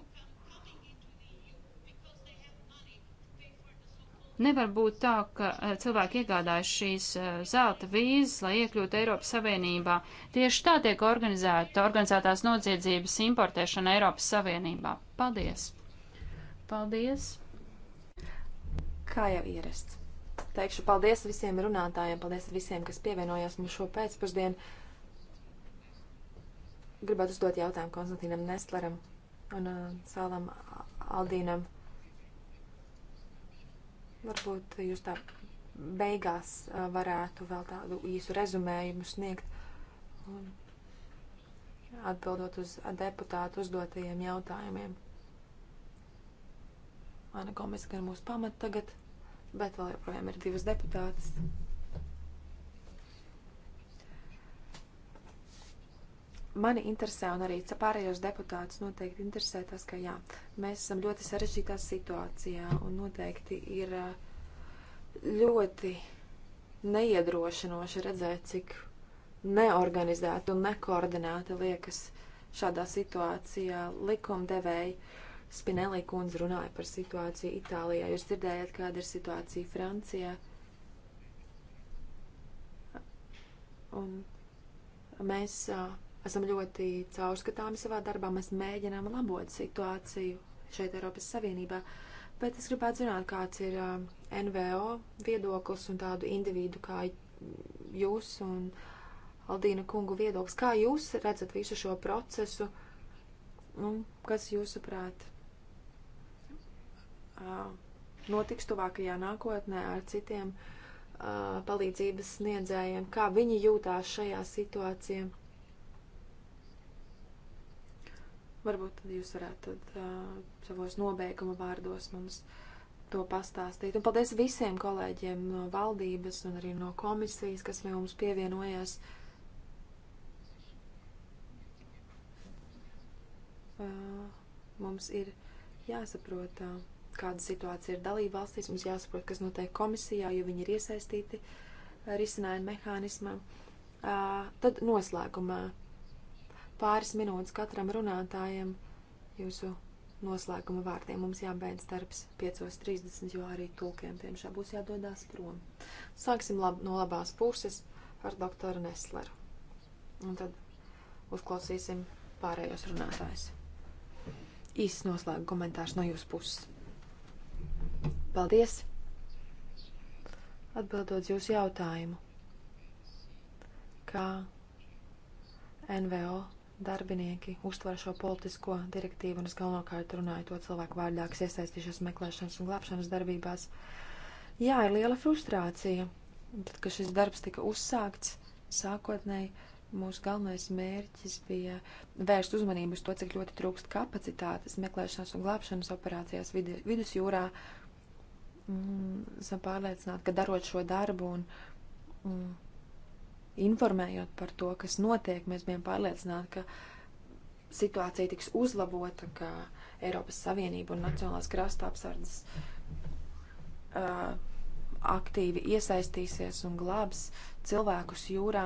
Nevar būt tā, ka eh, cilvēki iegādājas šīs eh, zelta vīzes, lai iekļūtu Eiropas Savienībā. Tieši tā tiek organizēta organizētās nodziedzības importēšana Eiropas Savienībā. Paldies! Paldies! Kā jau ierasts. Teikšu paldies visiem runātājiem, paldies visiem, kas pievienojās mums šo pēcpusdienu. Gribētu uzdot jautājumu Konstantinam Nestleram un uh, eh, Salam Aldīnam. Varbūt jūs tā beigās varētu vēl tādu īsu rezumējumu sniegt. Un atbildot uz deputātu uzdotajiem jautājumiem. Ana Gomes gan mūs pamat tagad, bet vēl joprojām ir divas deputātas. mani interesē, un arī pārējos deputātus noteikti interesē tas, ka jā, mēs esam ļoti sarežģītā situācijā un noteikti ir ļoti neiedrošinoši redzēt, cik neorganizēta un nekoordinēta liekas šādā situācijā likumdevēji. Spinelli kundze runāja par situāciju Itālijā. Jūs dzirdējat, kāda ir situācija Francijā? Un mēs uh, esam ļoti caurskatāmi savā darbā, mēs mēģinām labot situāciju šeit Eiropas Savienībā, bet es gribētu zināt, kāds ir NVO viedoklis un tādu individu kā jūs un Aldīna kungu viedoklis. Kā jūs redzat visu šo procesu? Un nu, kas jūsuprāt notiks tuvākajā nākotnē ar citiem palīdzības sniedzējiem? Kā viņi jūtās šajā situācijā? Varbūt tad jūs varētu tad, uh, savos nobeiguma vārdos mums to pastāstīt. Un paldies visiem kolēģiem no valdības un arī no komisijas, kas pie mums pievienojās. Uh, mums ir jāsaprot, uh, kāda situācija ir dalība valstīs, mums jāsaprot, kas notiek komisijā, jo viņi ir iesaistīti risinājuma mehānismā. Uh, tad noslēgumā pāris minūtes katram runātājam jūsu noslēguma vārdiem. Mums jābeidz darbs 5.30, jo arī tulkiem tiemžēl būs jādodās prom. Sāksim lab no labās puses ar doktoru Nesleru. Un tad uzklausīsim pārējos runātājus. Īsts noslēguma komentārs no jūsu puses. Paldies! Atbildot jūsu jautājumu, kā NVO darbinieki uztver šo politisko direktīvu, un es galvenokārt runāju to cilvēku vārdā, kas iesaistījušās meklēšanas un glābšanas darbībās. Jā, ir liela frustrācija. Tad, kad šis darbs tika uzsākts, sākotnēji mūsu galvenais mērķis bija vērst uzmanību uz to, cik ļoti trūkst kapacitātes meklēšanas un glābšanas operācijās vid vidusjūrā. Mm, esam pārliecināti, ka darot šo darbu un mm, informējot par to, kas notiek, mēs bijām pārliecināti, ka situācija tiks uzlabota, ka Eiropas Savienība un Nacionālās krasta apsardzes uh, aktīvi iesaistīsies un glābs cilvēkus jūrā.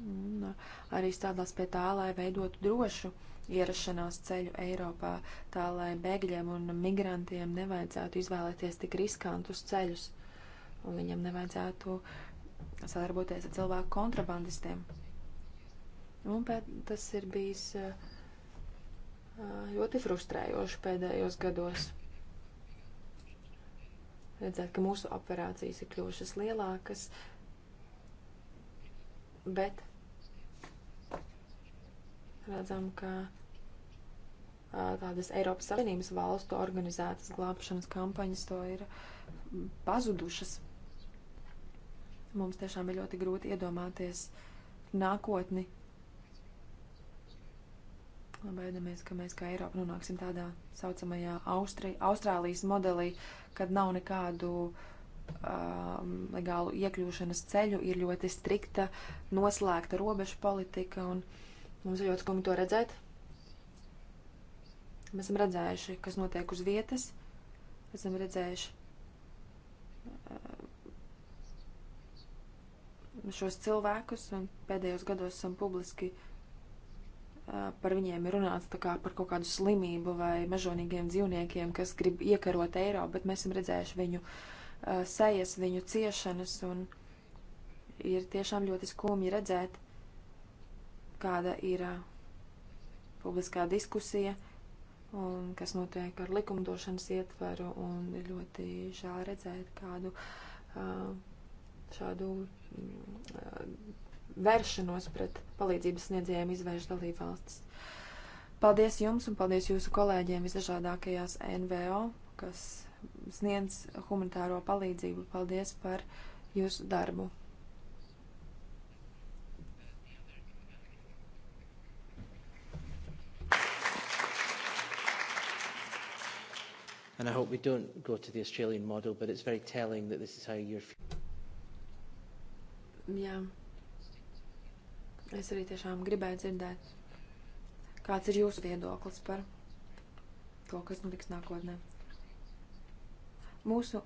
Un arī stādās pie tā, lai veidotu drošu ierašanās ceļu Eiropā, tā lai bēgļiem un migrantiem nevajadzētu izvēlēties tik riskantus ceļus, un viņam nevajadzētu uh, sadarboties ar cilvēku kontrabandistiem. Un pēc, tas ir bijis ļoti frustrējoši pēdējos gados. Redzēt, ka mūsu operācijas ir kļuvušas lielākas, bet redzam, ka tādas Eiropas Savienības valstu organizētas glābšanas kampaņas to ir pazudušas. Mums tiešām ir ļoti grūti iedomāties nākotni. Baidamies, ka mēs kā Eiropa nonāksim tādā saucamajā Austri, Austrālijas modelī, kad nav nekādu um, legālu iekļūšanas ceļu, ir ļoti strikta, noslēgta robežu politika, un mums ir ļoti skumji to redzēt. Mēs esam redzējuši, kas notiek uz vietas, esam redzējuši šos cilvēkus, un pēdējos gados esam publiski uh, par viņiem ir runāts tā kā par kaut kādu slimību vai mežonīgiem dzīvniekiem, kas grib iekarot Eiropu, bet mēs esam redzējuši viņu uh, sejas, viņu ciešanas, un ir tiešām ļoti skumji redzēt, kāda ir uh, publiskā diskusija, un kas notiek ar likumdošanas ietvaru, un ir ļoti žēl redzēt kādu uh, šādu mm, vēršanos pret palīdzības sniedzējiem izvērš dalībvalstis. Paldies jums un paldies jūsu kolēģiem visdažādākajās NVO, kas sniedz humanitāro palīdzību. Paldies par jūsu darbu. And I hope we don't go to the Australian model, but it's very telling that this is how you're feeling. Jā. Es arī tiešām gribēju dzirdēt, kāds ir jūsu viedoklis par to, kas notiks nākotnē. Mūsu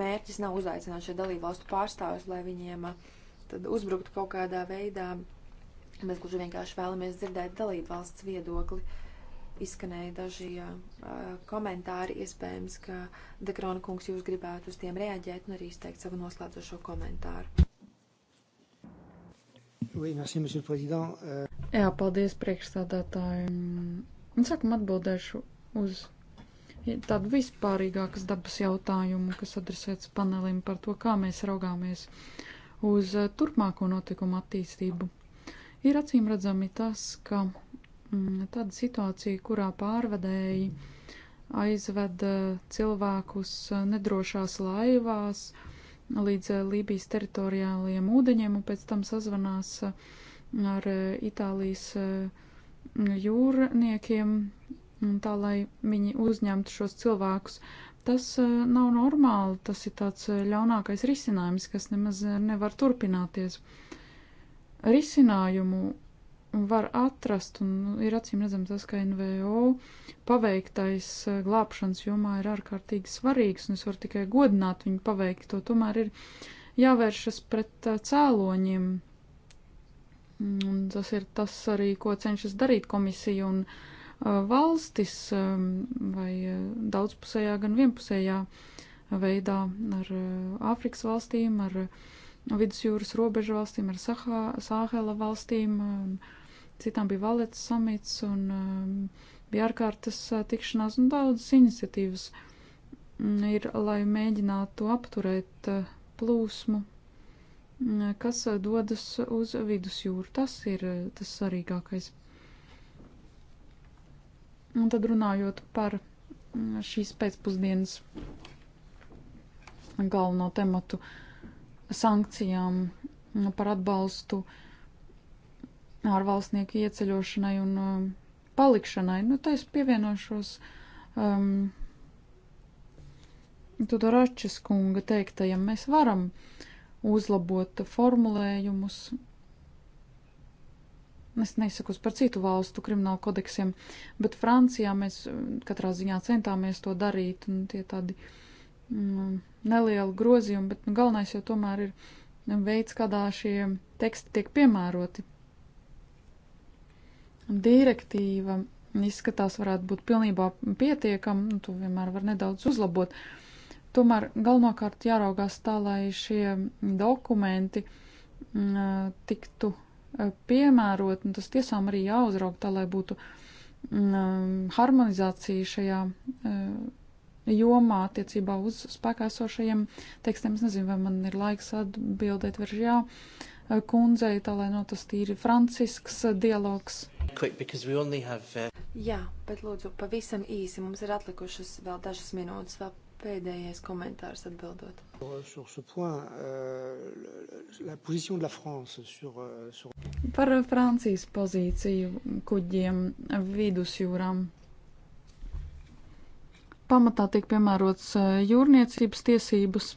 mērķis nav uzaicināt šie dalību valstu pārstāvis, lai viņiem tad uzbruktu kaut kādā veidā. Mēs gluži vienkārši vēlamies dzirdēt dalību valsts viedokli. Izskanēja daži uh, komentāri, iespējams, ka Dekrona kungs jūs gribētu uz tiem reaģēt un arī izteikt savu noslēdzošo komentāru. Oui, merci, monsieur le président. Euh, Jā, paldies priekšstādātājiem. Sākumā atbildēšu uz tādu vispārīgākas dabas jautājumu, kas adresēts panelim par to, kā mēs raugāmies uz turpmāko notikumu attīstību. Ir acīm redzami tas, ka mm, tāda situācija, kurā pārvedēji aizved cilvēkus nedrošās laivās, uh, līdz eh, Lībijas teritoriālajiem ūdeņiem un pēc tam sazvanās eh, ar eh, Itālijas jūrniekiem, tā lai viņi uzņemtu šos cilvēkus. Tas nav normāli, tas ir tāds ļaunākais risinājums, kas nemaz nevar turpināties. Risinājumu var atrast, un ir acīm redzams tas, ka NVO paveiktais eh, glābšanas jomā ir ārkārtīgi svarīgs, un es varu tikai godināt viņu paveikto. Tomēr ir jāvēršas pret eh, cēloņiem, mm, un tas ir tas arī, ko cenšas darīt komisija un eh, valstis, ehm, vai daudzpusējā, gan vienpusējā veidā ar Āfrikas valstīm, ar Vidusjūras robežu valstīm, ar Sahā, Sāhela valstīm. Un, ehm, citām bija valets samits un um, bija ārkārtas uh, tikšanās un daudzas iniciatīvas mm, ir, lai mēģinātu apturēt uh, plūsmu, mm, kas uh, dodas uz vidusjūru. Tas ir uh, tas svarīgākais. Un tad runājot par mm, šīs pēcpusdienas galveno tematu sankcijām par atbalstu uh, ārvalstnieku ieceļošanai un um, palikšanai. Nu, tā es pievienošos um, Tudoračes kunga teiktajam. Mēs varam uzlabot formulējumus. Es nesakos par citu valstu kriminālu kodeksiem, bet Francijā mēs um, katrā ziņā centāmies to darīt, un tie tādi mm, nelieli grozījumi, bet nu, galvenais jau tomēr ir veids, kādā šie teksti tiek piemēroti direktīva izskatās varētu būt pilnībā pietiekama, nu, to vienmēr var nedaudz uzlabot. Tomēr galvenokārt jāraugās tā, lai šie dokumenti m, mm, tiktu eh, piemērot, un tas tiesām arī jāuzraug tā, lai būtu m, mm, harmonizācija šajā m, eh, jomā attiecībā uz spēkā esošajiem tekstiem. Es nezinu, vai man ir laiks atbildēt virs jā eh, kundzei, tā lai no nu, tas tīri francisks dialogs Uh, Jā, bet lūdzu, pavisam īsi mums ir atlikušas vēl dažas minūtes. Vēl pēdējais komentārs atbildot. Euh, euh, Par Francijas pozīciju kuģiem vidusjūram. Pamatā tiek piemērots uh, jūrniecības tiesības.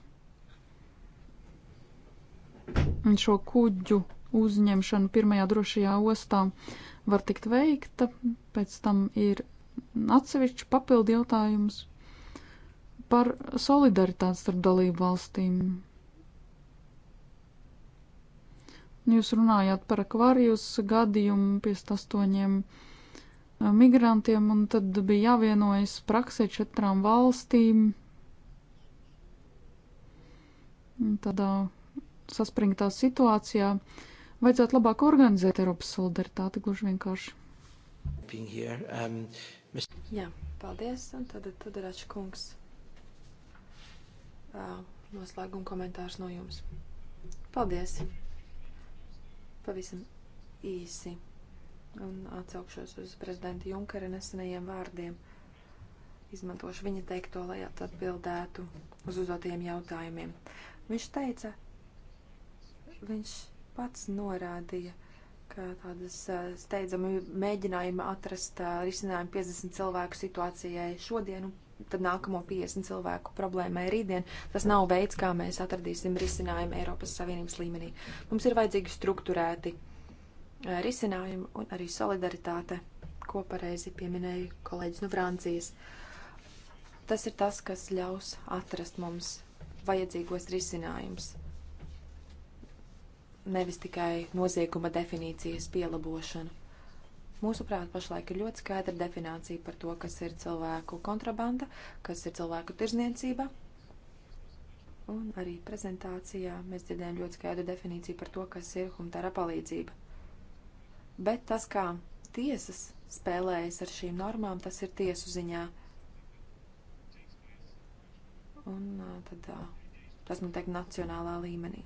Šo kuģu uzņemšanu pirmajā drošajā ostā var tikt veikta, pēc tam ir atsevišķi papildi jautājums par solidaritāti starp dalību valstīm. Jūs runājāt par akvārijus gadījumu 58 eh, migrantiem, un tad bija jāvienojas praksē četrām valstīm tādā saspringtā situācijā. Uh, Vajadzētu labāk organizēt Eiropas solidaritāti, gluži vienkārši. Here, um, mis... Jā, paldies. Un tad Tudaračs kungs. Uh, noslēguma komentārs no jums. Paldies. Pavisam īsi. Un atsaukšos uz prezidenta Junkara nesenajiem vārdiem. Izmantošu viņa teikto, lai atbildētu uz uzdotajiem jautājumiem. Viņš teica, viņš pats norādīja, ka tādas steidzami mēģinājumi atrast risinājumu 50 cilvēku situācijai šodien un tad nākamo 50 cilvēku problēmai rītdien, tas nav veids, kā mēs atradīsim risinājumu Eiropas Savienības līmenī. Mums ir vajadzīgi strukturēti risinājumi un arī solidaritāte, ko pareizi pieminēja kolēģis no Francijas. Tas ir tas, kas ļaus atrast mums vajadzīgos risinājumus nevis tikai nozieguma definīcijas pielabošanu. Mūsuprāt, pašlaik ir ļoti skaidra definīcija par to, kas ir cilvēku kontrabanda, kas ir cilvēku tirzniecība. Un arī prezentācijā mēs dzirdējām ļoti skaidru definīciju par to, kas ir humanitārā palīdzība. Bet tas, kā tiesas spēlējas ar šīm normām, tas ir tiesu ziņā. Un tad tā, tas notiek nacionālā līmenī.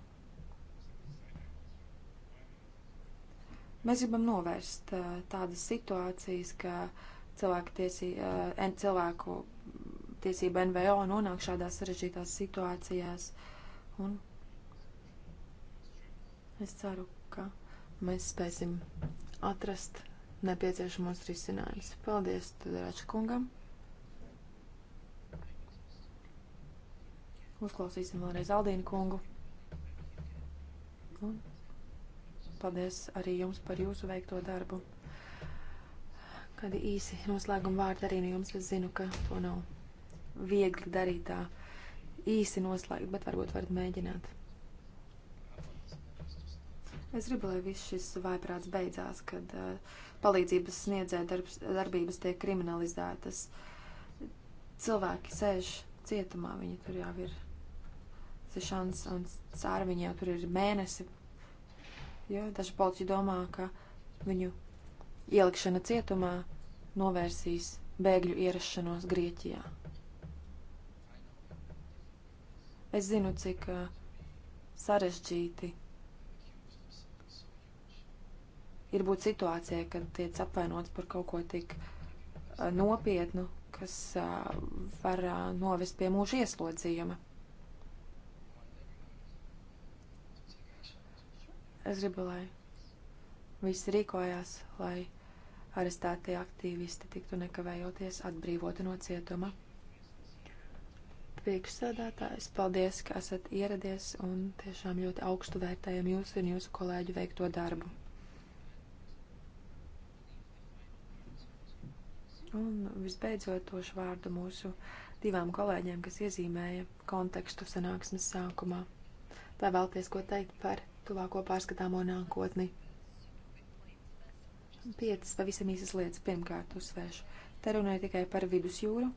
Mēs gribam novērst tādas situācijas, ka cilvēku, tiesī, cilvēku tiesība NVO nonāk šādās sarežģītās situācijās. Un es ceru, ka mēs spēsim atrast nepieciešamos risinājumus. Paldies Tudarāča kungam! Uzklausīsim vēlreiz Aldīnu kungu. Un Paldies arī jums par jūsu veikto darbu. Kādi īsi noslēguma vārdi arī no nu jums. Es zinu, ka to nav viegli darīt tā īsi noslēgt, bet varbūt varat mēģināt. Es gribu, lai viss šis vaiprāts beidzās, kad uh, palīdzības sniedzē darbs, darbības tiek kriminalizētas. Cilvēki sēž cietumā, viņi tur jau ir sešans un cāri, viņi jau tur ir mēnesi Ja daži policisti domā, ka viņu ielikšana cietumā novērsīs bēgļu ierašanos Grieķijā. Es zinu, cik uh, sarežģīti ir būt situācijai, kad tiek apvainots par kaut ko tik uh, nopietnu, kas uh, var novest pie mūža ieslodzījuma. Es gribu, lai visi rīkojās, lai arestētie aktīvisti tiktu nekavējoties atbrīvoti no cietuma. Priekšsēdētājs, paldies, ka esat ieradies un tiešām ļoti augstu vērtējam jūsu un jūsu kolēģu veikto darbu. Un visbeidzot došu vārdu mūsu divām kolēģiem, kas iezīmēja kontekstu sanāksmes sākumā. Tā vēlties ko teikt par tuvāko pārskatāmo nākotni. Piecas pavisam īsas lietas pirmkārt uzsvēršu. Te runāja tikai par vidusjūru.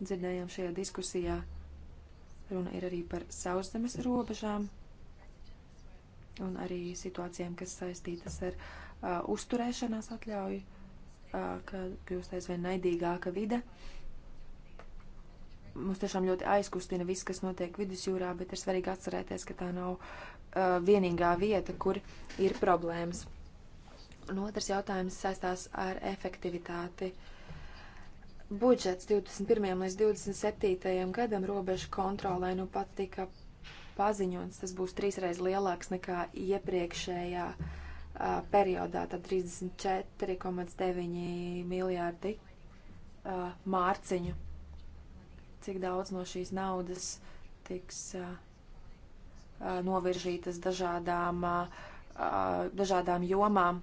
Dzirdējām šajā diskusijā. Runa ir arī par sauszemes robežām un arī situācijām, kas saistītas ar uh, uzturēšanās atļauju, uh, ka kļūst aizvien naidīgāka vide. Mums tiešām ļoti aizkustina viss, kas notiek vidusjūrā, bet ir svarīgi atcerēties, ka tā nav uh, vienīgā vieta, kur ir problēmas. Un otrs jautājums saistās ar efektivitāti. Budžets 21. līdz 27. gadam robežu kontrolē nu pat tika paziņots. Tas būs trīsreiz lielāks nekā iepriekšējā uh, periodā, tad 34,9 miljārdi uh, mārciņu. Cik daudz no šīs naudas tiks uh, novirzītas dažādām, dažādām jomām.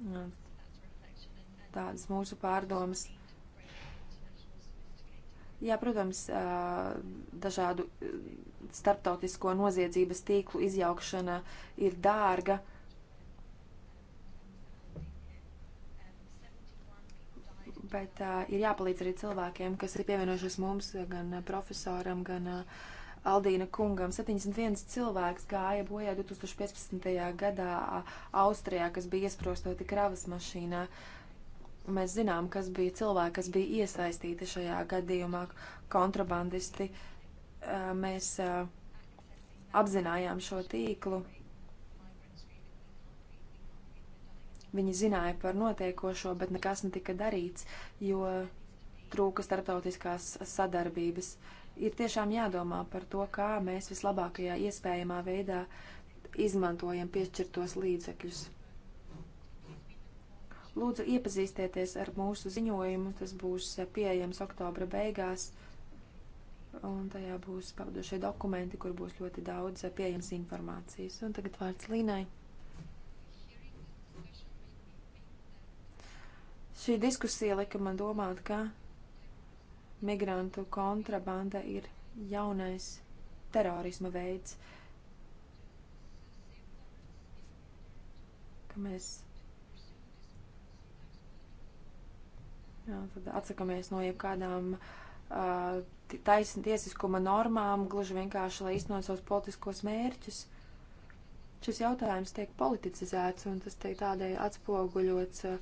Nu, tādas mūsu pārdomas. Jā, protams, dažādu starptautisko noziedzības tīklu izjaukšana ir dārga. Bet uh, ir jāpalīdz arī cilvēkiem, kas ir pievienojušies mums, gan profesoram, gan uh, Aldīna kungam. 71 cilvēks gāja bojā 2015. gadā Austrijā, kas bija iesprostoti kravas mašīnā. Mēs zinām, kas bija cilvēki, kas bija iesaistīti šajā gadījumā, kontrabandisti. Mēs apzinājām šo tīklu. Viņi zināja par notiekošo, bet nekas netika darīts, jo trūka starptautiskās sadarbības. Uh, ir tiešām jādomā par to, kā mēs vislabākajā iespējamā veidā izmantojam piešķirtos līdzekļus. Lūdzu, iepazīstieties ar mūsu ziņojumu. Tas būs pieejams oktobra beigās. Un tajā būs pavadošie dokumenti, kur būs ļoti daudz pieejams informācijas. Un tagad vārds Līnai. Šī diskusija lika man domāt, ka migrantu kontrabanda ir jaunais terorisma veids, ka mēs jā, atsakamies no jebkādām uh, taisn, tiesiskuma normām, gluži vienkārši, lai iznot savus politiskos mērķus. Šis jautājums tiek politizēts, un tas tiek tādēļ atspoguļots uh,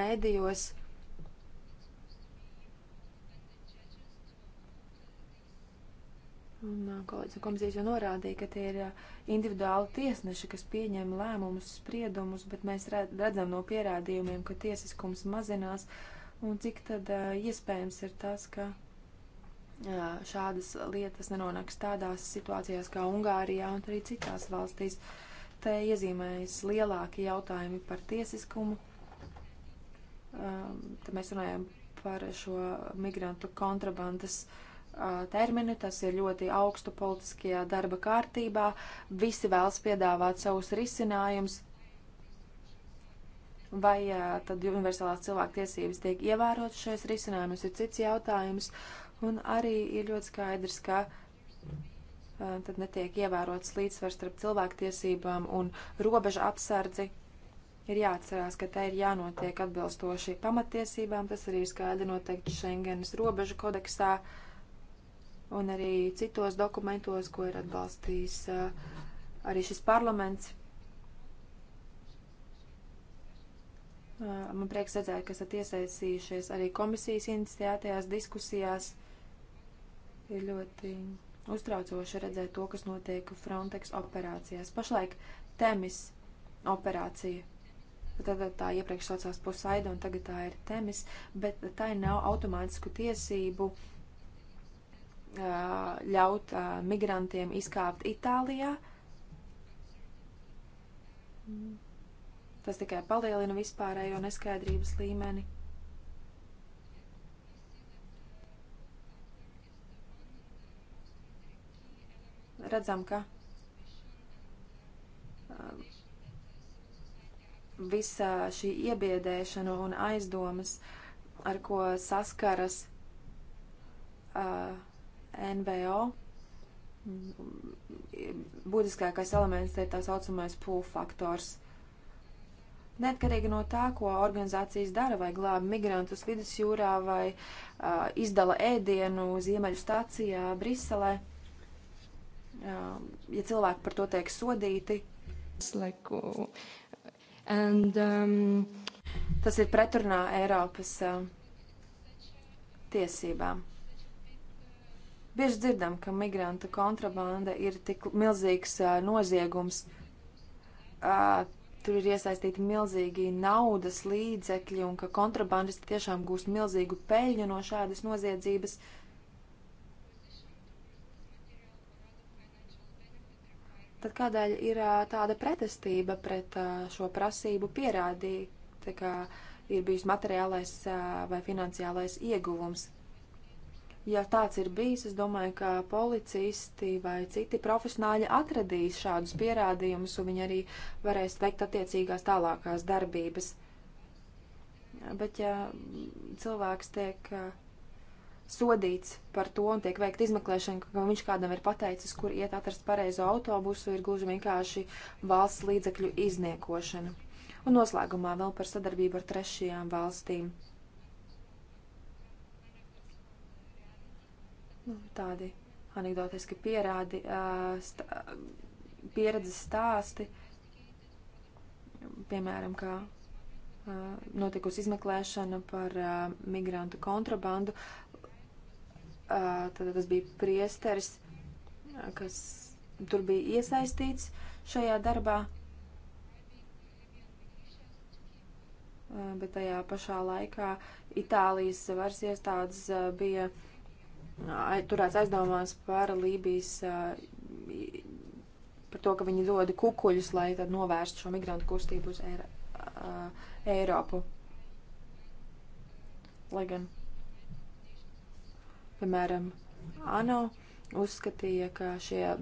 medijos. Uh, Un uh, kolēģis no komisijas jau norādīja, ka tie ir uh, individuāli tiesneši, kas pieņem lēmumus, spriedumus, bet mēs redzam no pierādījumiem, ka tiesiskums mazinās. Un cik tad uh, iespējams ir tas, ka šādas lietas nenonāks tādās situācijās kā Ungārijā un arī citās valstīs. Te iezīmējas lielāki jautājumi par tiesiskumu. Um, te mēs runājam par šo migrantu kontrabandas uh, termini, tas ir ļoti augstu politiskajā darba kārtībā. Visi vēlas piedāvāt savus risinājumus. Vai tad universālās cilvēktiesības tiek ievērotas šajos risinājumus, ir cits jautājums. Un arī ir ļoti skaidrs, ka tad netiek ievērotas līdzsvars starp cilvēktiesībām un robeža apsardzi. Ir jāatcerās, ka tai ir jānotiek atbilstoši pamatiesībām, tas arī ir skaidri noteikti Schengenas robežu kodeksā. Uh, un arī citos dokumentos, ko ir atbalstījis eh, arī šis parlaments. Eh, man prieks redzēt, ka esat iesaistījušies arī komisijas iniciatīvajās diskusijās. Ir ļoti uztraucoši redzēt to, kas notiek Frontex operācijās. Pašlaik Temis operācija. Tad tā iepriekš saucās Poseidon, tagad tā ir Temis, bet tai nav automātisku tiesību uh, ļaut migrantiem izkāpt Itālijā. Tas tikai palielina vispārējo neskaidrības līmeni. Redzam, ka visa šī iebiedēšana un aizdomas, ar ko saskaras uh, NVO būtiskākais elements ir tā saucamais pull faktors. Neatkarīgi no tā, ko organizācijas dara, vai glāb migrantus vidusjūrā, vai uh, izdala ēdienu ziemeļu stācijā Briselē, uh, ja cilvēki par to tiek sodīti. Like, oh, and, um... Tas ir pretrunā Eiropas uh, tiesībām. Bieži dzirdam, ka migranta kontrabanda ir tik milzīgs uh, noziegums. Uh, tur ir iesaistīti milzīgi naudas līdzekļi un ka kontrabandisti tiešām gūst milzīgu peļņu no šādas noziedzības. Tad kādēļ ir uh, tāda pretestība pret uh, šo prasību pierādīt, ka ir bijis materiālais uh, vai finansiālais ieguvums Ja tāds ir bijis, es domāju, ka policisti vai citi profesionāļi atradīs šādus pierādījumus, un viņi arī varēs veikt attiecīgās tālākās darbības. Bet ja cilvēks tiek uh, sodīts par to un tiek veikta izmeklēšana, ka viņš kādam ir pateicis, kur iet atrast pareizo autobusu, ir gluži vienkārši valsts līdzekļu izniekošana. Un noslēgumā vēl par sadarbību ar trešajām valstīm nu, tādi anegdotiski pierādi, stā, pieredzes stāsti, piemēram, kā notikusi izmeklēšana par migrantu kontrabandu. Tad tas bija priesteris, kas tur bija iesaistīts šajā darbā, bet tajā pašā laikā Itālijas varas iestādes bija uh, turēts aizdomās par Lībijas, par to, ka viņi dod kukuļus, lai tad novērstu šo migrantu kustību uz Eiro, Eiropu. Lai gan, piemēram, ANO uzskatīja, ka šie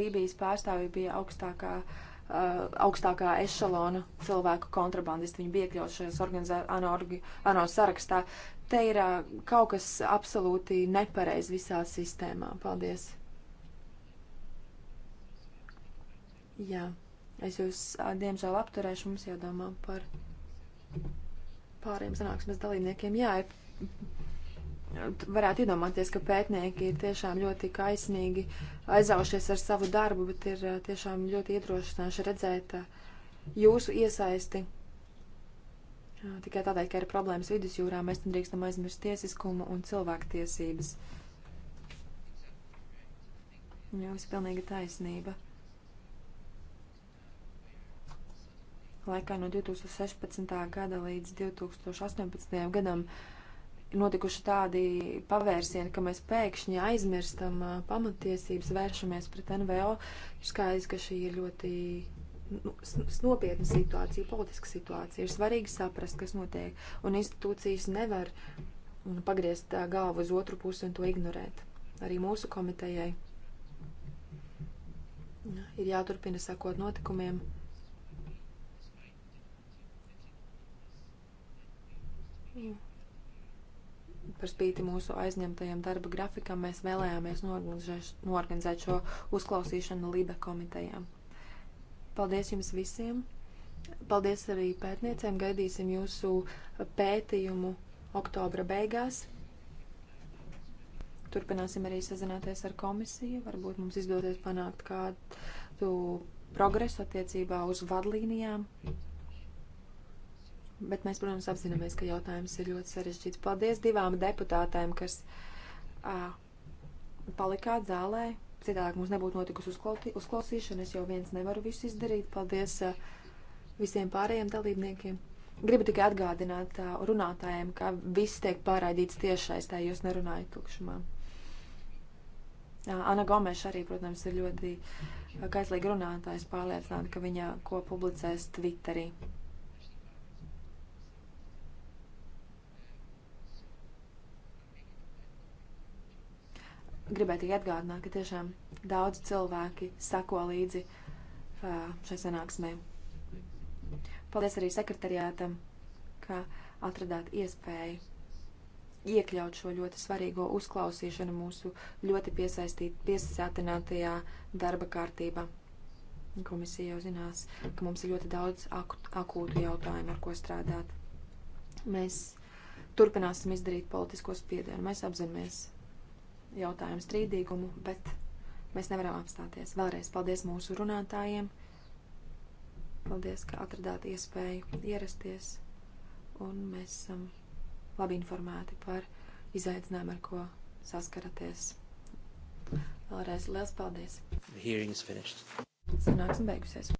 Lībijas pārstāvji bija augstākā uh, Uh, augstākā ešalona cilvēku kontrabandisti. Viņi bija iekļauts šajās organizācijās, ANO sarakstā. Te ir uh, kaut kas absolūti nepareizi visā sistēmā. Paldies! Jā, es jūs, uh, diemžēl, apturēšu. Mums jādomā par pāriem sanāksmes dalībniekiem. Jā, ir varētu iedomāties, ka pētnieki ir tiešām ļoti kaismīgi aizaušies ar savu darbu, bet ir eh, tiešām ļoti iedrošinājuši redzēt eh, jūsu iesaisti. Tikai tādēļ, ka ir problēmas vidusjūrā, mēs nedrīkstam aizmirst tiesiskumu un cilvēktiesības. Jums ir pilnīga taisnība. Laikā no 2016. gada līdz 2018. gadam uh, notikuši tādi pavērsieni, ka mēs pēkšņi aizmirstam pamatiesības, vēršamies pret NVO. Ir skaidrs, ka šī ir ļoti nu, nopietna situācija, politiska situācija. Ir svarīgi saprast, kas notiek, un institūcijas nevar pagriezt galvu uz otru pusi un to ignorēt. Arī mūsu komitejai ir jāturpina sakot notikumiem. Yeah. Par spīti mūsu aizņemtajam darba grafikam mēs vēlējāmies norganizēt šo uzklausīšanu Libe komitejām. Paldies jums visiem! Paldies arī pētniecēm! Gaidīsim jūsu pētījumu oktobra beigās. Turpināsim arī sazināties ar komisiju. Varbūt mums izdosies panākt kādu progresu attiecībā uz vadlīnijām bet mēs, protams, apzināmies, ka jautājums ir ļoti sarežģīts. Paldies divām deputātēm, kas uh, palikāt zālē. Citādi mums nebūtu notikusi uzklausīšana. Es jau viens nevaru visu izdarīt. Paldies uh, visiem pārējiem dalībniekiem. Gribu tikai atgādināt uh, runātājiem, ka viss tiek pārraidīts tiešais, tā jūs nerunājat tukšumā. Uh, Ana Gomeša arī, protams, ir ļoti kaislīga runātājs, pārliecināta, ka viņa ko publicēs Twitterī. Gribētu tikai atgādināt, ka tiešām daudz cilvēki sako līdzi uh, šai sanāksmē. Paldies arī sekretariātam, ka atradāt iespēju iekļaut šo ļoti svarīgo uzklausīšanu mūsu ļoti piesātinātajā darba kārtībā. Komisija jau zinās, ka mums ir ļoti daudz akūtu jautājumu, ar ko strādāt. Mēs turpināsim izdarīt politisko spiedienu. Mēs apzināmies jautājumu strīdīgumu, bet mēs nevaram apstāties. Vēlreiz paldies mūsu runātājiem. Paldies, ka atradāt iespēju ierasties. Un mēs esam labi informēti par izaicinājumu, ar ko saskaraties. Vēlreiz liels paldies! The hearing is finished. Sanāksim beigusies.